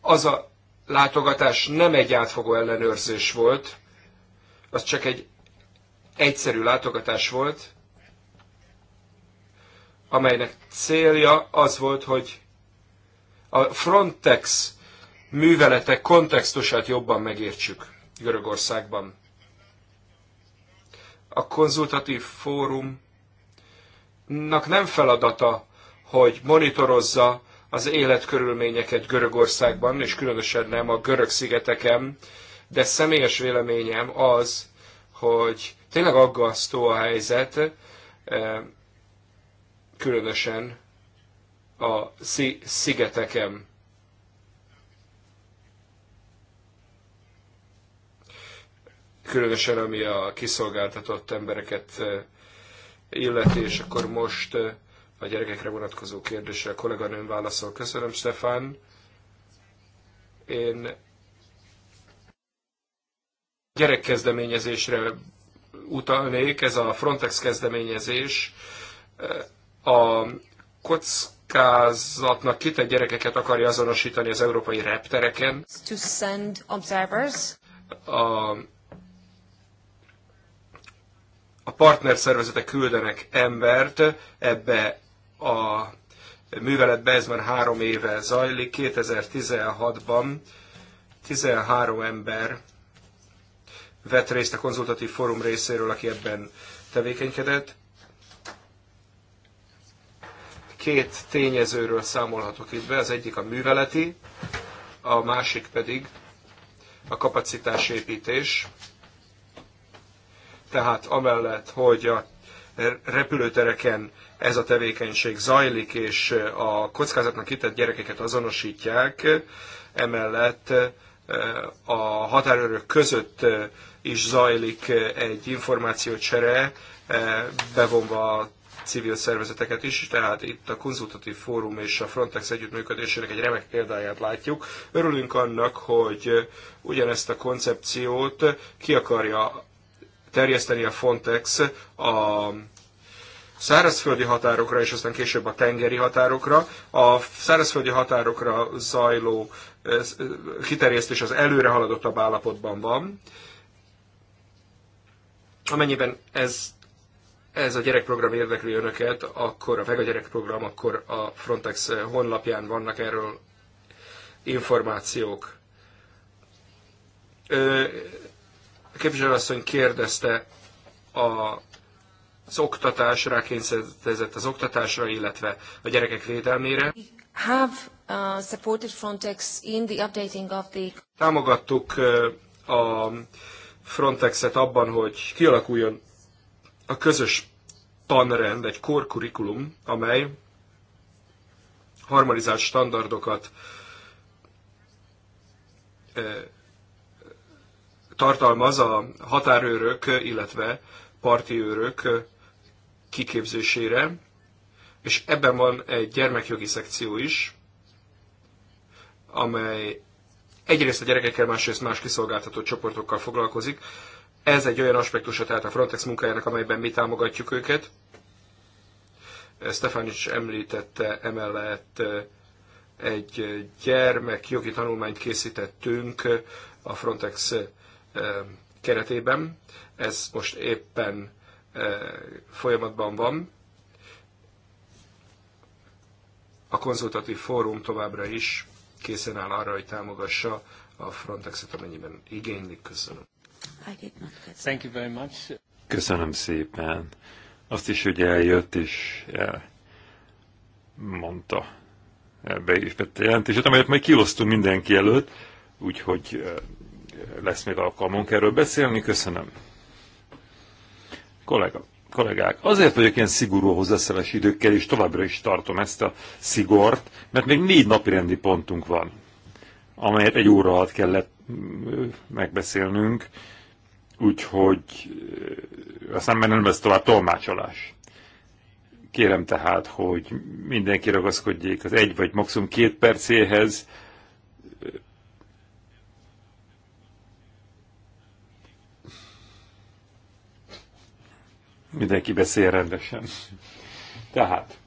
az a látogatás nem egy átfogó ellenőrzés volt, az csak egy egyszerű látogatás volt, amelynek célja az volt, hogy a Frontex művelete kontextusát jobban megértsük. Görögországban. A konzultatív fórumnak nem feladata, hogy monitorozza az életkörülményeket Görögországban, és különösen nem a görög szigeteken, de személyes véleményem az, hogy tényleg aggasztó a helyzet, eh, különösen a szigeteken. különösen ami a kiszolgáltatott embereket illeti, és akkor most a gyerekekre vonatkozó kérdésre a kolléganőm válaszol. Köszönöm, Stefan, Én gyerekkezdeményezésre utalnék, ez a Frontex kezdeményezés a kockázatnak kitett gyerekeket akarja azonosítani az európai reptereken. To send observers. A a partnerszervezetek küldenek embert ebbe a műveletbe, ez már három éve zajlik, 2016-ban 13 ember vett részt a konzultatív fórum részéről, aki ebben tevékenykedett. Két tényezőről számolhatok itt be, az egyik a műveleti, a másik pedig a kapacitásépítés. Tehát amellett, hogy a repülőtereken ez a tevékenység zajlik, és a kockázatnak kitett gyerekeket azonosítják, emellett a határőrök között is zajlik egy információcsere, bevonva a civil szervezeteket is, tehát itt a konzultatív fórum és a Frontex együttműködésének egy remek példáját látjuk. Örülünk annak, hogy ugyanezt a koncepciót ki akarja terjeszteni a Frontex a szárazföldi határokra, és aztán később a tengeri határokra. A szárazföldi határokra zajló kiterjesztés az előre haladottabb állapotban van. Amennyiben ez, ez a gyerekprogram érdekli önöket, akkor a Vega gyerekprogram, akkor a Frontex honlapján vannak erről információk. A képviselőasszony kérdezte a, az oktatásra, kényszerített az oktatásra, illetve a gyerekek védelmére. Have, uh, supported Frontex in the updating of the... Támogattuk uh, a Frontexet abban, hogy kialakuljon a közös tanrend, egy korkurikulum, amely harmonizált standardokat uh, tartalmaz a határőrök, illetve parti őrök kiképzésére, és ebben van egy gyermekjogi szekció is, amely egyrészt a gyerekekkel, másrészt más kiszolgáltatott csoportokkal foglalkozik. Ez egy olyan aspektusa tehát a Frontex munkájának, amelyben mi támogatjuk őket. Stefan is említette emellett egy gyermekjogi tanulmányt készítettünk a Frontex keretében. Ez most éppen folyamatban van. A konzultatív fórum továbbra is készen áll arra, hogy támogassa a Frontexet, amennyiben igénylik. Köszönöm. Thank you very much. Köszönöm szépen. Azt is, hogy eljött és elmondta e, Be is vett jelentését, amelyet majd kiosztunk mindenki előtt, úgyhogy e, lesz még alkalmunk erről beszélni. Köszönöm. Kollega, kollégák, azért vagyok ilyen szigorú hozzászeles időkkel, és továbbra is tartom ezt a szigort, mert még négy napi rendi pontunk van, amelyet egy óra alatt kellett mm, megbeszélnünk, úgyhogy aztán már nem lesz tovább tolmácsolás. Kérem tehát, hogy mindenki ragaszkodjék az egy vagy maximum két percéhez, Mindenki beszél rendesen. Tehát,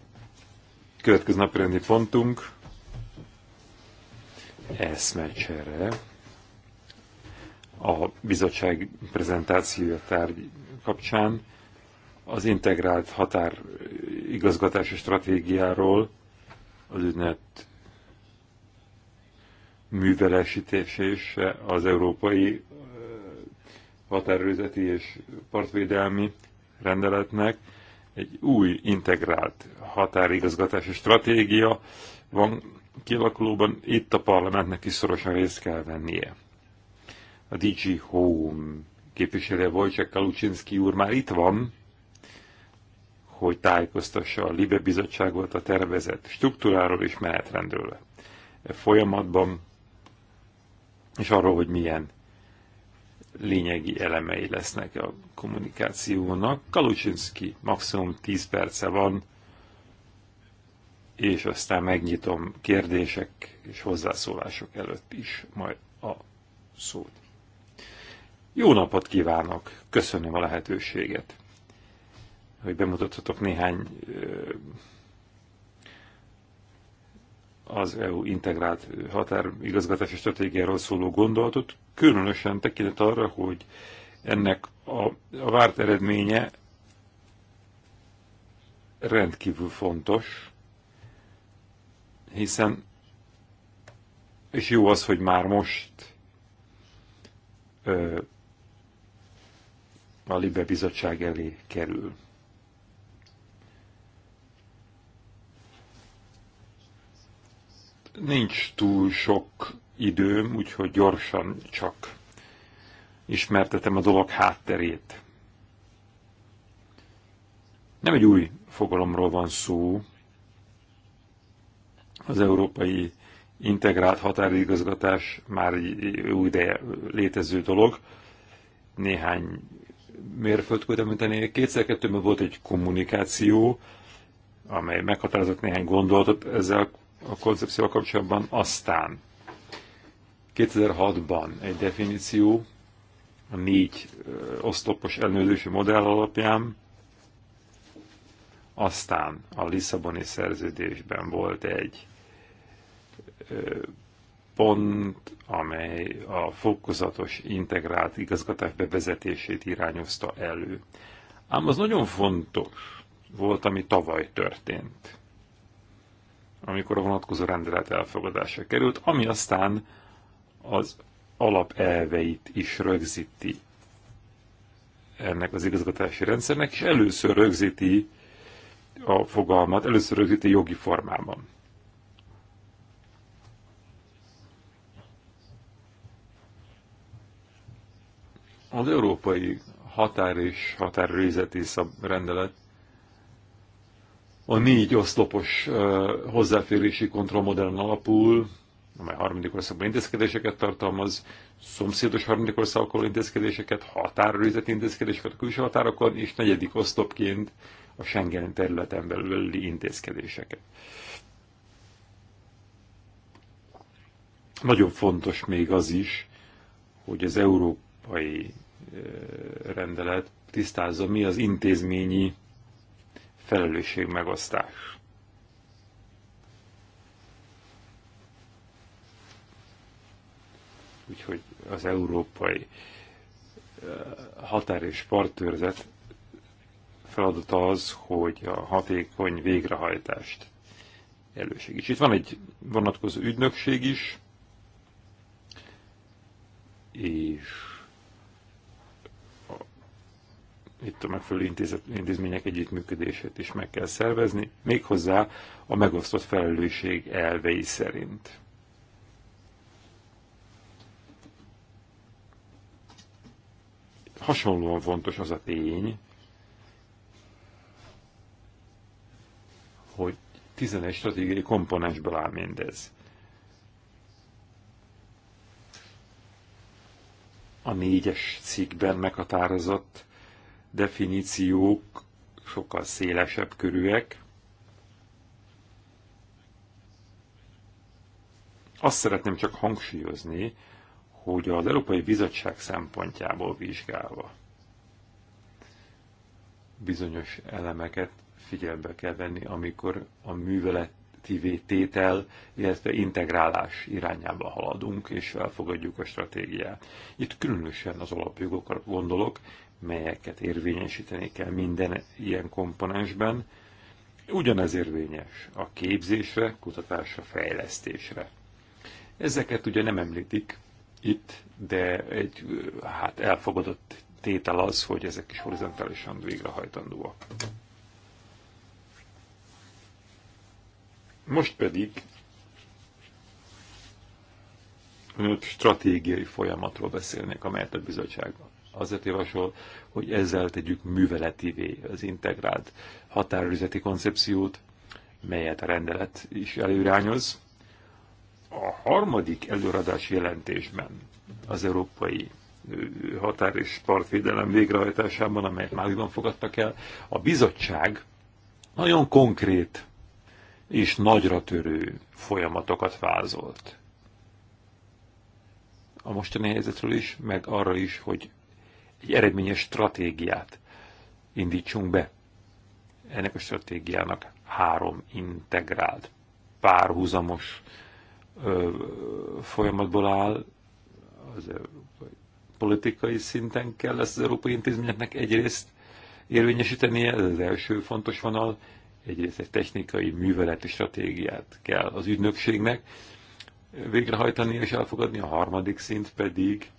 következő napirendi pontunk, eszmecsere, a bizottság prezentációja tárgy kapcsán, az integrált határ igazgatási stratégiáról, az ünnep művelesítése az európai határőzeti és partvédelmi rendeletnek egy új integrált határigazgatási stratégia van kialakulóban, itt a parlamentnek is szorosan részt kell vennie. A DG Home képviselője Wojciech Kalucsinski úr már itt van, hogy tájékoztassa a Libe bizottságot a tervezett struktúráról és menetrendről. E folyamatban, és arról, hogy milyen lényegi elemei lesznek a kommunikációnak. Kalucsinski maximum 10 perce van, és aztán megnyitom kérdések és hozzászólások előtt is majd a szót. Jó napot kívánok! Köszönöm a lehetőséget, hogy bemutathatok néhány az EU integrált határigazgatási stratégiáról szóló gondolatot, különösen tekintet arra, hogy ennek a, a várt eredménye rendkívül fontos, hiszen és jó az, hogy már most ö, a Libe Bizottság elé kerül. nincs túl sok időm, úgyhogy gyorsan csak ismertetem a dolog hátterét. Nem egy új fogalomról van szó, az európai integrált határigazgatás már egy új de létező dolog. Néhány mérföldkőt említenék. Kétszer-kettőben volt egy kommunikáció, amely meghatározott néhány gondolatot ezzel a koncepcióval kapcsolatban. Aztán 2006-ban egy definíció a négy osztopos ellenőrzési modell alapján, aztán a Lisszaboni szerződésben volt egy pont, amely a fokozatos integrált igazgatás bevezetését irányozta elő. Ám az nagyon fontos volt, ami tavaly történt amikor a vonatkozó rendelet elfogadása került, ami aztán az alapelveit is rögzíti ennek az igazgatási rendszernek, és először rögzíti a fogalmat, először rögzíti jogi formában. Az európai határ és határőrizeti rendelet a négy oszlopos hozzáférési kontrollmodellen alapul, amely harmadik országban intézkedéseket tartalmaz, szomszédos harmadik országokkal intézkedéseket, határőrizeti intézkedéseket a külső határokon, és negyedik oszlopként a Schengen területen belüli intézkedéseket. Nagyon fontos még az is, hogy az európai rendelet tisztázza, mi az intézményi megosztás, Úgyhogy az európai eh, határ és partőrzet feladata az, hogy a hatékony végrehajtást elősegíts. Itt van egy vonatkozó ügynökség is, és itt a megfelelő intézmények együttműködését is meg kell szervezni, méghozzá a megosztott felelősség elvei szerint. Hasonlóan fontos az a tény, hogy 11 stratégiai komponensből áll mindez. A négyes cikkben meghatározott definíciók sokkal szélesebb körűek. Azt szeretném csak hangsúlyozni, hogy az Európai Bizottság szempontjából vizsgálva bizonyos elemeket figyelbe kell venni, amikor a műveletivé tétel, illetve integrálás irányába haladunk, és elfogadjuk a stratégiát. Itt különösen az alapjogokra gondolok, melyeket érvényesíteni kell minden ilyen komponensben. Ugyanez érvényes a képzésre, kutatásra, fejlesztésre. Ezeket ugye nem említik itt, de egy hát elfogadott tétel az, hogy ezek is horizontálisan végrehajtandóak. Most pedig stratégiai folyamatról beszélnék, amelyet a bizottság azért javasol, hogy ezzel tegyük műveletivé az integrált határőrizeti koncepciót, melyet a rendelet is előrányoz. A harmadik előradás jelentésben az európai határ és partvédelem végrehajtásában, amelyet májusban fogadtak el, a bizottság nagyon konkrét és nagyra törő folyamatokat vázolt. A mostani helyzetről is, meg arra is, hogy egy eredményes stratégiát indítsunk be. Ennek a stratégiának három integrált, párhuzamos ö, folyamatból áll, az politikai szinten kell ezt az európai intézményeknek egyrészt érvényesítenie, ez az első fontos vonal, egyrészt egy technikai műveleti stratégiát kell az ügynökségnek végrehajtani és elfogadni, a harmadik szint pedig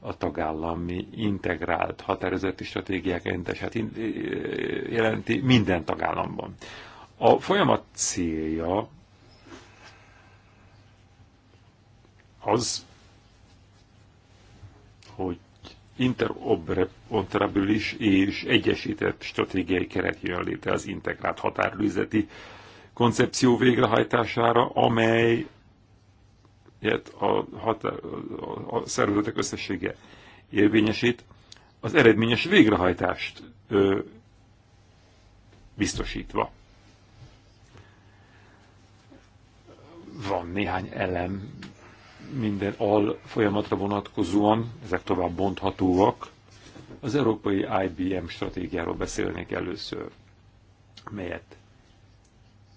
a tagállami integrált határozati stratégiák hát jelenti minden tagállamban. A folyamat célja az, hogy interoperabilis és egyesített stratégiai keret jön létre az integrált határőrizeti koncepció végrehajtására, amely amelyet a, határ, a szervezetek összessége érvényesít, az eredményes végrehajtást ö, biztosítva. Van néhány elem minden al folyamatra vonatkozóan, ezek tovább bonthatóak. Az európai IBM stratégiáról beszélnék először, melyet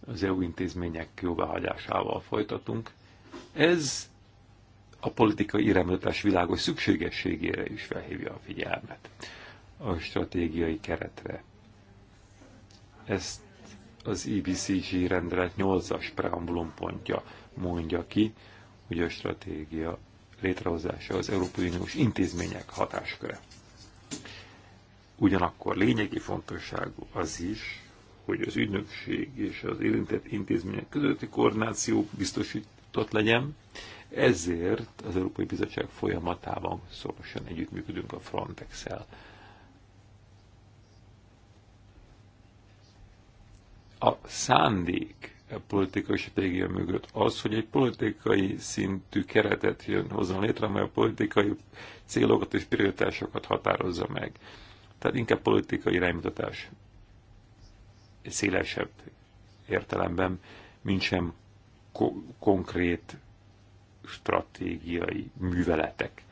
az EU intézmények jóváhagyásával folytatunk. Ez a politikai irányítás világos szükségességére is felhívja a figyelmet, a stratégiai keretre. Ezt az IBCG e rendelet 8-as preambulum pontja mondja ki, hogy a stratégia létrehozása az Európai Uniós intézmények hatásköre. Ugyanakkor lényegi fontosságú az is, hogy az ügynökség és az érintett intézmények közötti koordináció biztosít, ott legyen. Ezért az Európai Bizottság folyamatában szorosan együttműködünk a Frontex-el. A szándék a politikai stratégia mögött az, hogy egy politikai szintű keretet jön hozzon létre, amely a politikai célokat és prioritásokat határozza meg. Tehát inkább politikai iránymutatás szélesebb értelemben, mint sem ko konkrét stratégiai műveletek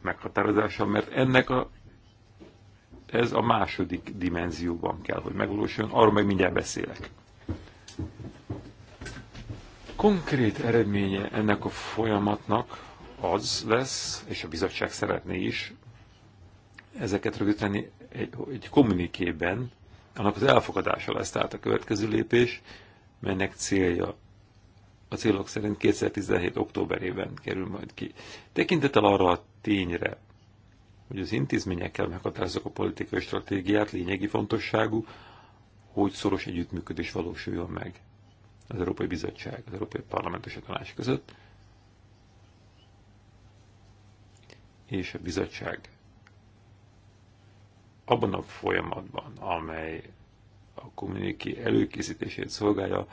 meghatározása, mert ennek a, ez a második dimenzióban kell, hogy megvalósuljon, arról meg mindjárt beszélek. Konkrét eredménye ennek a folyamatnak az lesz, és a bizottság szeretné is ezeket rögzíteni egy, egy kommunikében, annak az elfogadása lesz tehát a következő lépés, melynek célja a célok szerint 2017. októberében kerül majd ki. Tekintettel arra a tényre, hogy az intézményekkel meghatározok a politikai stratégiát, lényegi fontosságú, hogy szoros együttműködés valósuljon meg az Európai Bizottság, az Európai Parlament és a Tanács között, és a bizottság abban a folyamatban, amely a kommuniki előkészítését szolgálja,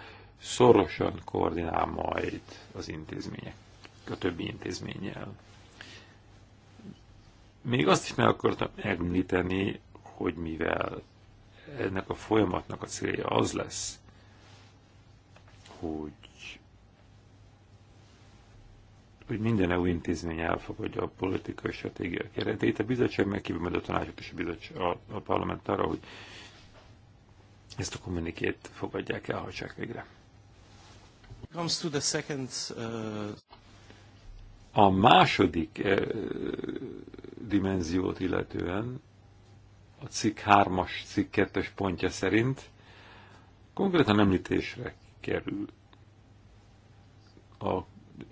szorosan koordinál majd az intézmények, a többi intézménnyel. Még azt is meg akartam említeni, hogy mivel ennek a folyamatnak a célja az lesz, hogy, hogy minden EU intézmény elfogadja a politikai stratégia keretét. A bizottság megkívül majd a tanácsot és a, bizottság, a, a parlament arra, hogy ezt a kommunikét fogadják el, hagyják végre. Comes to the second, uh... A második uh, dimenziót illetően a cikk 3-as, cikk 2 pontja szerint konkrétan említésre kerül a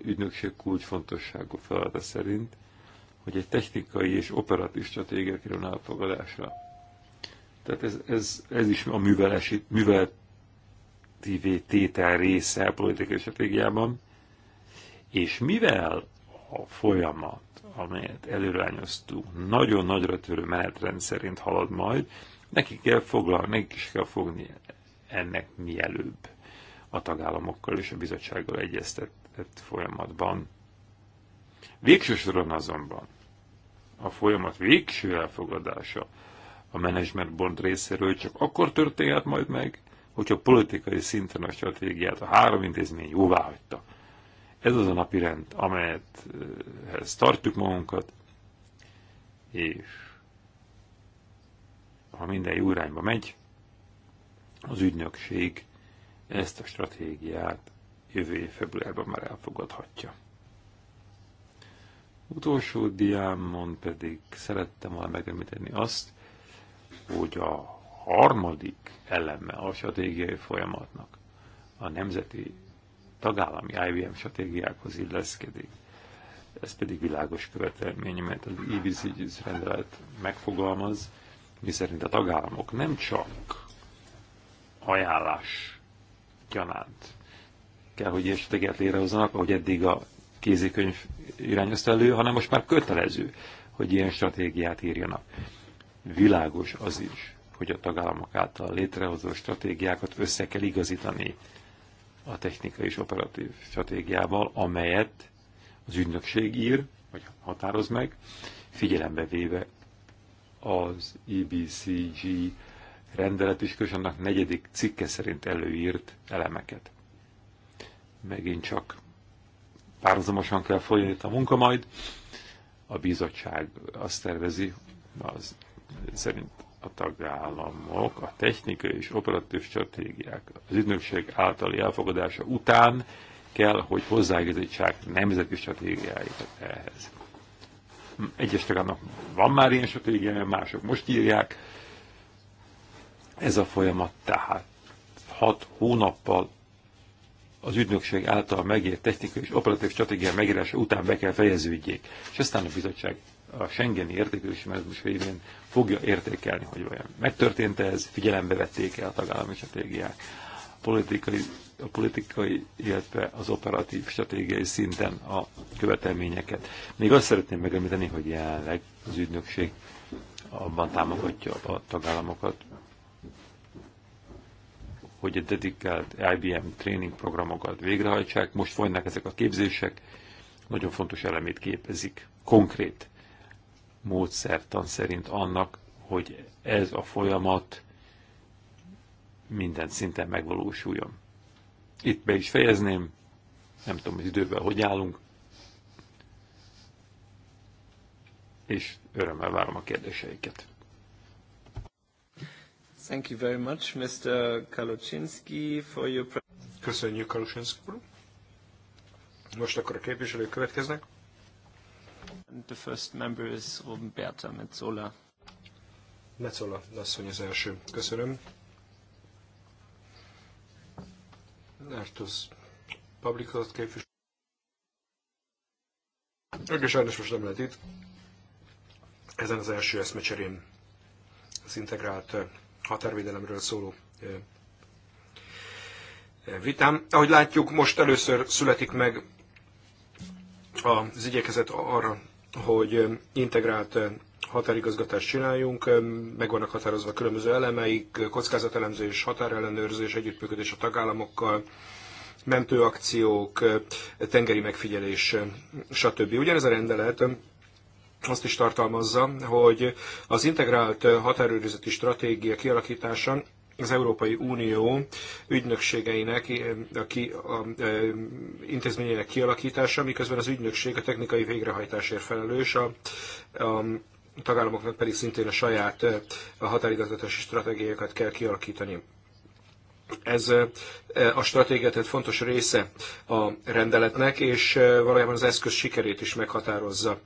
ügynökség kulcsfontosságú feladata szerint, hogy egy technikai és operatív stratégia kerül elfogadásra. Tehát ez, ez, ez is a művelesi, művelet effektívé tétel része a politikai stratégiában, és mivel a folyamat, amelyet előrányoztuk, nagyon nagyra törő menetrend szerint halad majd, neki kell foglalni, neki is kell fogni ennek mielőbb a tagállamokkal és a bizottsággal egyeztetett folyamatban. Végső soron azonban a folyamat végső elfogadása a menedzsment bond részéről csak akkor történhet majd meg, hogyha politikai szinten a stratégiát a három intézmény jóvá hagyta. Ez az a napi rend, amelyethez tartjuk magunkat, és ha minden jó irányba megy, az ügynökség ezt a stratégiát jövő év februárban már elfogadhatja. Utolsó diámon pedig szerettem volna megemlíteni azt, hogy a harmadik eleme a stratégiai folyamatnak a nemzeti tagállami IBM stratégiákhoz illeszkedik. Ez pedig világos követelmény, mert az IBC rendelet megfogalmaz, miszerint a tagállamok nem csak ajánlás gyanánt kell, hogy ilyen stratégiát létrehozzanak, ahogy eddig a kézikönyv irányozta elő, hanem most már kötelező, hogy ilyen stratégiát írjanak. Világos az is, hogy a tagállamok által létrehozó stratégiákat össze kell igazítani a technikai és operatív stratégiával, amelyet az ügynökség ír, vagy határoz meg, figyelembe véve az EBCG rendelet is közös annak negyedik cikke szerint előírt elemeket. Megint csak párhuzamosan kell folyni a munka majd. A bizottság azt tervezi, az szerint a tagállamok a technikai és operatív stratégiák az ügynökség általi elfogadása után kell, hogy hozzáigazítsák nemzeti stratégiáikat ehhez. Egyes tagállamok van már ilyen stratégiája, mások most írják. Ez a folyamat tehát hat hónappal az ügynökség által megért technikai és operatív stratégia megírása után be kell fejeződjék, és aztán a bizottság a Schengeni értékelési most végén fogja értékelni, hogy vajon megtörtént -e ez, figyelembe vették-e a tagállami stratégiák, a politikai, a politikai, illetve az operatív stratégiai szinten a követelményeket. Még azt szeretném megemlíteni, hogy jelenleg az ügynökség abban támogatja a tagállamokat, hogy a dedikált IBM training programokat végrehajtsák. Most folynak ezek a képzések, nagyon fontos elemét képezik konkrét módszertan szerint annak, hogy ez a folyamat minden szinten megvalósuljon. Itt be is fejezném, nem tudom, hogy időben hogy állunk, és örömmel várom a kérdéseiket. Thank you very much, Mr. Kaluczynski, for your... Köszönjük, Kaluczynski úr. Most akkor a képviselők következnek. And the first member is Roberta Metzola. Metzola asszony az első. Köszönöm. Ertusz Publicot képviselő. Önke sajnos most nem lehet itt. Ezen az első eszmecserén az integrált határvédelemről szóló vitám. Ahogy látjuk, most először születik meg az igyekezet arra hogy integrált határigazgatást csináljunk, meg vannak határozva különböző elemeik, kockázatelemzés, határellenőrzés, együttműködés a tagállamokkal, mentőakciók, tengeri megfigyelés, stb. Ugyanez a rendelet azt is tartalmazza, hogy az integrált határőrizeti stratégia kialakítása az Európai Unió ügynökségeinek, eh, ki, a, eh, intézményének kialakítása, miközben az ügynökség a technikai végrehajtásért felelős, a, a tagállamoknak pedig szintén a saját eh, a határidatatási stratégiákat kell kialakítani. Ez a stratégia tehát fontos része a rendeletnek, és valójában az eszköz sikerét is meghatározza.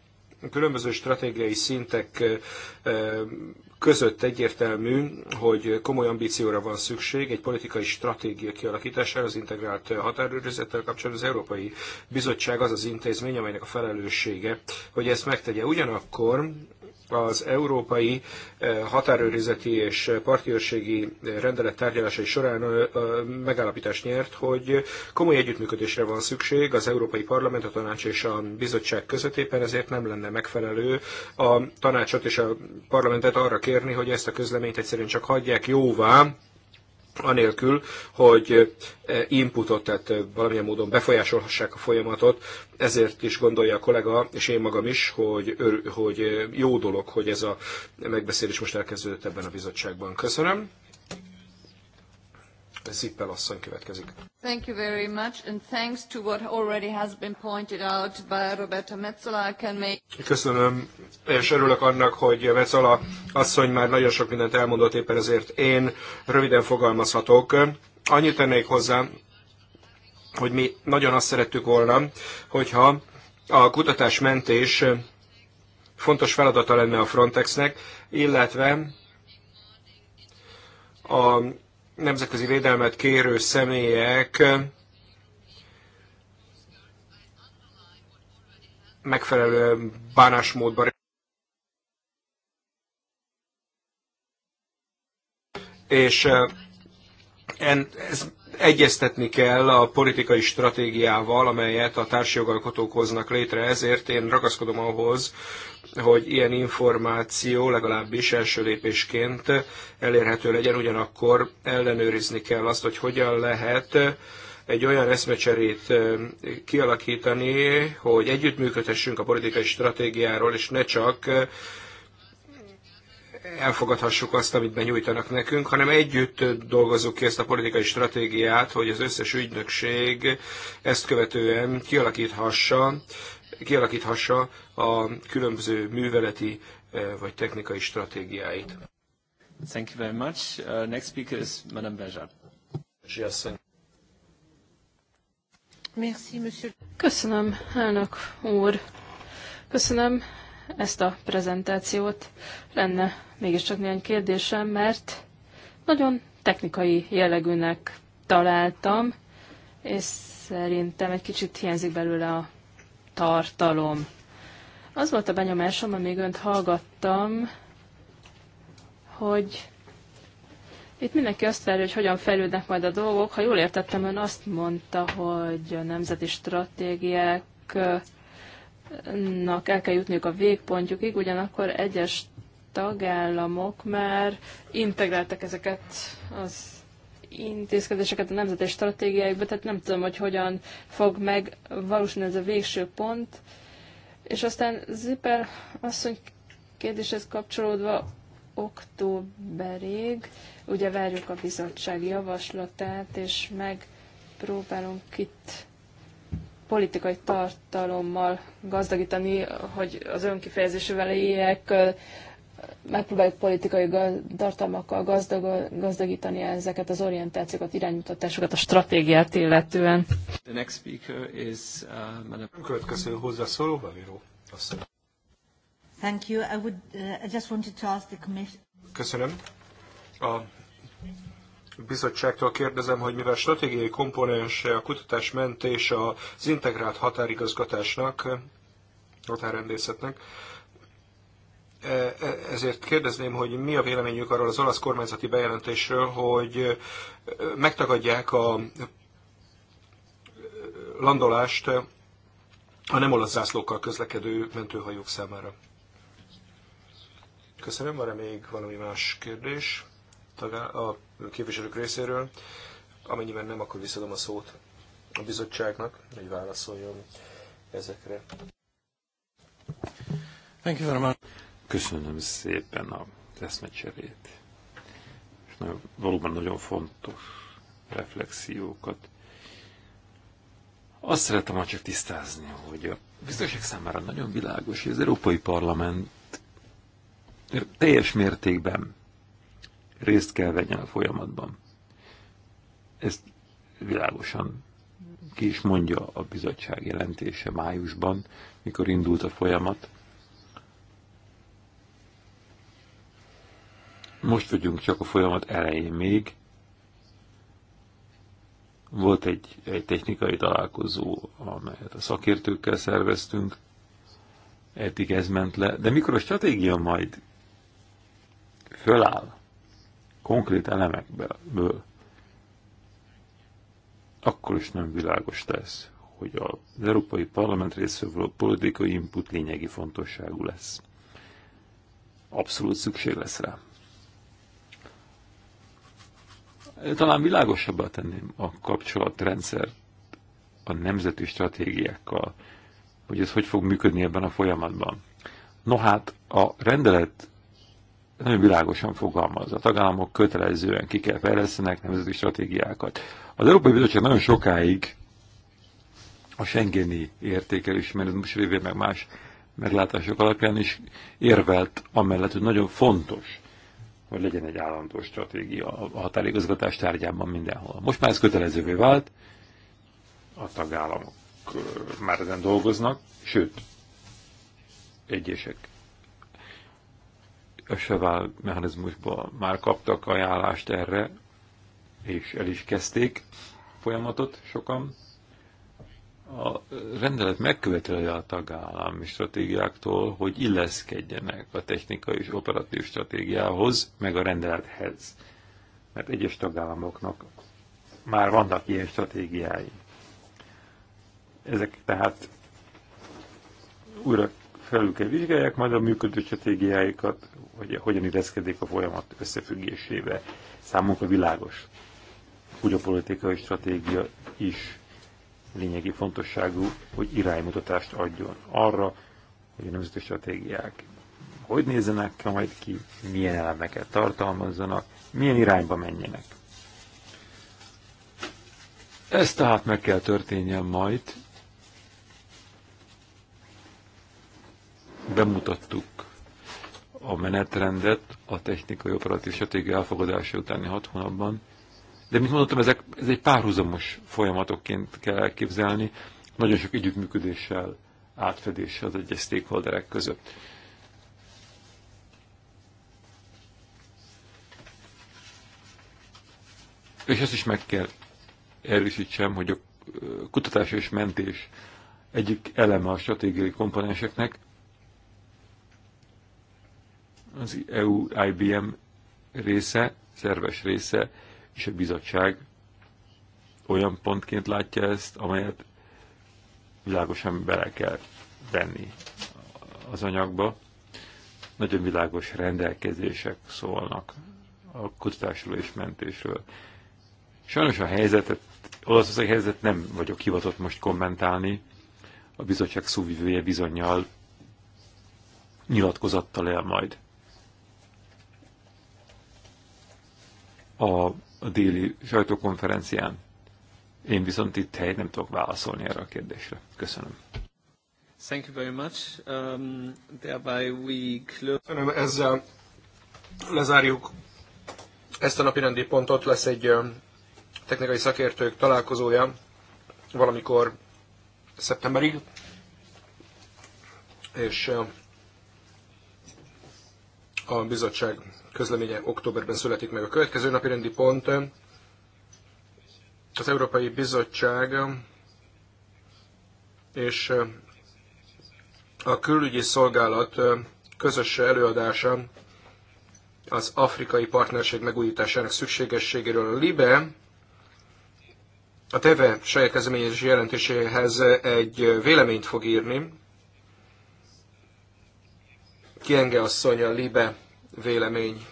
Különböző stratégiai szintek között egyértelmű, hogy komoly ambícióra van szükség egy politikai stratégia kialakítására az integrált határőrizettel kapcsolatban. Az Európai Bizottság az az intézmény, amelynek a felelőssége, hogy ezt megtegye. Ugyanakkor az európai eh, határőrizeti és partiőrségi eh, rendelet tárgyalásai során eh, megállapítást nyert, hogy komoly együttműködésre van szükség az Európai Parlament, a Tanács és a Bizottság között, éppen ezért nem lenne megfelelő a tanácsot és a parlamentet arra kérni, hogy ezt a közleményt egyszerűen csak hagyják jóvá, anélkül, hogy eh, inputot, tehát eh, valamilyen módon befolyásolhassák a folyamatot, ezért is gondolja a kollega, és én magam is, hogy, hogy eh, jó dolog, hogy ez a megbeszélés most elkezdődött ebben a bizottságban. Köszönöm. Zippel asszony következik. Thank you very much, and thanks to what already has been pointed out by Roberta Metzola, I can make... Köszönöm, és örülök annak, hogy Metzola asszony már nagyon sok mindent elmondott, éppen ezért én röviden fogalmazhatok. Annyit tennék hozzá, hogy mi nagyon azt szerettük volna, hogyha a kutatásmentés fontos feladata lenne a Frontexnek, illetve a nemzetközi védelmet kérő személyek megfelelő bánásmódba és ez egyeztetni kell a politikai stratégiával, amelyet a társjogalkotók hoznak létre. Ezért én ragaszkodom ahhoz, hogy ilyen információ legalábbis első lépésként elérhető legyen, ugyanakkor ellenőrizni kell azt, hogy hogyan lehet egy olyan eszmecserét kialakítani, hogy együttműködhessünk a politikai stratégiáról, és ne csak elfogadhassuk azt, amit benyújtanak nekünk, hanem együtt dolgozzuk ki ezt a politikai stratégiát, hogy az összes ügynökség ezt követően kialakíthassa, kialakíthassa a különböző műveleti eh, vagy technikai stratégiáit. Thank you very much. Uh, next speaker is Madame Bejar. Köszönöm, elnök úr. Köszönöm ezt a prezentációt. Lenne mégiscsak néhány kérdésem, mert nagyon technikai jellegűnek találtam, és szerintem egy kicsit hiányzik belőle a tartalom. Az volt a benyomásom, amíg önt hallgattam, hogy itt mindenki azt várja, hogy hogyan fejlődnek majd a dolgok. Ha jól értettem, ön azt mondta, hogy a nemzeti stratégiák el kell jutniuk a végpontjukig, ugyanakkor egyes tagállamok már integráltak ezeket az intézkedéseket a nemzeti stratégiáikba, tehát nem tudom, hogy hogyan fog valósulni ez a végső pont. És aztán Zipper asszony kérdéshez kapcsolódva októberig, ugye várjuk a bizottság javaslatát, és megpróbálunk itt politikai tartalommal gazdagítani, hogy az önkifejezésével éljek, megpróbáljuk politikai tartalmakkal gazdag, gazdagítani ezeket az orientációkat, iránymutatásokat, a stratégiát illetően. The next speaker is uh, Madam... Következő hozzászóló, Baviró. Thank you. I would, uh, I just wanted to ask the commission... Köszönöm. A bizottságtól kérdezem, hogy mivel stratégiai komponense a kutatás mentés az integrált határigazgatásnak, határrendészetnek, e, e, ezért kérdezném, hogy mi a véleményük arról az olasz kormányzati bejelentésről, hogy e, megtagadják a landolást a nem olasz zászlókkal közlekedő mentőhajók számára. Köszönöm, van-e még valami más kérdés? a képviselők részéről. Amennyiben nem, akkor visszadom a szót a bizottságnak, hogy válaszoljon ezekre. Thank you very much. Köszönöm szépen a eszmecserét. És nagyon, valóban nagyon fontos reflexiókat. Azt szeretem csak tisztázni, hogy a biztonság számára nagyon világos, hogy az Európai Parlament teljes mértékben részt kell vegyen a folyamatban. Ezt világosan ki is mondja a bizottság jelentése májusban, mikor indult a folyamat. Most vagyunk csak a folyamat elején még. Volt egy, egy technikai találkozó, amelyet a szakértőkkel szerveztünk. Eddig ez ment le. De mikor a stratégia majd föláll, konkrét elemekből, akkor is nem világos tesz, hogy az Európai Parlament részéről a politikai input lényegi fontosságú lesz. Abszolút szükség lesz rá. Talán világosabbá tenném a kapcsolatrendszert a nemzeti stratégiákkal, hogy ez hogy fog működni ebben a folyamatban. No hát, a rendelet nagyon világosan fogalmaz. A tagállamok kötelezően ki kell fejlesztenek nemzeti stratégiákat. Az Európai Bizottság nagyon sokáig a Schengeni értékelés, mert most révén meg más meglátások alapján is érvelt amellett, hogy nagyon fontos, hogy legyen egy állandó stratégia a határigazgatás tárgyában mindenhol. Most már ez kötelezővé vált, a tagállamok már ezen dolgoznak, sőt, egyesek a Cheval mechanizmusból már kaptak ajánlást erre, és el is kezdték folyamatot sokan. A rendelet megköveteli a tagállami stratégiáktól, hogy illeszkedjenek a technikai és operatív stratégiához, meg a rendelethez. Mert egyes tagállamoknak már vannak ilyen stratégiái. Ezek tehát újra felül kell vizsgálják majd a működő stratégiáikat, hogy hogyan illeszkedik a folyamat összefüggésébe. Számunkra világos, hogy a politikai stratégia is lényegi fontosságú, hogy iránymutatást adjon arra, hogy a nemzeti stratégiák hogy nézzenek ki majd ki, milyen elemeket tartalmazzanak, milyen irányba menjenek. Ez tehát meg kell történjen majd. Bemutattuk a menetrendet a technikai operatív stratégia elfogadása utáni hat hónapban. De, mint mondottam, ezek, ez egy párhuzamos folyamatokként kell elképzelni, nagyon sok együttműködéssel, átfedéssel az egyes stakeholderek között. És ezt is meg kell erősítsem, hogy a kutatás és mentés egyik eleme a stratégiai komponenseknek, az EU IBM része, szerves része, és a bizottság olyan pontként látja ezt, amelyet világosan bele kell venni az anyagba. Nagyon világos rendelkezések szólnak a kutatásról és mentésről. Sajnos a helyzetet, Olaszország helyzet nem vagyok hivatott most kommentálni. A bizottság szóvivője bizonyal nyilatkozattal él majd a déli sajtókonferencián. Én viszont itt hely nem tudok válaszolni erre a kérdésre. Köszönöm. Thank you very much. Um, thereby we close... Köszönöm, ezzel lezárjuk ezt a napi rendi pontot. Lesz egy technikai szakértők találkozója valamikor szeptemberig, és a bizottság közleménye októberben születik meg. A következő napi rendi pont az Európai Bizottság és a külügyi szolgálat közös előadása az afrikai partnerség megújításának szükségességéről. A LIBE a TEVE saját kezdeményezés jelentéséhez egy véleményt fog írni. Kienge asszony a LIBE vélemény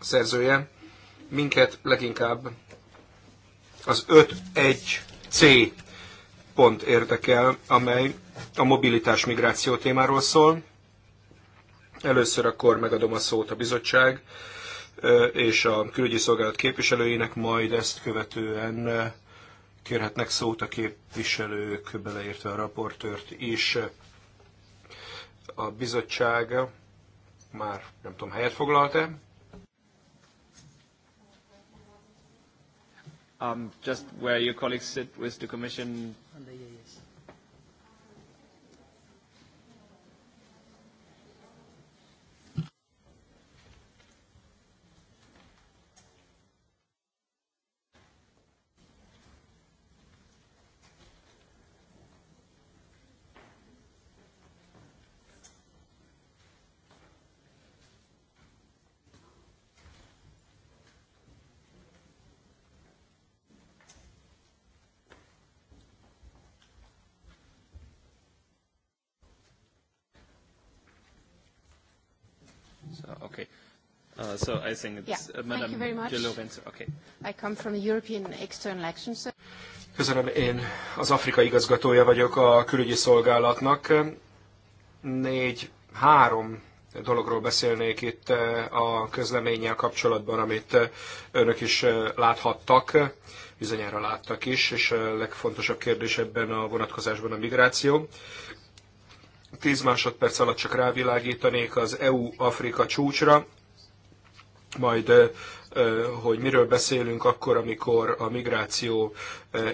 szerzője. Minket leginkább az 5.1c pont érdekel, amely a mobilitás migráció témáról szól. Először akkor megadom a szót a bizottság és a külügyi szolgálat képviselőinek, majd ezt követően kérhetnek szót a képviselők, beleértve a raportőrt is. A bizottság már nem tudom, helyet foglalt-e? Um, just where your colleagues sit with the commission. On the Uh, so I think it's yeah. uh, Madam Thank you very much. Lorenzo. Okay. I come from the European External Action Service. Köszönöm, én az Afrika igazgatója vagyok a külügyi szolgálatnak. Négy, három dologról beszélnék itt uh, a közleménnyel kapcsolatban, amit uh, önök is láthattak, bizonyára láttak is, és a legfontosabb kérdés ebben a vonatkozásban a migráció. Tíz másodperc alatt csak rávilágítanék az EU-Afrika csúcsra, majd hogy miről beszélünk akkor, amikor a migráció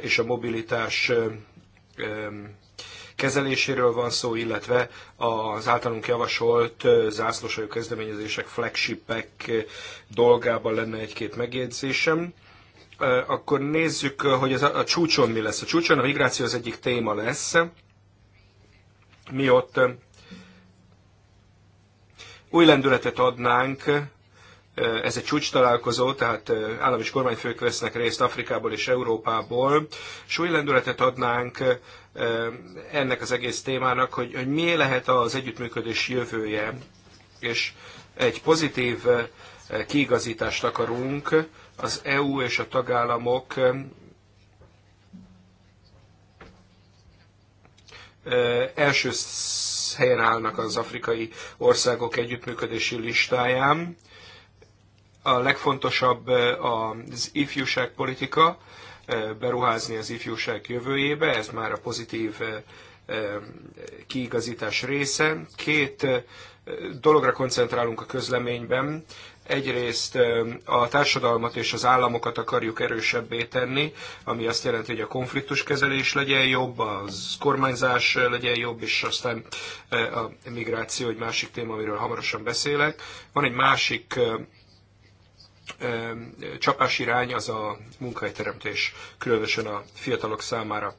és a mobilitás kezeléséről van szó, illetve az általunk javasolt zászlósajó kezdeményezések, flagshipek dolgában lenne egy-két megjegyzésem. Akkor nézzük, hogy ez a csúcson mi lesz. A csúcson a migráció az egyik téma lesz. Mi ott új lendületet adnánk ez egy csúcs találkozó, tehát állam és kormányfők vesznek részt Afrikából és Európából. Súlylendületet adnánk ennek az egész témának, hogy, hogy mi lehet az együttműködés jövője, és egy pozitív kiigazítást akarunk az EU és a tagállamok első helyen állnak az afrikai országok együttműködési listáján a legfontosabb az ifjúságpolitika, beruházni az ifjúság jövőjébe, ez már a pozitív kiigazítás része. Két dologra koncentrálunk a közleményben. Egyrészt a társadalmat és az államokat akarjuk erősebbé tenni, ami azt jelenti, hogy a konfliktuskezelés legyen jobb, az kormányzás legyen jobb, és aztán a migráció egy másik téma, amiről hamarosan beszélek. Van egy másik csapásirány az a munkahelyteremtés, különösen a fiatalok számára.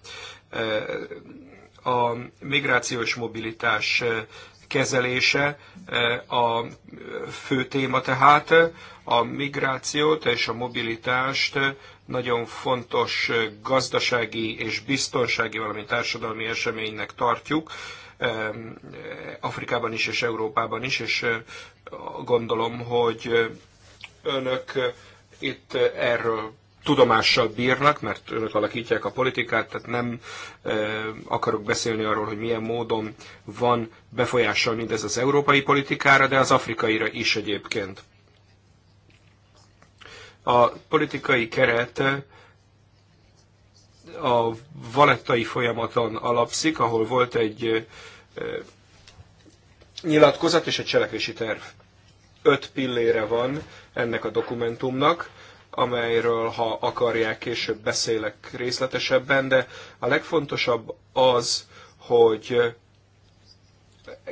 A migrációs mobilitás kezelése a fő téma tehát. A migrációt és a mobilitást nagyon fontos gazdasági és biztonsági, valamint társadalmi eseménynek tartjuk. Afrikában is és Európában is, és gondolom, hogy önök eh, itt eh, erről tudomással bírnak, mert önök alakítják a politikát, tehát nem e, akarok beszélni arról, hogy milyen módon van befolyással mindez az európai politikára, de az afrikaira is egyébként. A politikai keret a valettai folyamaton alapszik, ahol volt egy e, nyilatkozat és egy cselekvési terv. Öt pillére van, ennek a dokumentumnak, amelyről, ha akarják, később beszélek részletesebben, de a legfontosabb az, hogy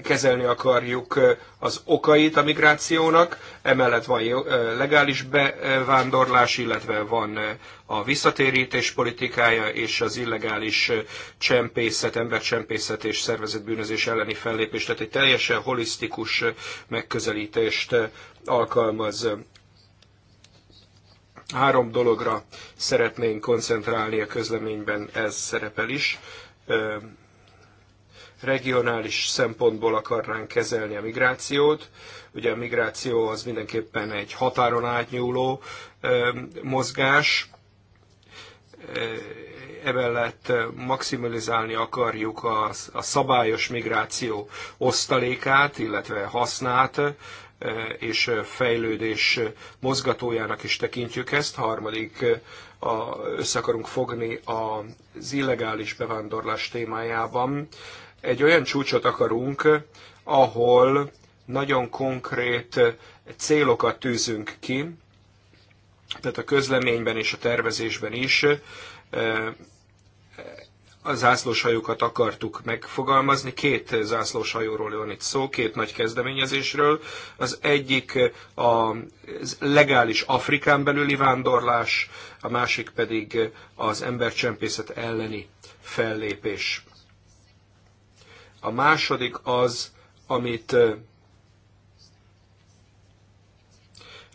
kezelni akarjuk az okait a migrációnak, Emellett van legális bevándorlás, illetve van a visszatérítés politikája és az illegális csempészet, embercsempészet és szervezetbűnözés elleni fellépés. Tehát egy teljesen holisztikus megközelítést alkalmaz három dologra szeretnénk koncentrálni a közleményben, ez szerepel is. Regionális szempontból akarnánk kezelni a migrációt, Ugye a migráció az mindenképpen egy határon átnyúló mozgás, emellett maximalizálni akarjuk a, a szabályos migráció osztalékát, illetve hasznát, és fejlődés mozgatójának is tekintjük ezt. Harmadik, a, össze akarunk fogni az illegális bevándorlás témájában. Egy olyan csúcsot akarunk, ahol nagyon konkrét célokat tűzünk ki, tehát a közleményben és a tervezésben is a zászlóshajókat akartuk megfogalmazni. Két zászlóshajóról van itt szó, két nagy kezdeményezésről. Az egyik a legális Afrikán belüli vándorlás, a másik pedig az embercsempészet elleni fellépés. A második az, amit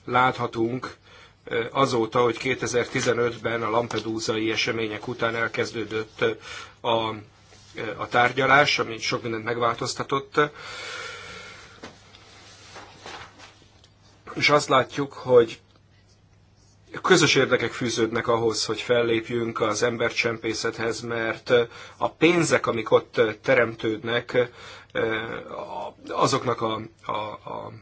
láthatunk eh, azóta, hogy 2015-ben a Lampedúzai események után elkezdődött eh, a, eh, a tárgyalás, ami sok mindent megváltoztatott. És azt látjuk, hogy közös érdekek fűződnek ahhoz, hogy fellépjünk az embercsempészethez, mert a pénzek, amik ott teremtődnek, azoknak a, a, a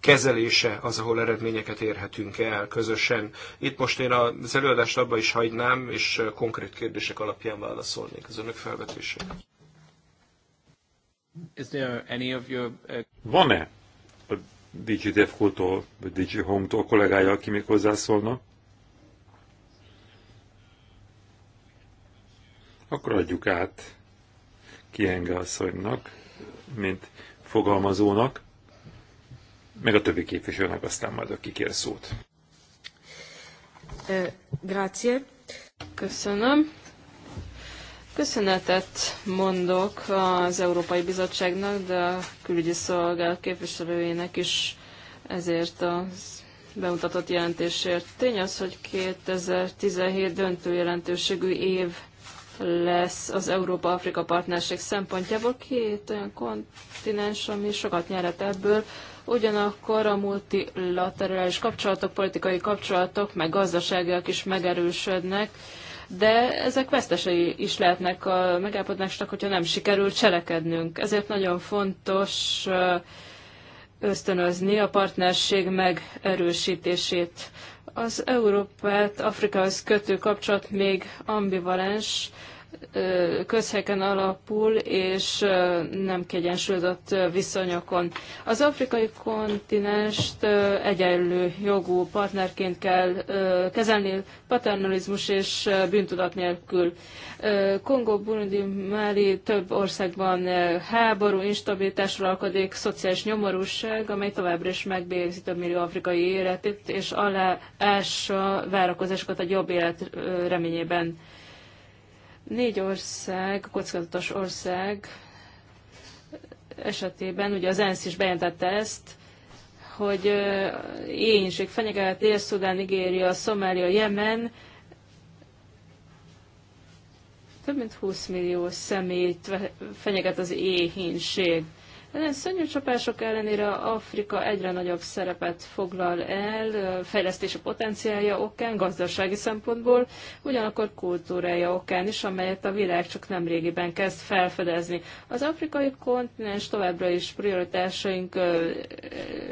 kezelése az, ahol eredményeket érhetünk el közösen. Itt most én az előadást abba is hagynám, és konkrét kérdések alapján válaszolnék az önök felvetésére. Uh, Van-e a DigiDevCo-tól, vagy DigiHome-tól kollégája, aki még hozzászólna? Akkor adjuk át Kienge asszonynak, mint fogalmazónak meg a többi képviselőnek aztán majd, aki kér szót. Grazie. Köszönöm. Köszönetet mondok az Európai Bizottságnak, de a külügyi szolgálat képviselőjének is ezért a bemutatott jelentésért. Tény az, hogy 2017 döntő jelentőségű év lesz az Európa-Afrika partnerség szempontjából. Két olyan kontinens, ami sokat nyerhet ebből, ugyanakkor a multilaterális kapcsolatok, politikai kapcsolatok, meg gazdaságiak is megerősödnek, de ezek vesztesei is lehetnek a megállapodásnak, hogyha nem sikerül cselekednünk. Ezért nagyon fontos ösztönözni a partnerség megerősítését. Az Európát Afrikához kötő kapcsolat még ambivalens, közhelyeken alapul, és nem kiegyensúlyozott viszonyokon. Az afrikai kontinenst egyenlő jogú partnerként kell kezelni, paternalizmus és bűntudat nélkül. Kongó, Burundi, Mali több országban háború, instabilitás alkodik, szociális nyomorúság, amely továbbra is megbélyegzi több millió afrikai életét, és aláássa várakozásokat a jobb élet reményében. Négy ország, kockázatos ország esetében, ugye az ENSZ is bejelentette ezt, hogy éhénység fenyeget Dél-Szudán, Nigéria, Szomália, Jemen, több mint 20 millió személyt fenyeget az éhínség. Ezen szörnyű csapások ellenére Afrika egyre nagyobb szerepet foglal el fejlesztési potenciálja okán, gazdasági szempontból, ugyanakkor kultúrája okán is, amelyet a világ csak nem régiben kezd felfedezni. Az afrikai kontinens továbbra is prioritásaink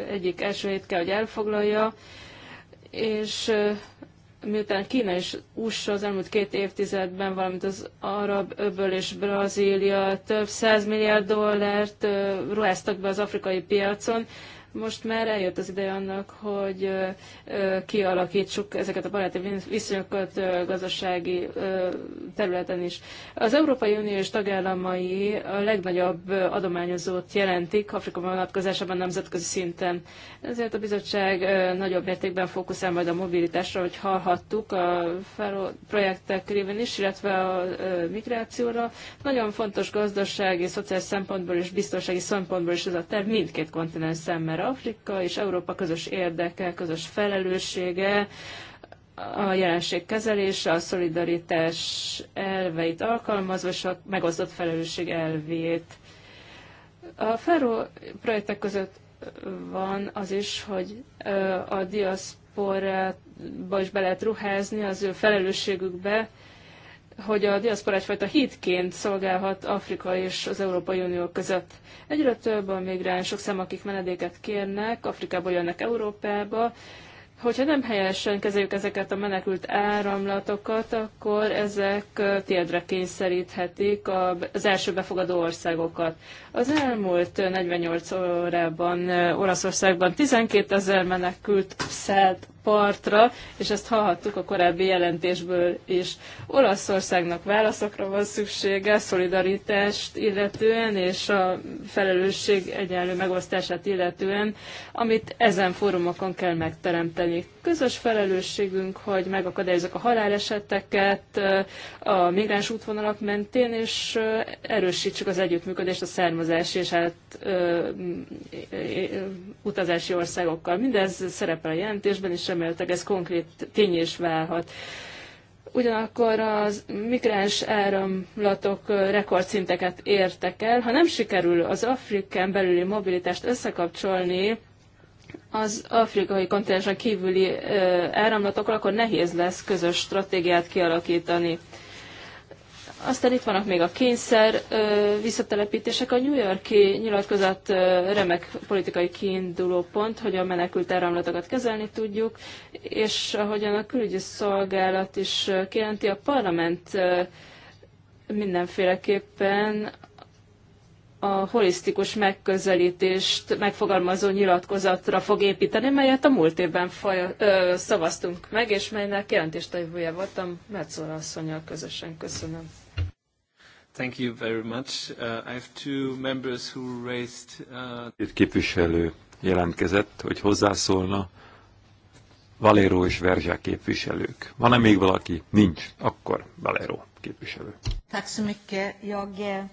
egyik hét kell, hogy elfoglalja, és miután Kína és USA az elmúlt két évtizedben, valamint az arab öböl és Brazília több százmilliárd milliárd dollárt ruháztak be az afrikai piacon, most már eljött az ideje annak, hogy kialakítsuk ezeket a baráti viszonyokat gazdasági területen is. Az Európai Unió és tagállamai a legnagyobb adományozót jelentik Afrika vonatkozásában nemzetközi szinten. Ezért a bizottság nagyobb mértékben fókuszál majd a mobilitásra, hogy hallhattuk a projektek révén is, illetve a migrációra. Nagyon fontos gazdasági, szociális szempontból és biztonsági szempontból is ez a terv mindkét kontinens szemmel. Afrika és Európa közös érdeke, közös felelőssége, a jelenség kezelése, a szolidaritás elveit alkalmazva, és a megosztott felelősség elvét. A Ferro projektek között van az is, hogy a diaszporába is be lehet ruházni az ő felelősségükbe, hogy a diaszpora egyfajta hídként szolgálhat Afrika és az Európai Unió között. Egyre több a migránsok szem, akik menedéket kérnek, Afrikából jönnek Európába. Hogyha nem helyesen kezeljük ezeket a menekült áramlatokat, akkor ezek térdre kényszeríthetik az első befogadó országokat. Az elmúlt 48 órában Olaszországban 12 ezer menekült szállt partra, és ezt hallhattuk a korábbi jelentésből is. Olaszországnak válaszokra van szüksége, szolidaritást illetően, és a felelősség egyenlő megosztását illetően, amit ezen fórumokon kell megteremteni. Közös felelősségünk, hogy megakadályozzuk a haláleseteket a migráns útvonalak mentén, és erősítsük az együttműködést a származási és hát ö, utazási országokkal. Mindez szerepel a jelentésben, és reméltek ez konkrét tény is válhat ugyanakkor az migráns áramlatok rekordszinteket értek el. Ha nem sikerül az Afrikán belüli mobilitást összekapcsolni az afrikai kontinensen kívüli áramlatokra, akkor nehéz lesz közös stratégiát kialakítani. Aztán itt vannak még a kényszer visszatelepítések. A New Yorki nyilatkozat remek politikai kiinduló pont, hogy a menekült áramlatokat kezelni tudjuk, és ahogyan a külügyi szolgálat is kijelenti, a parlament mindenféleképpen a holisztikus megközelítést megfogalmazó nyilatkozatra fog építeni, melyet a múlt évben faj, ö, szavaztunk meg, és melynek jelentéstevője voltam Metzola asszonyjal közösen. Köszönöm. Thank you very much. Uh, I have two members who raised... Uh... Itt képviselő jelentkezett, hogy hozzászólna. Valero és Verzsák képviselők. Van-e még valaki? Nincs. Akkor Valero képviselő. Köszönöm, så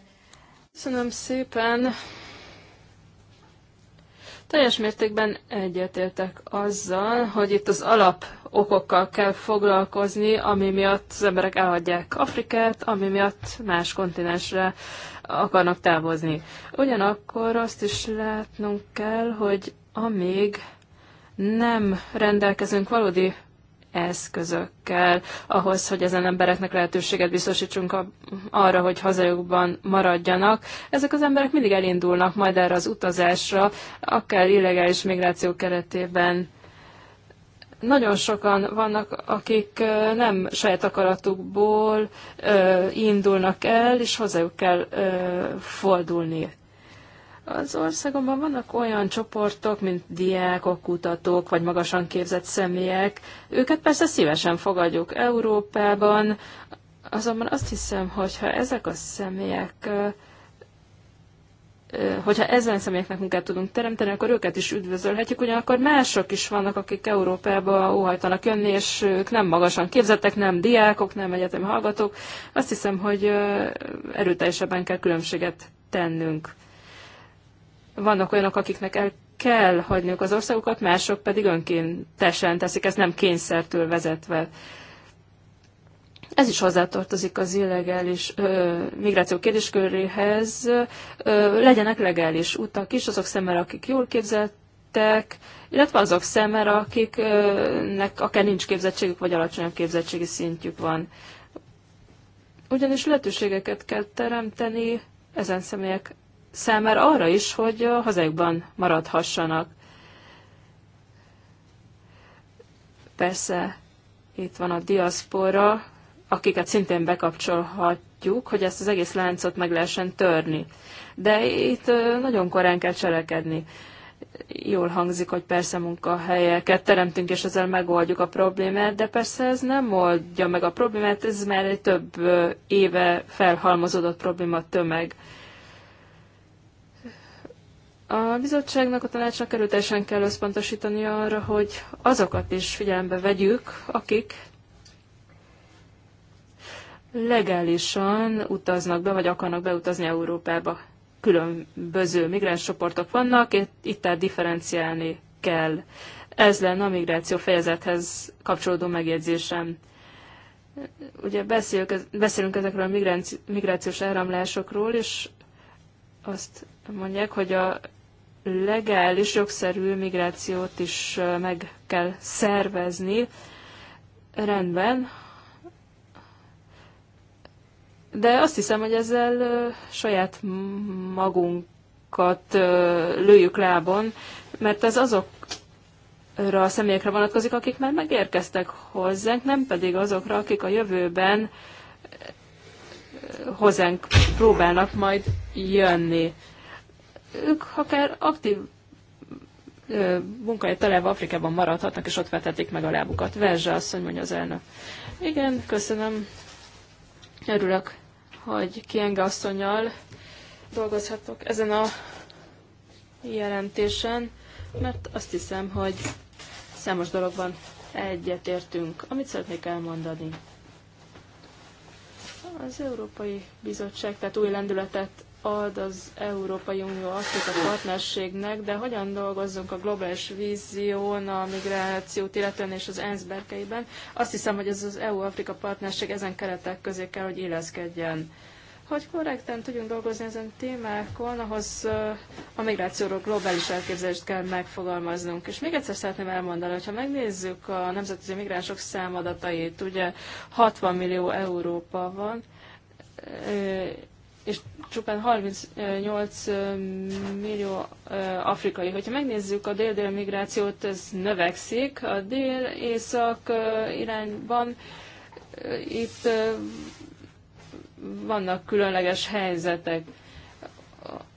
Köszönöm szépen. Teljes mértékben egyetértek azzal, hogy itt az alap okokkal kell foglalkozni, ami miatt az emberek elhagyják Afrikát, ami miatt más kontinensre akarnak távozni. Ugyanakkor azt is látnunk kell, hogy amíg nem rendelkezünk valódi eszközökkel, ahhoz, hogy ezen embereknek lehetőséget biztosítsunk a, arra, hogy hazajukban maradjanak. Ezek az emberek mindig elindulnak majd erre az utazásra, akár illegális migráció keretében. Nagyon sokan vannak, akik nem saját akaratukból ö, indulnak el, és hozzájuk kell ö, fordulni. Az országomban vannak olyan csoportok, mint diákok, kutatók, vagy magasan képzett személyek. Őket persze szívesen fogadjuk Európában, azonban azt hiszem, hogyha ezek a személyek hogyha ezen személyeknek munkát tudunk teremteni, akkor őket is üdvözölhetjük, ugyanakkor mások is vannak, akik Európába óhajtanak jönni, és ők nem magasan képzettek, nem diákok, nem egyetemi hallgatók. Azt hiszem, hogy erőteljesebben kell különbséget tennünk. Vannak olyanok, akiknek el kell hagyniuk az országokat, mások pedig önkéntesen teszik, ezt nem kényszertől vezetve. Ez is hozzátartozik az illegális ö, migráció kérdésköréhez. Ö, legyenek legális utak is azok szemére, akik jól képzettek, illetve azok szemére, akiknek akár nincs képzettségük, vagy alacsonyabb képzettségi szintjük van. Ugyanis lehetőségeket kell teremteni ezen személyek számára arra is, hogy a hazájukban maradhassanak. Persze itt van a diaszpora, akiket szintén bekapcsolhatjuk, hogy ezt az egész láncot meg lehessen törni. De itt nagyon korán kell cselekedni. Jól hangzik, hogy persze munkahelyeket teremtünk, és ezzel megoldjuk a problémát, de persze ez nem oldja meg a problémát, ez már egy több éve felhalmozódott probléma tömeg. A bizottságnak, a tanácsnak erőteljesen kell összpontosítani arra, hogy azokat is figyelembe vegyük, akik legálisan utaznak be, vagy akarnak beutazni Európába. Különböző migráns csoportok vannak, itt tehát differenciálni kell. Ez lenne a migráció fejezethez kapcsolódó megjegyzésem. Ugye beszélünk, beszélünk ezekről a migrációs áramlásokról, és azt mondják, hogy a legális, jogszerű migrációt is meg kell szervezni. Rendben. De azt hiszem, hogy ezzel saját magunkat lőjük lábon, mert ez azokra a személyekre vonatkozik, akik már megérkeztek hozzánk, nem pedig azokra, akik a jövőben hozzánk próbálnak majd jönni ők akár aktív munkahelyet találva Afrikában maradhatnak, és ott vetetik meg a lábukat. Verzse asszony, mondja az elnök. Igen, köszönöm. Örülök, hogy Kienge asszonyjal dolgozhatok ezen a jelentésen, mert azt hiszem, hogy számos dologban egyetértünk, amit szeretnék elmondani. Az Európai Bizottság tehát új lendületet ad az Európai Unió Afrika partnerségnek, de hogyan dolgozzunk a globális vízión, a migrációt illetően és az ENSZ berkeiben. Azt hiszem, hogy ez az EU-Afrika partnerség ezen keretek közé kell, hogy illeszkedjen. Hogy korrekten tudjunk dolgozni ezen témákon, ahhoz uh, a migrációról globális elképzelést kell megfogalmaznunk. És még egyszer szeretném elmondani, hogy ha megnézzük a nemzetközi migránsok számadatait, ugye 60 millió Európa van, uh, és csupán 38 millió afrikai. Hogyha megnézzük a dél-dél migrációt, ez növekszik. A dél-észak irányban itt vannak különleges helyzetek.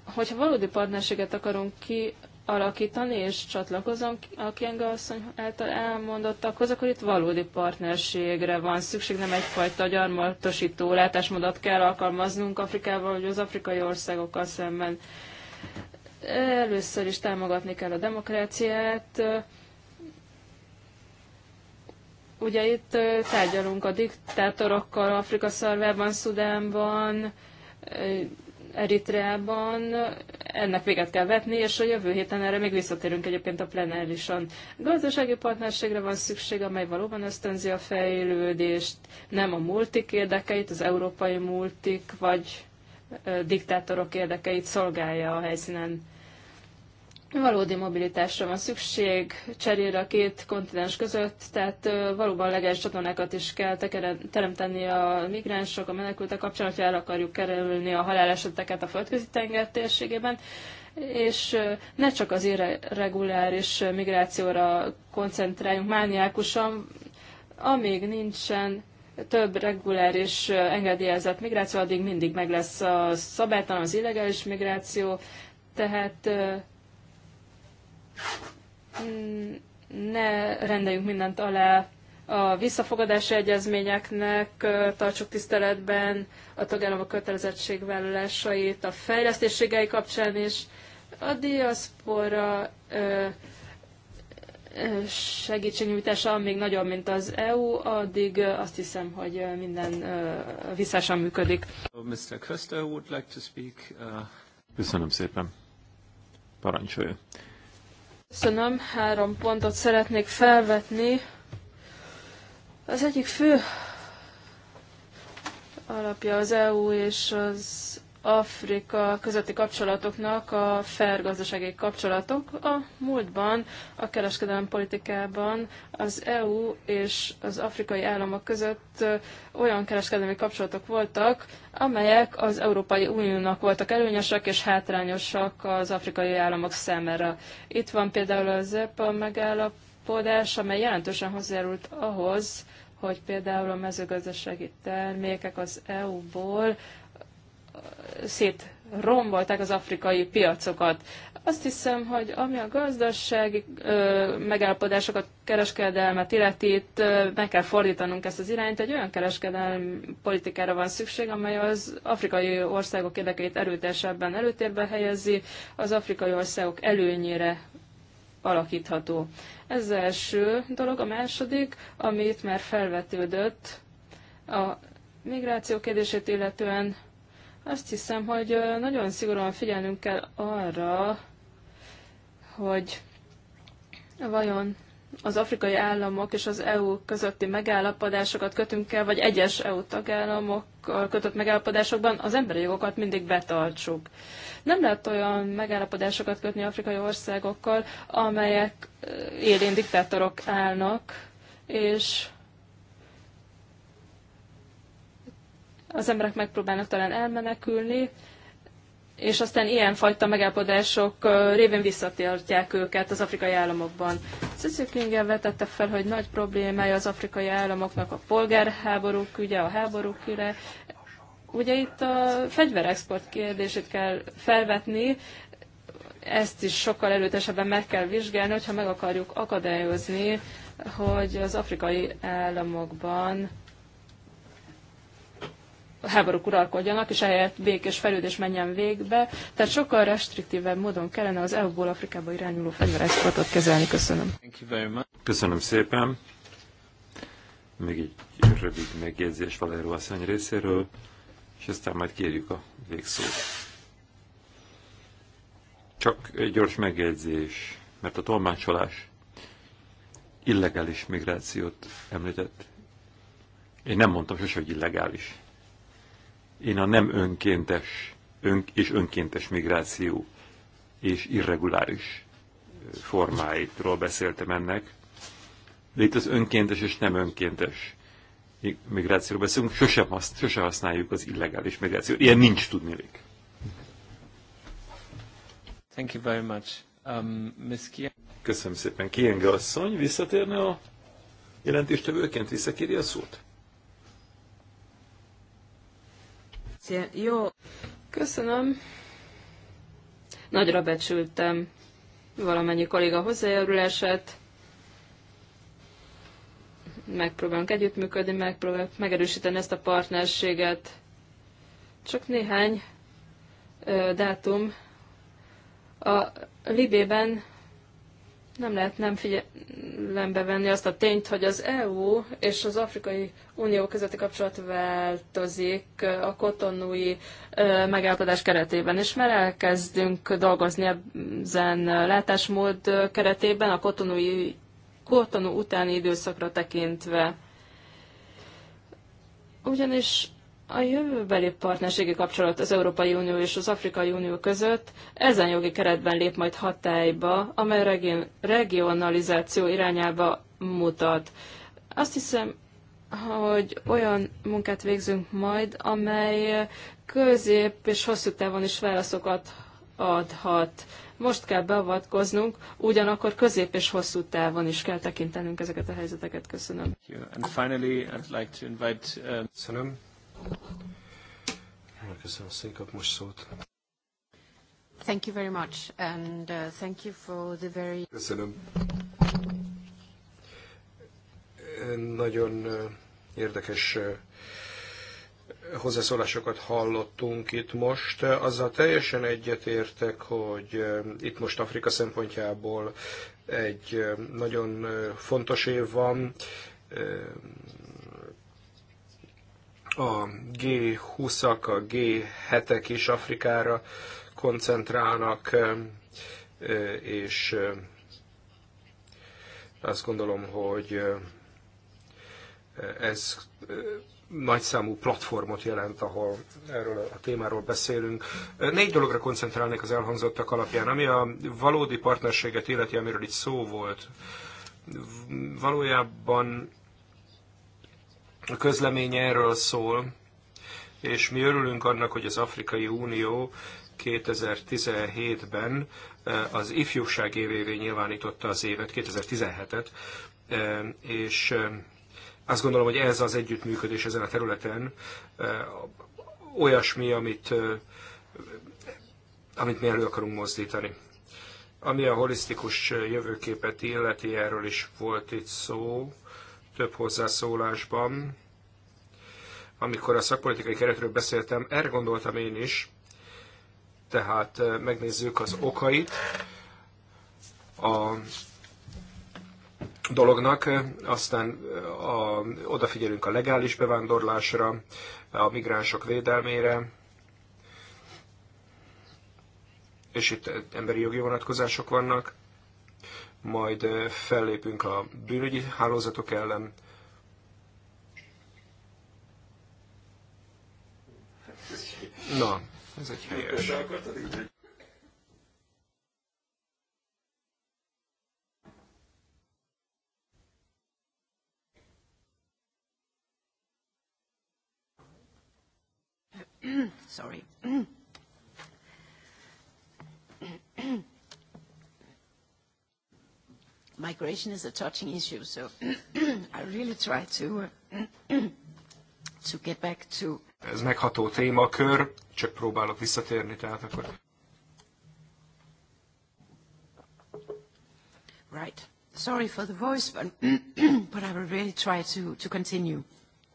Hogyha valódi partnerséget akarunk ki alakítani, és csatlakozom a Kienga asszony által elmondottakhoz, akkor itt valódi partnerségre van szükség, nem egyfajta gyarmatosító látásmódot kell alkalmaznunk Afrikával, vagy az afrikai országokkal szemben. Először is támogatni kell a demokráciát, ugye itt tárgyalunk a diktátorokkal Afrika szarvában, Szudánban, Eritreában, ennek véget kell vetni, és a jövő héten erre még visszatérünk egyébként a plenárison Gazdasági partnerségre van szükség, amely valóban ösztönzi a fejlődést, nem a multik érdekeit, az európai multik, vagy diktátorok érdekeit szolgálja a helyszínen. Valódi mobilitásra van szükség, cserére a két kontinens között, tehát valóban legális csatornákat is kell teremteni a migránsok, a menekültek kapcsán, hogyha el akarjuk kerülni a haláleseteket a földközi tenger térségében és ne csak az irreguláris migrációra koncentráljunk mániákusan, amíg nincsen több reguláris engedélyezett migráció, addig mindig meg lesz a szabálytalan, az illegális migráció, tehát ne rendeljünk mindent alá a visszafogadási egyezményeknek, tartsuk tiszteletben a tagállamok kötelezettségvállalásait, a fejlesztéségei kapcsán is. A diaszpora segítségnyújtása amíg nagyobb, mint az EU, addig azt hiszem, hogy minden visszásan működik. Mr. Köster would like to speak. Uh, Köszönöm szépen. parancsolja. Köszönöm, három pontot szeretnék felvetni. Az egyik fő alapja az EU és az Afrika közötti kapcsolatoknak a fair gazdasági kapcsolatok a múltban, a kereskedelem politikában az EU és az afrikai államok között olyan kereskedelmi kapcsolatok voltak, amelyek az Európai Uniónak voltak előnyösek és hátrányosak az afrikai államok számára. Itt van például az EPA megállapodás, amely jelentősen hozzájárult ahhoz, hogy például a mezőgazdasági termékek az EU-ból szétrombolták az afrikai piacokat. Azt hiszem, hogy ami a gazdasági megállapodásokat, kereskedelmet illeti, itt meg kell fordítanunk ezt az irányt. Egy olyan kereskedelmi politikára van szükség, amely az afrikai országok érdekeit erőteljesebben előtérbe helyezi, az afrikai országok előnyére alakítható. Ez az első dolog. A második, amit már felvetődött, a migráció kérdését illetően azt hiszem, hogy nagyon szigorúan figyelnünk kell arra, hogy vajon az afrikai államok és az EU közötti megállapodásokat kötünk el, vagy egyes EU tagállamok kötött megállapodásokban az emberi jogokat mindig betartsuk. Nem lehet olyan megállapodásokat kötni afrikai országokkal, amelyek élén diktátorok állnak, és az emberek megpróbálnak talán elmenekülni, és aztán ilyenfajta megállapodások révén visszatértják őket az afrikai államokban. Cecil Klinger vetette fel, hogy nagy problémája az afrikai államoknak a polgárháborúk, ugye a háborúk üre. Ugye itt a fegyverexport kérdését kell felvetni, ezt is sokkal előtesebben meg kell vizsgálni, hogyha meg akarjuk akadályozni, hogy az afrikai államokban háborúk uralkodjanak, és ehelyett békés fejlődés menjen végbe. Tehát sokkal restriktívebb módon kellene az EU-ból Afrikába irányuló fegyverexportot kezelni. Köszönöm. Köszönöm szépen. Még egy rövid megjegyzés Valero asszony részéről, és aztán majd kérjük a végszót. Csak egy gyors megjegyzés, mert a tolmácsolás illegális migrációt említett. Én nem mondtam sose, hogy illegális. Én a nem önkéntes önk és önkéntes migráció és irreguláris formáitról beszéltem ennek. De itt az önkéntes és nem önkéntes migrációról beszélünk, sosem, haszn- sosem használjuk az illegális migrációt. Ilyen nincs tudnilik. Thank you very much. Um, Ms. Kien... Köszönöm szépen. Kienge asszony visszatérne a jelentéstevőként? Visszakéri a szót? Jó. Köszönöm. Nagyra becsültem valamennyi kolléga hozzájárulását. Megpróbálunk együttműködni, megpróbálunk megerősíteni ezt a partnerséget. Csak néhány ö, dátum. A Libében nem lehet nem figyelembe venni azt a tényt, hogy az EU és az Afrikai Unió közötti kapcsolat változik a kotonúi megállapodás keretében, és mert elkezdünk dolgozni ezen látásmód keretében a kotonúi, kotonú utáni időszakra tekintve. Ugyanis a jövőbeli partnerségi kapcsolat az Európai Unió és az Afrikai Unió között ezen jogi keretben lép majd hatályba, amely regin, regionalizáció irányába mutat. Azt hiszem, hogy olyan munkát végzünk majd, amely közép és hosszú távon is válaszokat adhat. Most kell beavatkoznunk, ugyanakkor közép és hosszú távon is kell tekintenünk ezeket a helyzeteket. Köszönöm. Uh, Köszönöm. Köszönöm szépen, most szót. Thank you very much, and uh, thank you for the very... Köszönöm. Nagyon uh, érdekes uh, hozzászólásokat hallottunk itt most. Azzal teljesen egyetértek, hogy uh, itt most Afrika szempontjából egy nagyon fontos év van a G20-ak, a G7-ek is Afrikára koncentrálnak, és azt gondolom, hogy ez nagyszámú platformot jelent, ahol erről a témáról beszélünk. Négy dologra koncentrálnék az elhangzottak alapján. Ami a valódi partnerséget illeti, amiről itt szó volt, valójában a közlemény erről szól, és mi örülünk annak, hogy az Afrikai Unió 2017-ben eh, az ifjúság évévé nyilvánította az évet, 2017-et, eh, és eh, azt gondolom, hogy ez az együttműködés ezen a területen olyasmi, amit, amit mi elő akarunk mozdítani. Ami a holisztikus jövőképet illeti, erről is volt itt szó, több hozzászólásban, amikor a szakpolitikai keretről beszéltem, erre gondoltam én is, tehát eh, megnézzük az okait a dolognak, eh, aztán eh, a, odafigyelünk a legális bevándorlásra, a migránsok védelmére, és itt emberi jogi vonatkozások vannak majd fellépünk a bűnügyi hálózatok ellen, Na, ez egy helyes. Sorry. migration is a touching issue, so I really try to, to get back to... Ez megható témakör, csak próbálok visszatérni, tehát akkor... Right. Sorry for the voice, but, but I will really try to, to continue.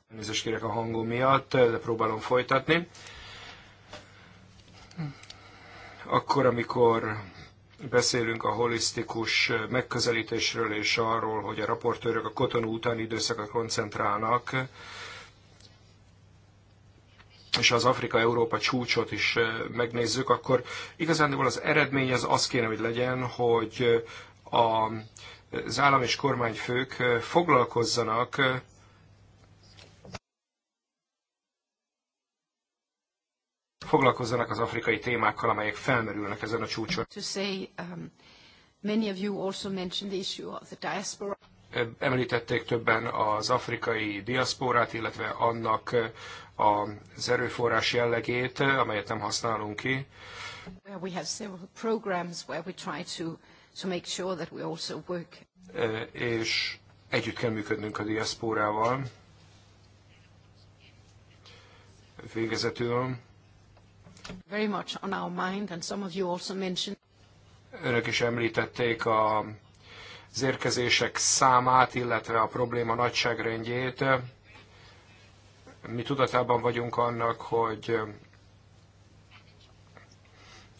Elnézést kérek a hangom miatt, de próbálom folytatni. Akkor, amikor beszélünk a holisztikus megközelítésről és arról, hogy a raportőrök a kotonú utáni időszakra koncentrálnak, és az Afrika-Európa csúcsot is megnézzük, akkor igazándiból az eredmény az az kéne, hogy legyen, hogy a, az állam és kormányfők foglalkozzanak foglalkozzanak az afrikai témákkal, amelyek felmerülnek ezen a csúcson. Say, um, Említették többen az afrikai diaszporát, illetve annak eh, az erőforrás jellegét, amelyet nem használunk ki. We have several programs where we try to, to make sure that we also work. Eh, és együtt kell működnünk a diaszporával. Végezetül Very much on our mind, and some of you also mentioned. Önök is említették a, az érkezések számát, illetve a probléma nagyságrendjét. Mi tudatában vagyunk annak, hogy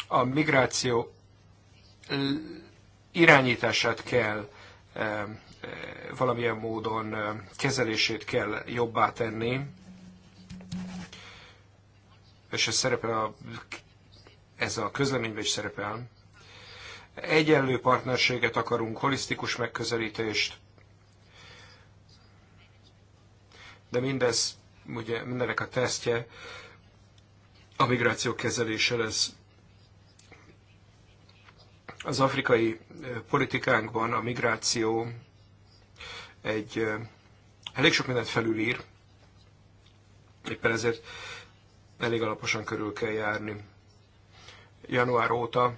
a migráció irányítását kell eh, eh, valamilyen módon eh, kezelését kell jobbá tenni és ez szerepel a, ez a közleményben is szerepel, egyenlő partnerséget akarunk, holisztikus megközelítést, de mindez, ugye mindenek a tesztje a migráció kezelése lesz. Az afrikai politikánkban a migráció egy elég sok mindent felülír, éppen ezért elég alaposan körül kell járni. Január óta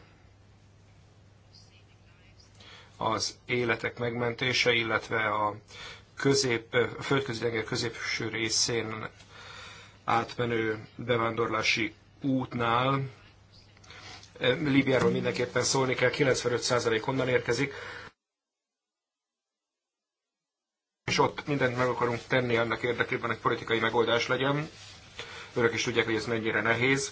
az életek megmentése, illetve a közép, földközi tenger középső részén átmenő bevándorlási útnál eh, Líbiáról mindenképpen szólni kell, 95% onnan érkezik, és ott mindent meg akarunk tenni annak érdekében, hogy politikai megoldás legyen. Örök is tudják, hogy ez mennyire nehéz.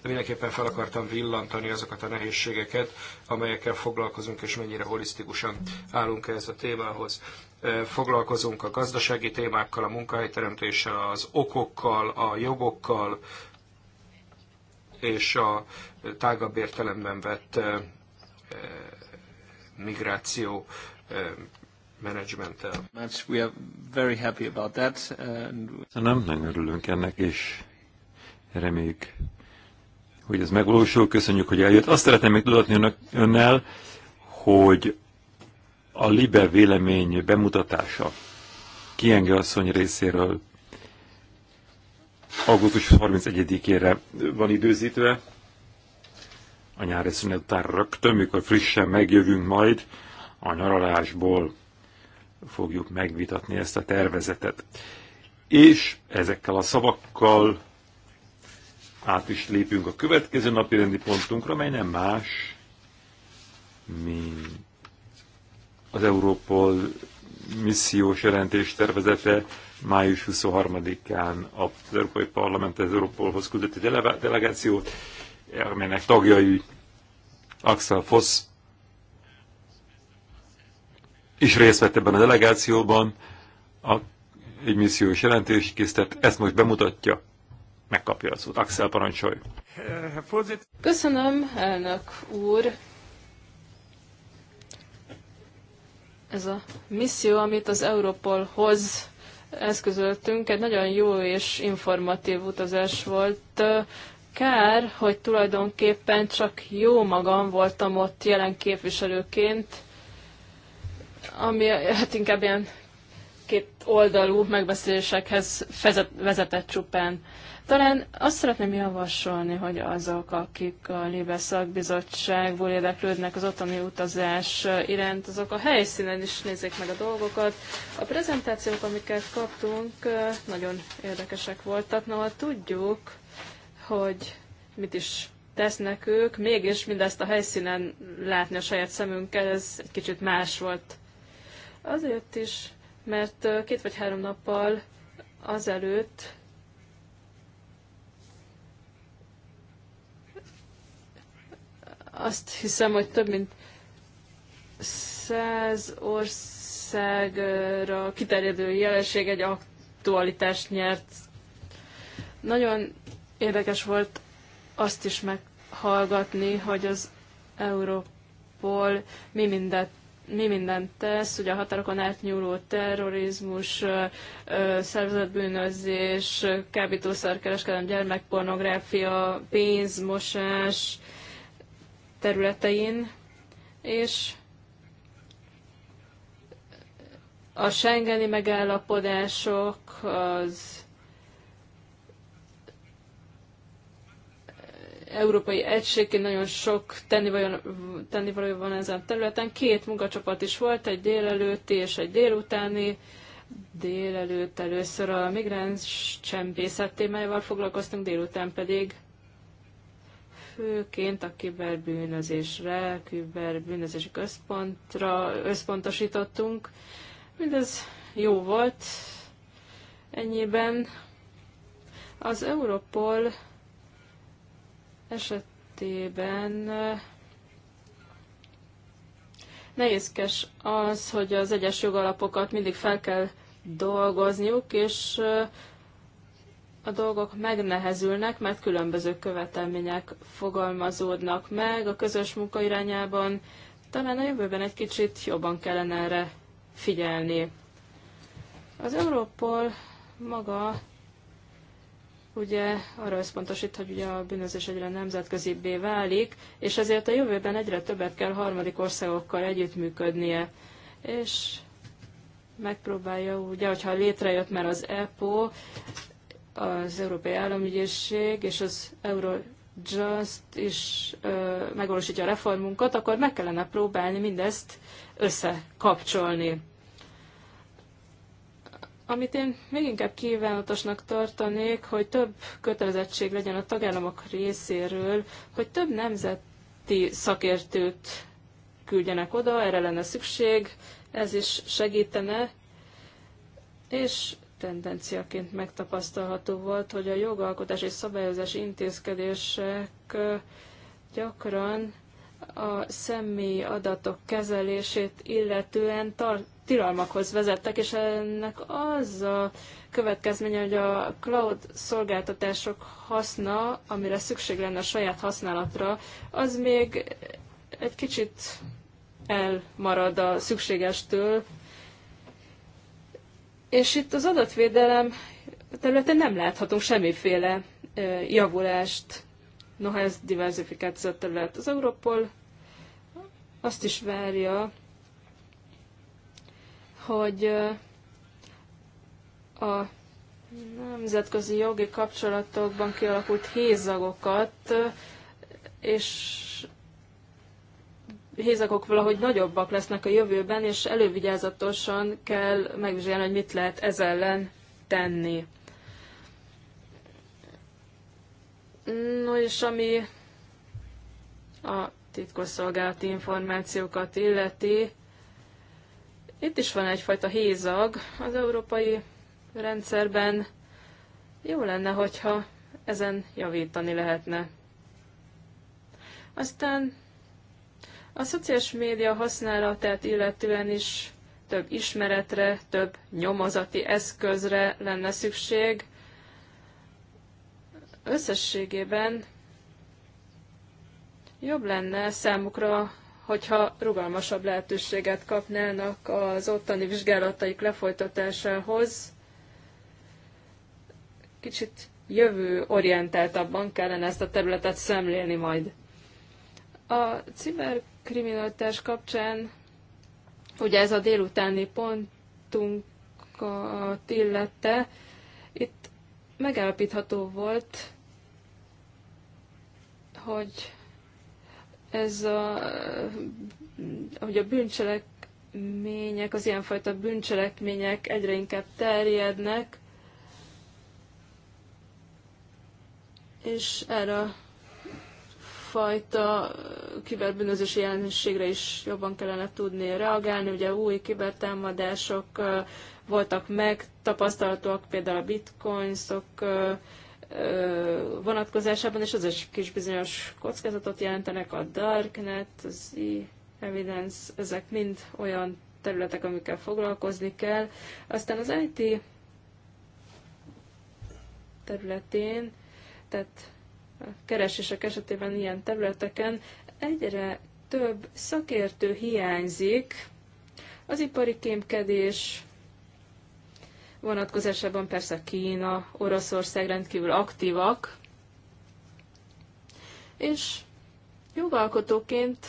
De mindenképpen fel akartam villantani azokat a nehézségeket, amelyekkel foglalkozunk, és mennyire holisztikusan állunk ehhez a témához. Foglalkozunk a gazdasági témákkal, a munkahelyteremtéssel, az okokkal, a jogokkal, és a tágabb értelemben vett migráció menedzsmenttel. Nem nagyon örülünk ennek, és reméljük, hogy ez megvalósul. Köszönjük, hogy eljött. Azt szeretném még tudatni önök, önnel, hogy a Libe vélemény bemutatása Kienge asszony részéről augusztus 31-ére van időzítve, a nyári szünet után rögtön, mikor frissen megjövünk majd a nyaralásból fogjuk megvitatni ezt a tervezetet. És ezekkel a szavakkal át is lépünk a következő napi rendi pontunkra, mely nem más, mint az Európol missziós jelentés tervezete május 23-án az Európai Parlament az Európolhoz küldött egy delegációt, amelynek tagjai Axel Foss, is részt vett ebben a delegációban, a, egy missziós jelentést készített, ezt most bemutatja, megkapja a szót. Axel, parancsolj! Köszönöm, elnök úr! Ez a misszió, amit az Europolhoz eszközöltünk, egy nagyon jó és informatív utazás volt. Kár, hogy tulajdonképpen csak jó magam voltam ott jelen képviselőként, ami hát inkább ilyen két oldalú megbeszélésekhez vezetett csupán. Talán azt szeretném javasolni, hogy azok, akik a Libe szakbizottságból érdeklődnek az otthoni utazás iránt, azok a helyszínen is nézzék meg a dolgokat. A prezentációk, amiket kaptunk, nagyon érdekesek voltak. Na, tudjuk, hogy mit is tesznek ők, mégis mindezt a helyszínen látni a saját szemünkkel, ez egy kicsit más volt Azért is, mert két vagy három nappal azelőtt azt hiszem, hogy több mint száz országra kiterjedő jelenség egy aktualitást nyert. Nagyon érdekes volt azt is meghallgatni, hogy az Európol mi mindent mi mindent tesz, ugye a határokon átnyúló terrorizmus, szervezetbűnözés, kábítószerkereskedelem, gyermekpornográfia, pénzmosás területein, és a Schengeni megállapodások, az európai egységként nagyon sok tennivaló van ezen a területen. Két munkacsapat is volt, egy délelőtti és egy délutáni. Délelőtt először a migráns csempészet témájával foglalkoztunk, délután pedig főként a kiberbűnözésre, kiberbűnözési központra összpontosítottunk. Mindez jó volt ennyiben. Az Europol esetében eh, nehézkes az, hogy az egyes jogalapokat mindig fel kell dolgozniuk, és eh, a dolgok megnehezülnek, mert különböző követelmények fogalmazódnak meg a közös munka irányában. Talán a jövőben egy kicsit jobban kellene erre figyelni. Az Európol maga ugye arra összpontosít, hogy ugye a bűnözés egyre nemzetközibbé válik, és ezért a jövőben egyre többet kell harmadik országokkal együttműködnie. És megpróbálja, ugye, hogyha létrejött már az EPO, az Európai Államügyészség és az Eurojust is megvalósítja a reformunkat, akkor meg kellene próbálni mindezt összekapcsolni. Amit én még inkább kívánatosnak tartanék, hogy több kötelezettség legyen a tagállamok részéről, hogy több nemzeti szakértőt küldjenek oda, erre lenne szükség, ez is segítene, és tendenciaként megtapasztalható volt, hogy a jogalkotás és szabályozás intézkedések gyakran a személyi adatok kezelését illetően tar- tilalmakhoz vezettek, és ennek az a következménye, hogy a cloud szolgáltatások haszna, amire szükség lenne a saját használatra, az még egy kicsit elmarad a szükségestől. És itt az adatvédelem területen nem láthatunk semmiféle javulást. Noha ez diversifikáció terület. Az Európol azt is várja, hogy a nemzetközi jogi kapcsolatokban kialakult hézagokat, és hézagok valahogy nagyobbak lesznek a jövőben, és elővigyázatosan kell megvizsgálni, hogy mit lehet ez ellen tenni. No és ami a titkosszolgálati információkat illeti, itt is van egyfajta hézag az európai rendszerben. Jó lenne, hogyha ezen javítani lehetne. Aztán a szociális média használatát illetően is több ismeretre, több nyomozati eszközre lenne szükség. Összességében jobb lenne számukra hogyha rugalmasabb lehetőséget kapnának az ottani vizsgálataik lefolytatásához, kicsit jövő orientáltabban kellene ezt a területet szemlélni majd. A ciberkriminalitás kapcsán ugye ez a délutáni pontunkat illette, itt megállapítható volt, hogy ez a, hogy a bűncselekmények, az ilyenfajta bűncselekmények egyre inkább terjednek, és erre a fajta kiberbűnözési jelenségre is jobban kellene tudni reagálni. Ugye új kibertámadások voltak meg, tapasztalatok, például a bitcoin, szok, vonatkozásában, és az is kis bizonyos kockázatot jelentenek, a Darknet, az e-evidence, ezek mind olyan területek, amikkel foglalkozni kell. Aztán az IT területén, tehát a keresések esetében ilyen területeken egyre több szakértő hiányzik, az ipari kémkedés, vonatkozásában persze Kína, Oroszország rendkívül aktívak, és jogalkotóként,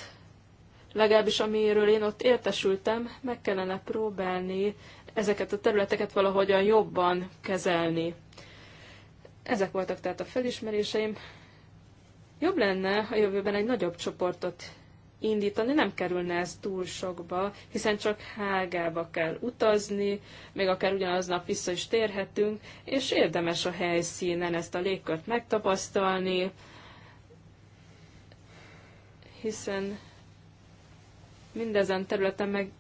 legalábbis amiről én ott értesültem, meg kellene próbálni ezeket a területeket valahogyan jobban kezelni. Ezek voltak tehát a felismeréseim. Jobb lenne a jövőben egy nagyobb csoportot indítani, nem kerülne ez túl sokba, hiszen csak Hágába kell utazni, még akár ugyanaznap vissza is térhetünk, és érdemes a helyszínen ezt a légkört megtapasztalni, hiszen mindezen területen meg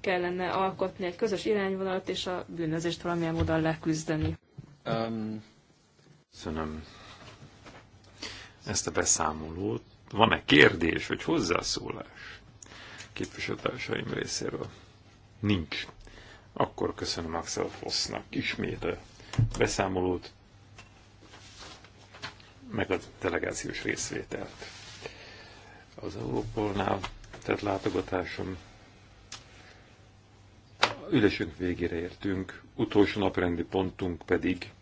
kellene alkotni egy közös irányvonalat, és a bűnözést valamilyen módon leküzdeni. Um, köszönöm ezt a beszámolót van-e kérdés, vagy hozzászólás képviselőtársaim részéről? Nincs. Akkor köszönöm Axel Fossnak ismét a beszámolót, meg a delegációs részvételt. Az Európolnál tett látogatásom ülésünk végére értünk, utolsó naprendi pontunk pedig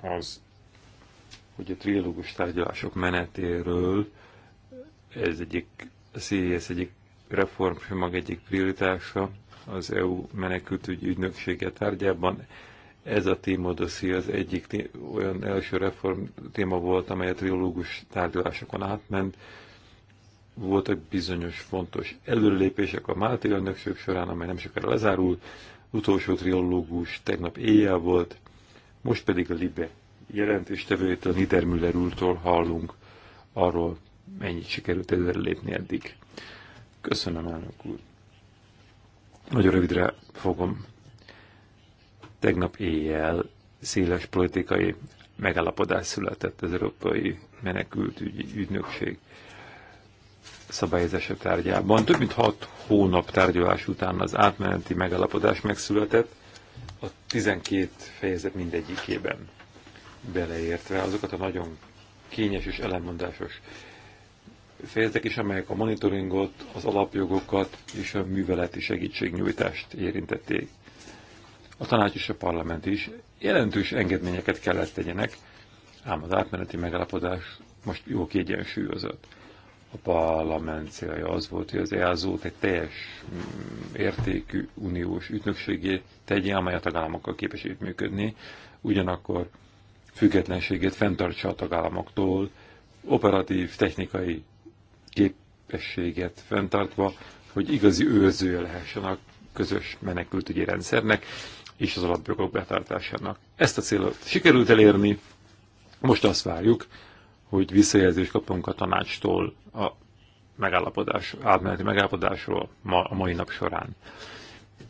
az hogy a trilógus tárgyalások menetéről ez egyik, a CIS e egyik reformcsomag egyik prioritása az EU menekültügyi ügynöksége tárgyában. Ez a téma az egyik olyan első reform téma volt, amely a trilógus tárgyalásokon átment. Voltak bizonyos fontos előlépések a málti elnökség során, amely nem sokára lezárul. Utolsó trilógus tegnap éjjel volt, most pedig a Libe jelentéstevőjétől, Niedermüller úrtól hallunk arról, mennyit sikerült lépni eddig. Köszönöm, elnök úr. Nagyon rövidre fogom. Tegnap éjjel széles politikai megállapodás született az Európai Menekültügyi Ügynökség szabályozása tárgyában. Több mint hat hónap tárgyalás után az átmeneti megállapodás megszületett a 12 fejezet mindegyikében beleértve azokat a nagyon kényes és ellenmondásos fejezetek is, amelyek a monitoringot, az alapjogokat és a műveleti segítségnyújtást érintették. A tanács és a parlament is jelentős engedményeket kellett tegyenek, ám az átmeneti megállapodás most jó kiegyensúlyozott. A parlament célja az volt, hogy az easo egy teljes mm, értékű uniós ütnökségé tegye, amely a tagállamokkal képes működni, ugyanakkor függetlenségét fenntartsa a tagállamoktól, operatív, technikai képességet fenntartva, hogy igazi őrzője lehessen a közös menekültügyi rendszernek és az alapjogok betartásának. Ezt a célot sikerült elérni, most azt várjuk, hogy visszajelzést kapunk a tanácstól a megállapodás, átmeneti megállapodásról ma, a mai nap során.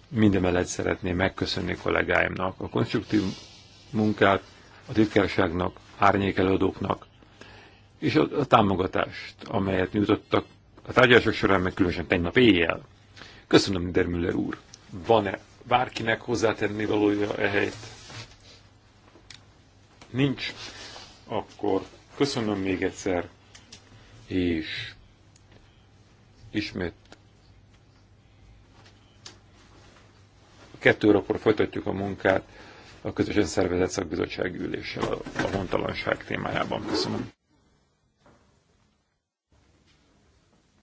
Mindemellett szeretném megköszönni kollégáimnak a konstruktív munkát, a titkárságnak, árnyékelőadóknak, és a, a támogatást, amelyet nyújtottak a tárgyalások során, meg különösen tegnap éjjel. Köszönöm, Dermüller úr. Van-e bárkinek hozzátenni valója ehelyt? Nincs. Akkor köszönöm még egyszer, és ismét kettő órakor folytatjuk a munkát a közösen szervezett szakbizottság ülésével a hontalanság témájában. Köszönöm.